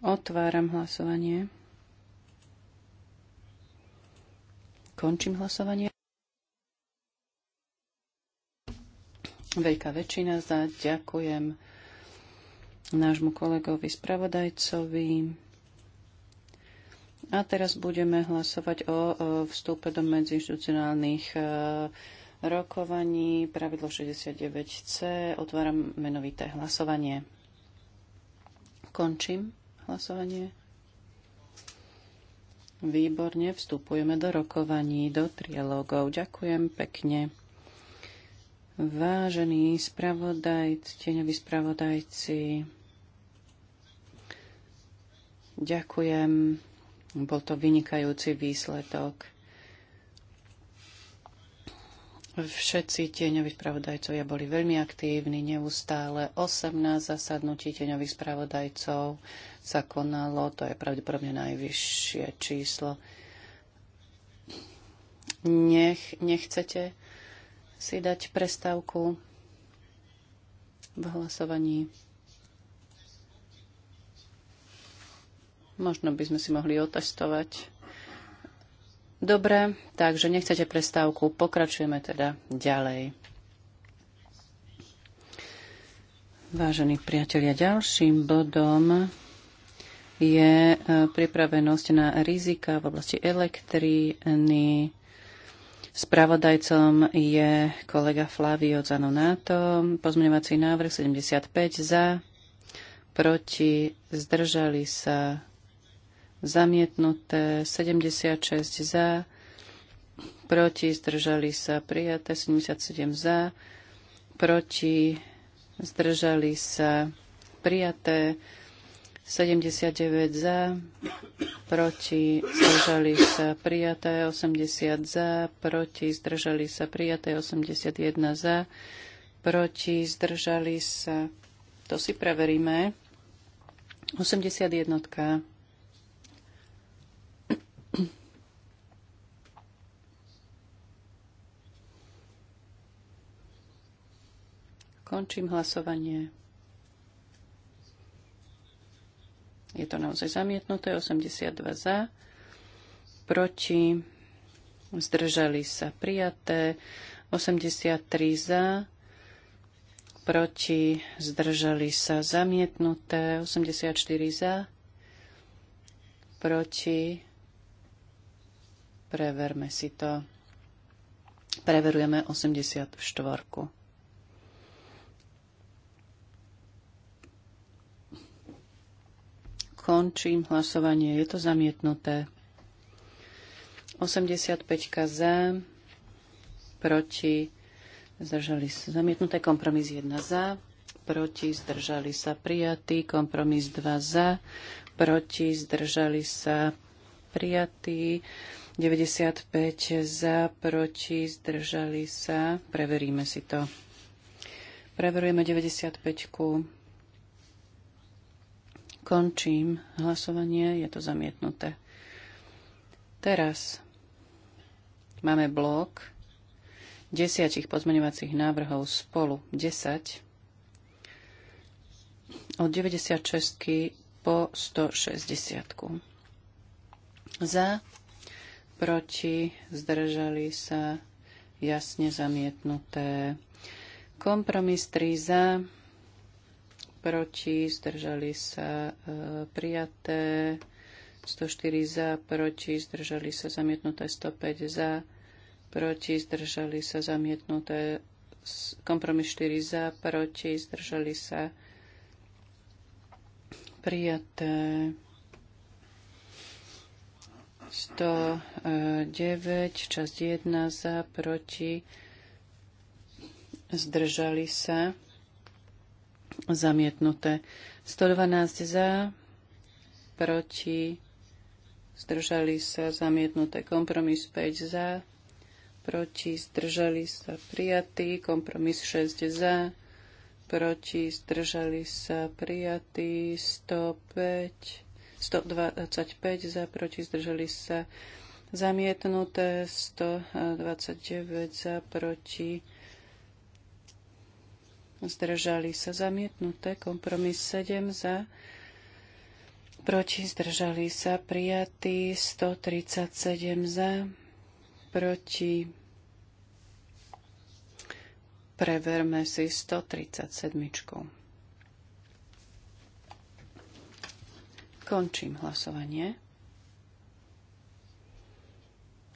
Otváram hlasovanie. Končím hlasovanie. Veľká väčšina za. Ďakujem nášmu kolegovi spravodajcovi. A teraz budeme hlasovať o vstupe do medziinstitucionálnych e, rokovaní, pravidlo 69c. Otváram menovité hlasovanie. Končím hlasovanie. Výborne, vstupujeme do rokovaní, do trialógov. Ďakujem pekne. Vážení spravodajci, tieňoví spravodajci, Ďakujem. Bol to vynikajúci výsledok. Všetci tieňoví spravodajcovia boli veľmi aktívni, neustále. 18 zasadnutí tieňových spravodajcov sa konalo, to je pravdepodobne najvyššie číslo. Nech, nechcete si dať prestávku v hlasovaní? Možno by sme si mohli otestovať. Dobre, takže nechcete prestávku, pokračujeme teda ďalej. Vážení priatelia, ďalším bodom je e, pripravenosť na rizika v oblasti elektriny. Spravodajcom je kolega Flavio Zanonato. Pozmeňovací návrh 75 za, proti, zdržali sa, zamietnuté 76 za, proti zdržali sa prijaté 77 za, proti zdržali sa prijaté 79 za, proti zdržali sa prijaté 80 za, proti zdržali sa prijaté 81 za, proti zdržali sa, to si preveríme, 81. Končím hlasovanie. Je to naozaj zamietnuté. 82 za. Proti. Zdržali sa prijaté. 83 za. Proti. Zdržali sa zamietnuté. 84 za. Proti. Preverme si to. Preverujeme 84. Končím hlasovanie. Je to zamietnuté. 85 za, proti, zdržali sa zamietnuté. Kompromis 1 za, proti, zdržali sa prijatý. Kompromis 2 za, proti, zdržali sa prijatý. 95 za, proti, zdržali sa. Preveríme si to. Preverujeme 95. -ku. Končím hlasovanie, je to zamietnuté. Teraz máme blok desiatich pozmeňovacích návrhov spolu 10 od 96 po 160. Za, proti, zdržali sa, jasne zamietnuté. Kompromis 3 za, proti, zdržali sa e, prijaté, 104 za, proti, zdržali sa zamietnuté, 105 za, proti, zdržali sa zamietnuté, kompromis 4 za, proti, zdržali sa prijaté. 109, časť 1 za, proti, zdržali sa. Zamietnuté. 112 za, proti, zdržali sa, zamietnuté. Kompromis 5 za, proti, zdržali sa, prijatý. Kompromis 6 za, proti, zdržali sa, prijatý. 105, 125 za, proti, zdržali sa, zamietnuté. 129 za, proti, zdržali sa zamietnuté, kompromis 7 za, proti zdržali sa prijatí, 137 za, proti preverme si 137. Končím hlasovanie.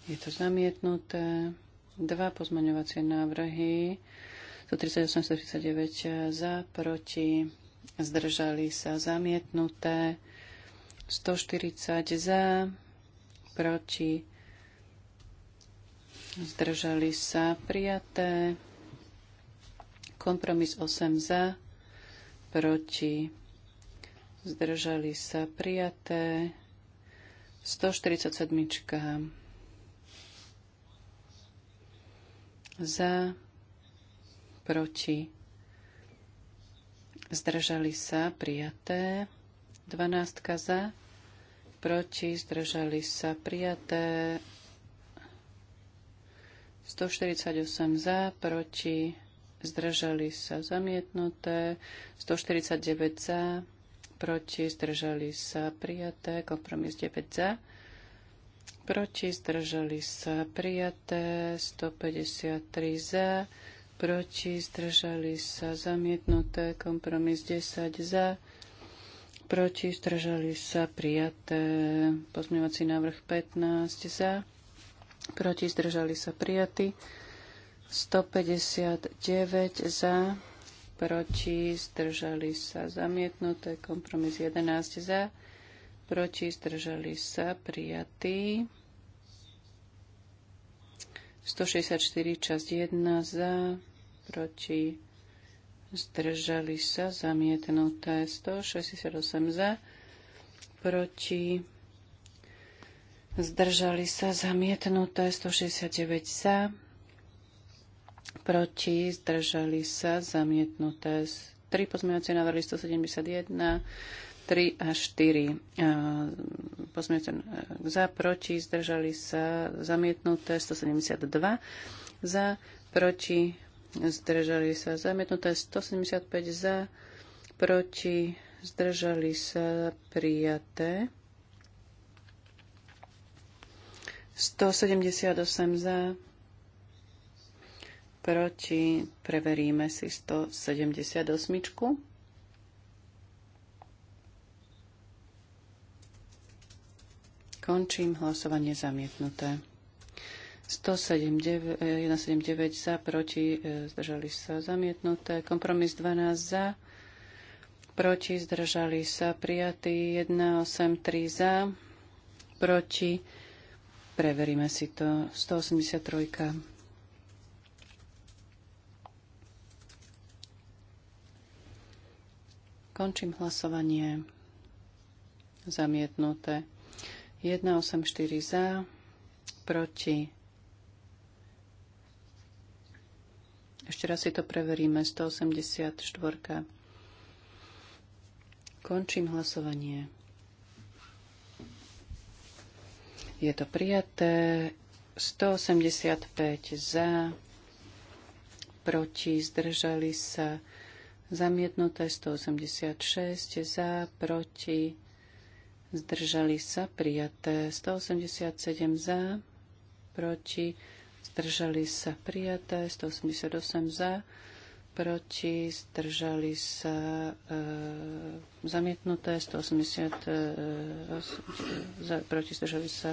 Je to zamietnuté. Dva pozmaňovacie návrhy. 138, 139 za, proti, zdržali sa zamietnuté, 140 za, proti, zdržali sa prijaté, kompromis 8 za, proti, zdržali sa prijaté, 147 za, proti, zdržali sa, prijaté. 12 za, proti, zdržali sa, prijaté. 148 za, proti, zdržali sa, zamietnuté. 149 za, proti, zdržali sa, prijaté. Kompromis 9 za, proti, zdržali sa, prijaté. 153 za, proti, zdržali sa zamietnuté, kompromis 10 za, proti, zdržali sa prijaté, pozmievací návrh 15 za, proti, zdržali sa prijatí, 159 za, proti, zdržali sa zamietnuté, kompromis 11 za, proti, zdržali sa prijatí. 164 časť 1 za, proti, zdržali sa, zamietnuté 168 za, proti, zdržali sa, zamietnuté 169 za, proti, zdržali sa, zamietnuté 3 pozmeňovacie návrhy 171, 3 a 4. Pozmeňujúce za, proti, zdržali sa, zamietnuté 172, za, proti, zdržali sa zamietnuté 175 za, proti zdržali sa prijaté 178 za, proti preveríme si 178. Končím hlasovanie zamietnuté. 179 eh, eh, za, proti, zdržali sa zamietnuté. Kompromis 12 za, proti, zdržali sa prijatí. 183 za, proti, preveríme si to. 183. Končím hlasovanie. Zamietnuté. 184 za, proti Ešte raz si to preveríme. 184. Končím hlasovanie. Je to prijaté. 185 za, proti, zdržali sa. Zamietnuté 186 za, proti, zdržali sa. Prijaté 187 za, proti, zdržali sa prijaté, 188 za, proti, zdržali sa e, zamietnuté, 180 e, za, proti, zdržali sa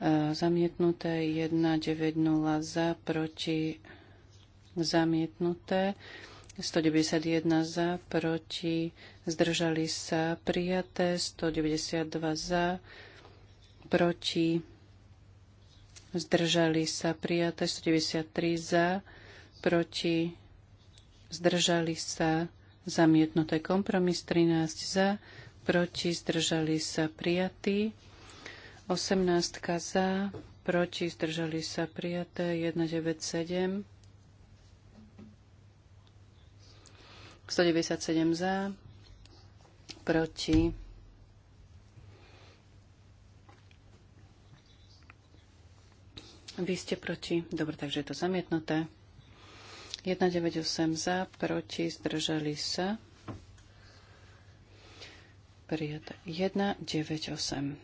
e, zamietnuté, 190 za, proti, zamietnuté, 191 za, proti, zdržali sa prijaté, 192 za, proti, zdržali sa prijaté, 193 za, proti, zdržali sa zamietnuté kompromis, 13 za, proti, zdržali sa prijatí, 18 za, proti, zdržali sa prijaté, 197, 197 za, proti, Vy ste proti. Dobre, takže je to zamietnuté. 198 za, proti, zdržali sa. Prijat 198.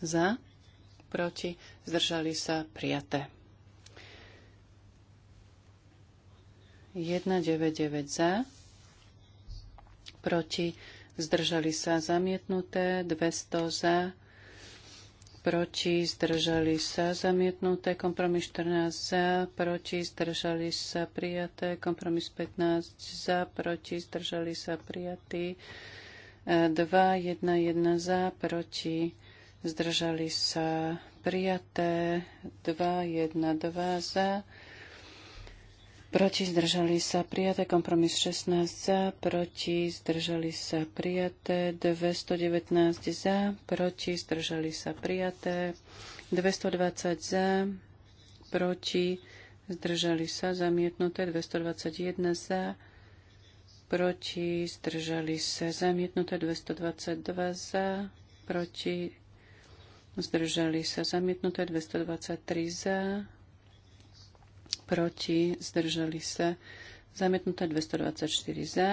Za, proti, zdržali sa, prijaté. 199 za, proti, zdržali sa zamietnuté, 200 za, proti, zdržali sa zamietnuté, kompromis 14 za, proti, zdržali sa prijaté, kompromis 15 za, proti, zdržali sa prijatí, 2, 1, 1 za, proti, zdržali sa prijaté, 2, 1, 2 za, proti zdržali sa prijaté, kompromis 16 za, proti zdržali sa prijaté, 219 za, proti zdržali sa prijaté, 220 za, proti zdržali sa zamietnuté, 221 za, proti zdržali sa zamietnuté, 222 za, proti zdržali sa zamietnuté, 223 za, proti, zdržali sa, zamietnuté 224 za,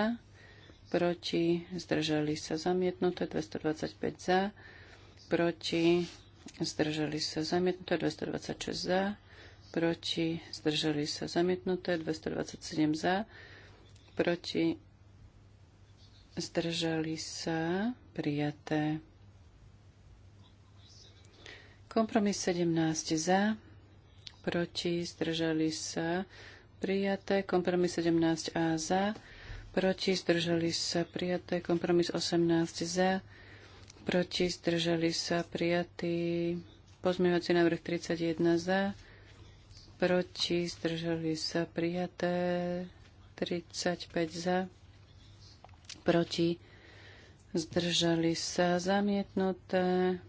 proti, zdržali sa, zamietnuté 225 za, proti, zdržali sa, zamietnuté 226 za, proti, zdržali sa, zamietnuté 227 za, proti, zdržali sa, prijaté. Kompromis 17 za, proti, zdržali sa prijaté. Kompromis 17a za, proti, zdržali sa prijaté. Kompromis 18 za, proti, zdržali sa prijatý. Pozmievací návrh 31 za, proti, zdržali sa prijaté. 35 za, proti, zdržali sa zamietnuté.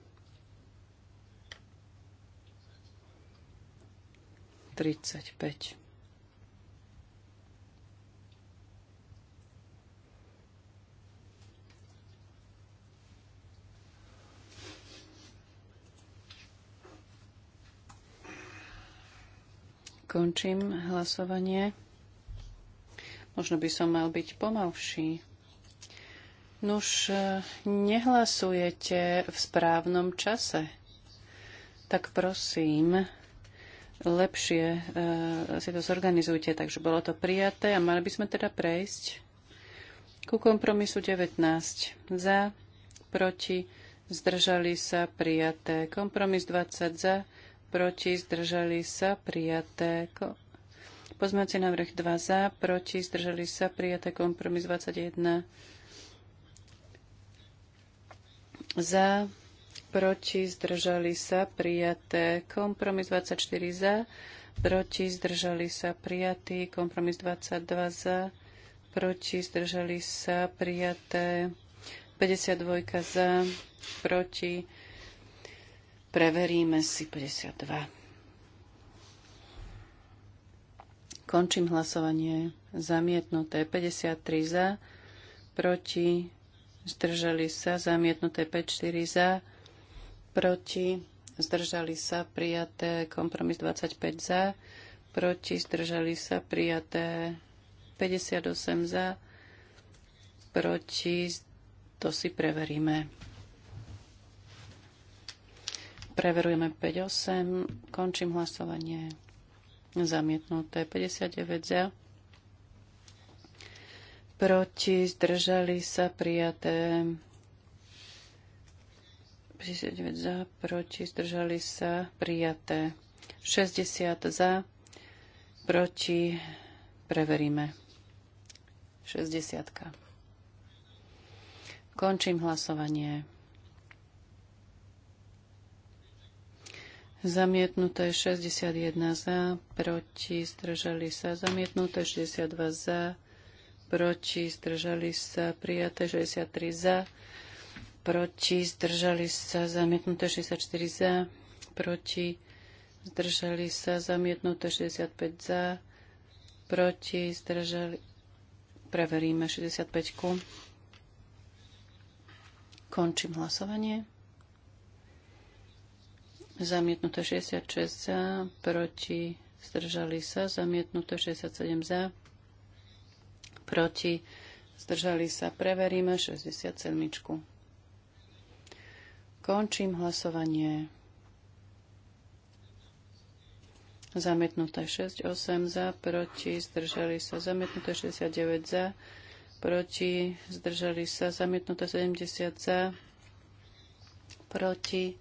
35. Končím hlasovanie. Možno by som mal byť pomalší. Nuž, eh, nehlasujete v správnom čase. Tak prosím, lepšie eh, si to zorganizujte. Takže bolo to prijaté a mali by sme teda prejsť ku kompromisu 19. Za, proti, zdržali sa, prijaté. Kompromis 20 za, proti, zdržali sa, prijaté. Pozmeňujúci návrh 2 za, proti, zdržali sa, prijaté. Kompromis 21 za, proti, zdržali sa, prijaté. Kompromis 24 za, proti, zdržali sa, prijatý. Kompromis 22 za, proti, zdržali sa, prijaté. 52 za, proti. Preveríme si 52. Končím hlasovanie. Zamietnuté 53 za, proti, zdržali sa, zamietnuté 54 za, proti, zdržali sa prijaté, kompromis 25 za, proti, zdržali sa prijaté, 58 za, proti, to si preveríme. Preverujeme 58, končím hlasovanie, zamietnuté 59 za, proti, zdržali sa prijaté, 59 za, proti, zdržali sa, prijaté. 60 za, proti, preveríme. 60. Končím hlasovanie. Zamietnuté 61 za, proti, zdržali sa. Zamietnuté 62 za, proti, zdržali sa. Prijaté 63 za proti, zdržali sa zamietnuté 64 za, proti, zdržali sa zamietnuté 65 za, proti, zdržali, preveríme 65 ku. Končím hlasovanie. Zamietnuté 66 za, proti, zdržali sa, zamietnuté 67 za, proti, zdržali sa, preveríme 67. Končím hlasovanie. Zamietnuté 6, 8 za, proti, zdržali sa. Zamietnuté 69 za, proti, zdržali sa. Zamietnuté 70 za, proti.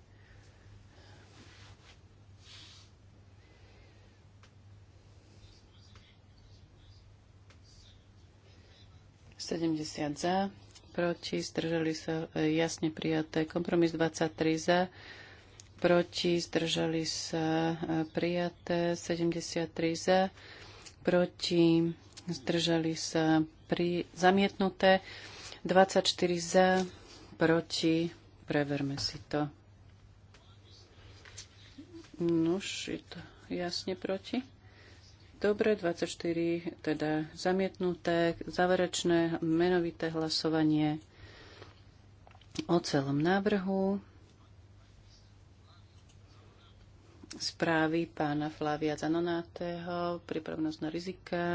Sedemdesiat za, proti, zdržali sa e, jasne prijaté. Kompromis 23 za, proti, zdržali sa e, prijaté. 73 za, proti, zdržali sa pri, zamietnuté. 24 za, proti, preverme si to. Nuž, je to jasne proti. Dobre, 24, teda zamietnuté, záverečné, menovité hlasovanie o celom návrhu správy pána Flavia Zanonátého, pripravnosť na rizika.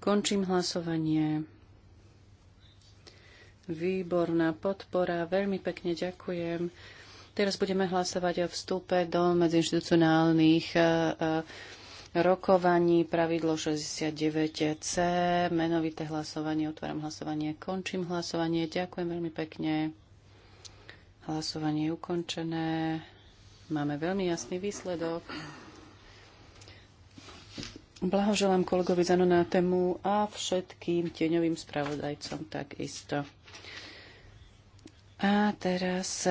Končím hlasovanie. Výborná podpora, veľmi pekne ďakujem. Teraz budeme hlasovať o vstupe do medziinstitucionálnych uh, uh, rokovaní. Pravidlo 69C, menovité hlasovanie. Otváram hlasovanie, končím hlasovanie. Ďakujem veľmi pekne. Hlasovanie je ukončené. Máme veľmi jasný výsledok. Blahoželám kolegovi Zanonátemu a všetkým tieňovým spravodajcom takisto. A teraz e,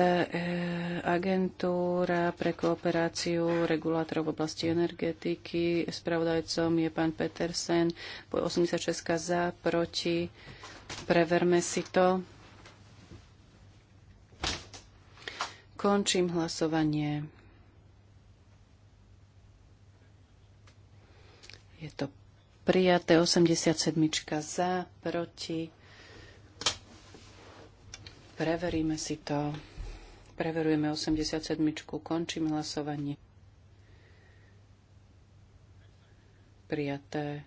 agentúra pre kooperáciu regulátorov v oblasti energetiky. Spravodajcom je pán Petersen. 86 za, proti. Preverme si to. Končím hlasovanie. Je to prijaté 87 za, proti Preveríme si to. Preverujeme 87. Končím hlasovanie. Prijaté.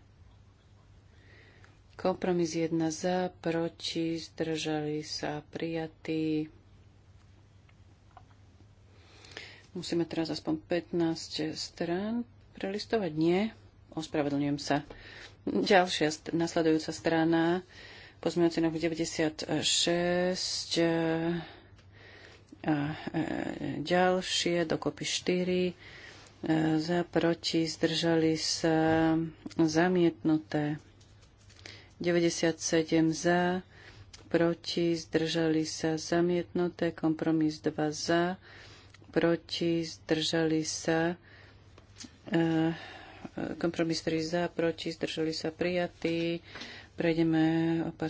Kompromis 1 za, proti, zdržali sa, prijatí. Musíme teraz aspoň 15 strán prelistovať. Nie, ospravedlňujem sa. Ďalšia nasledujúca strana Pozmeňujúci na 96 a ďalšie, dokopy 4, eh, za, proti, zdržali sa, zamietnuté. 97 za, proti, zdržali sa, zamietnuté, kompromis 2 za, proti, zdržali sa, eh, kompromis 3 za, proti, zdržali sa, prijatý. Prejdeme o pár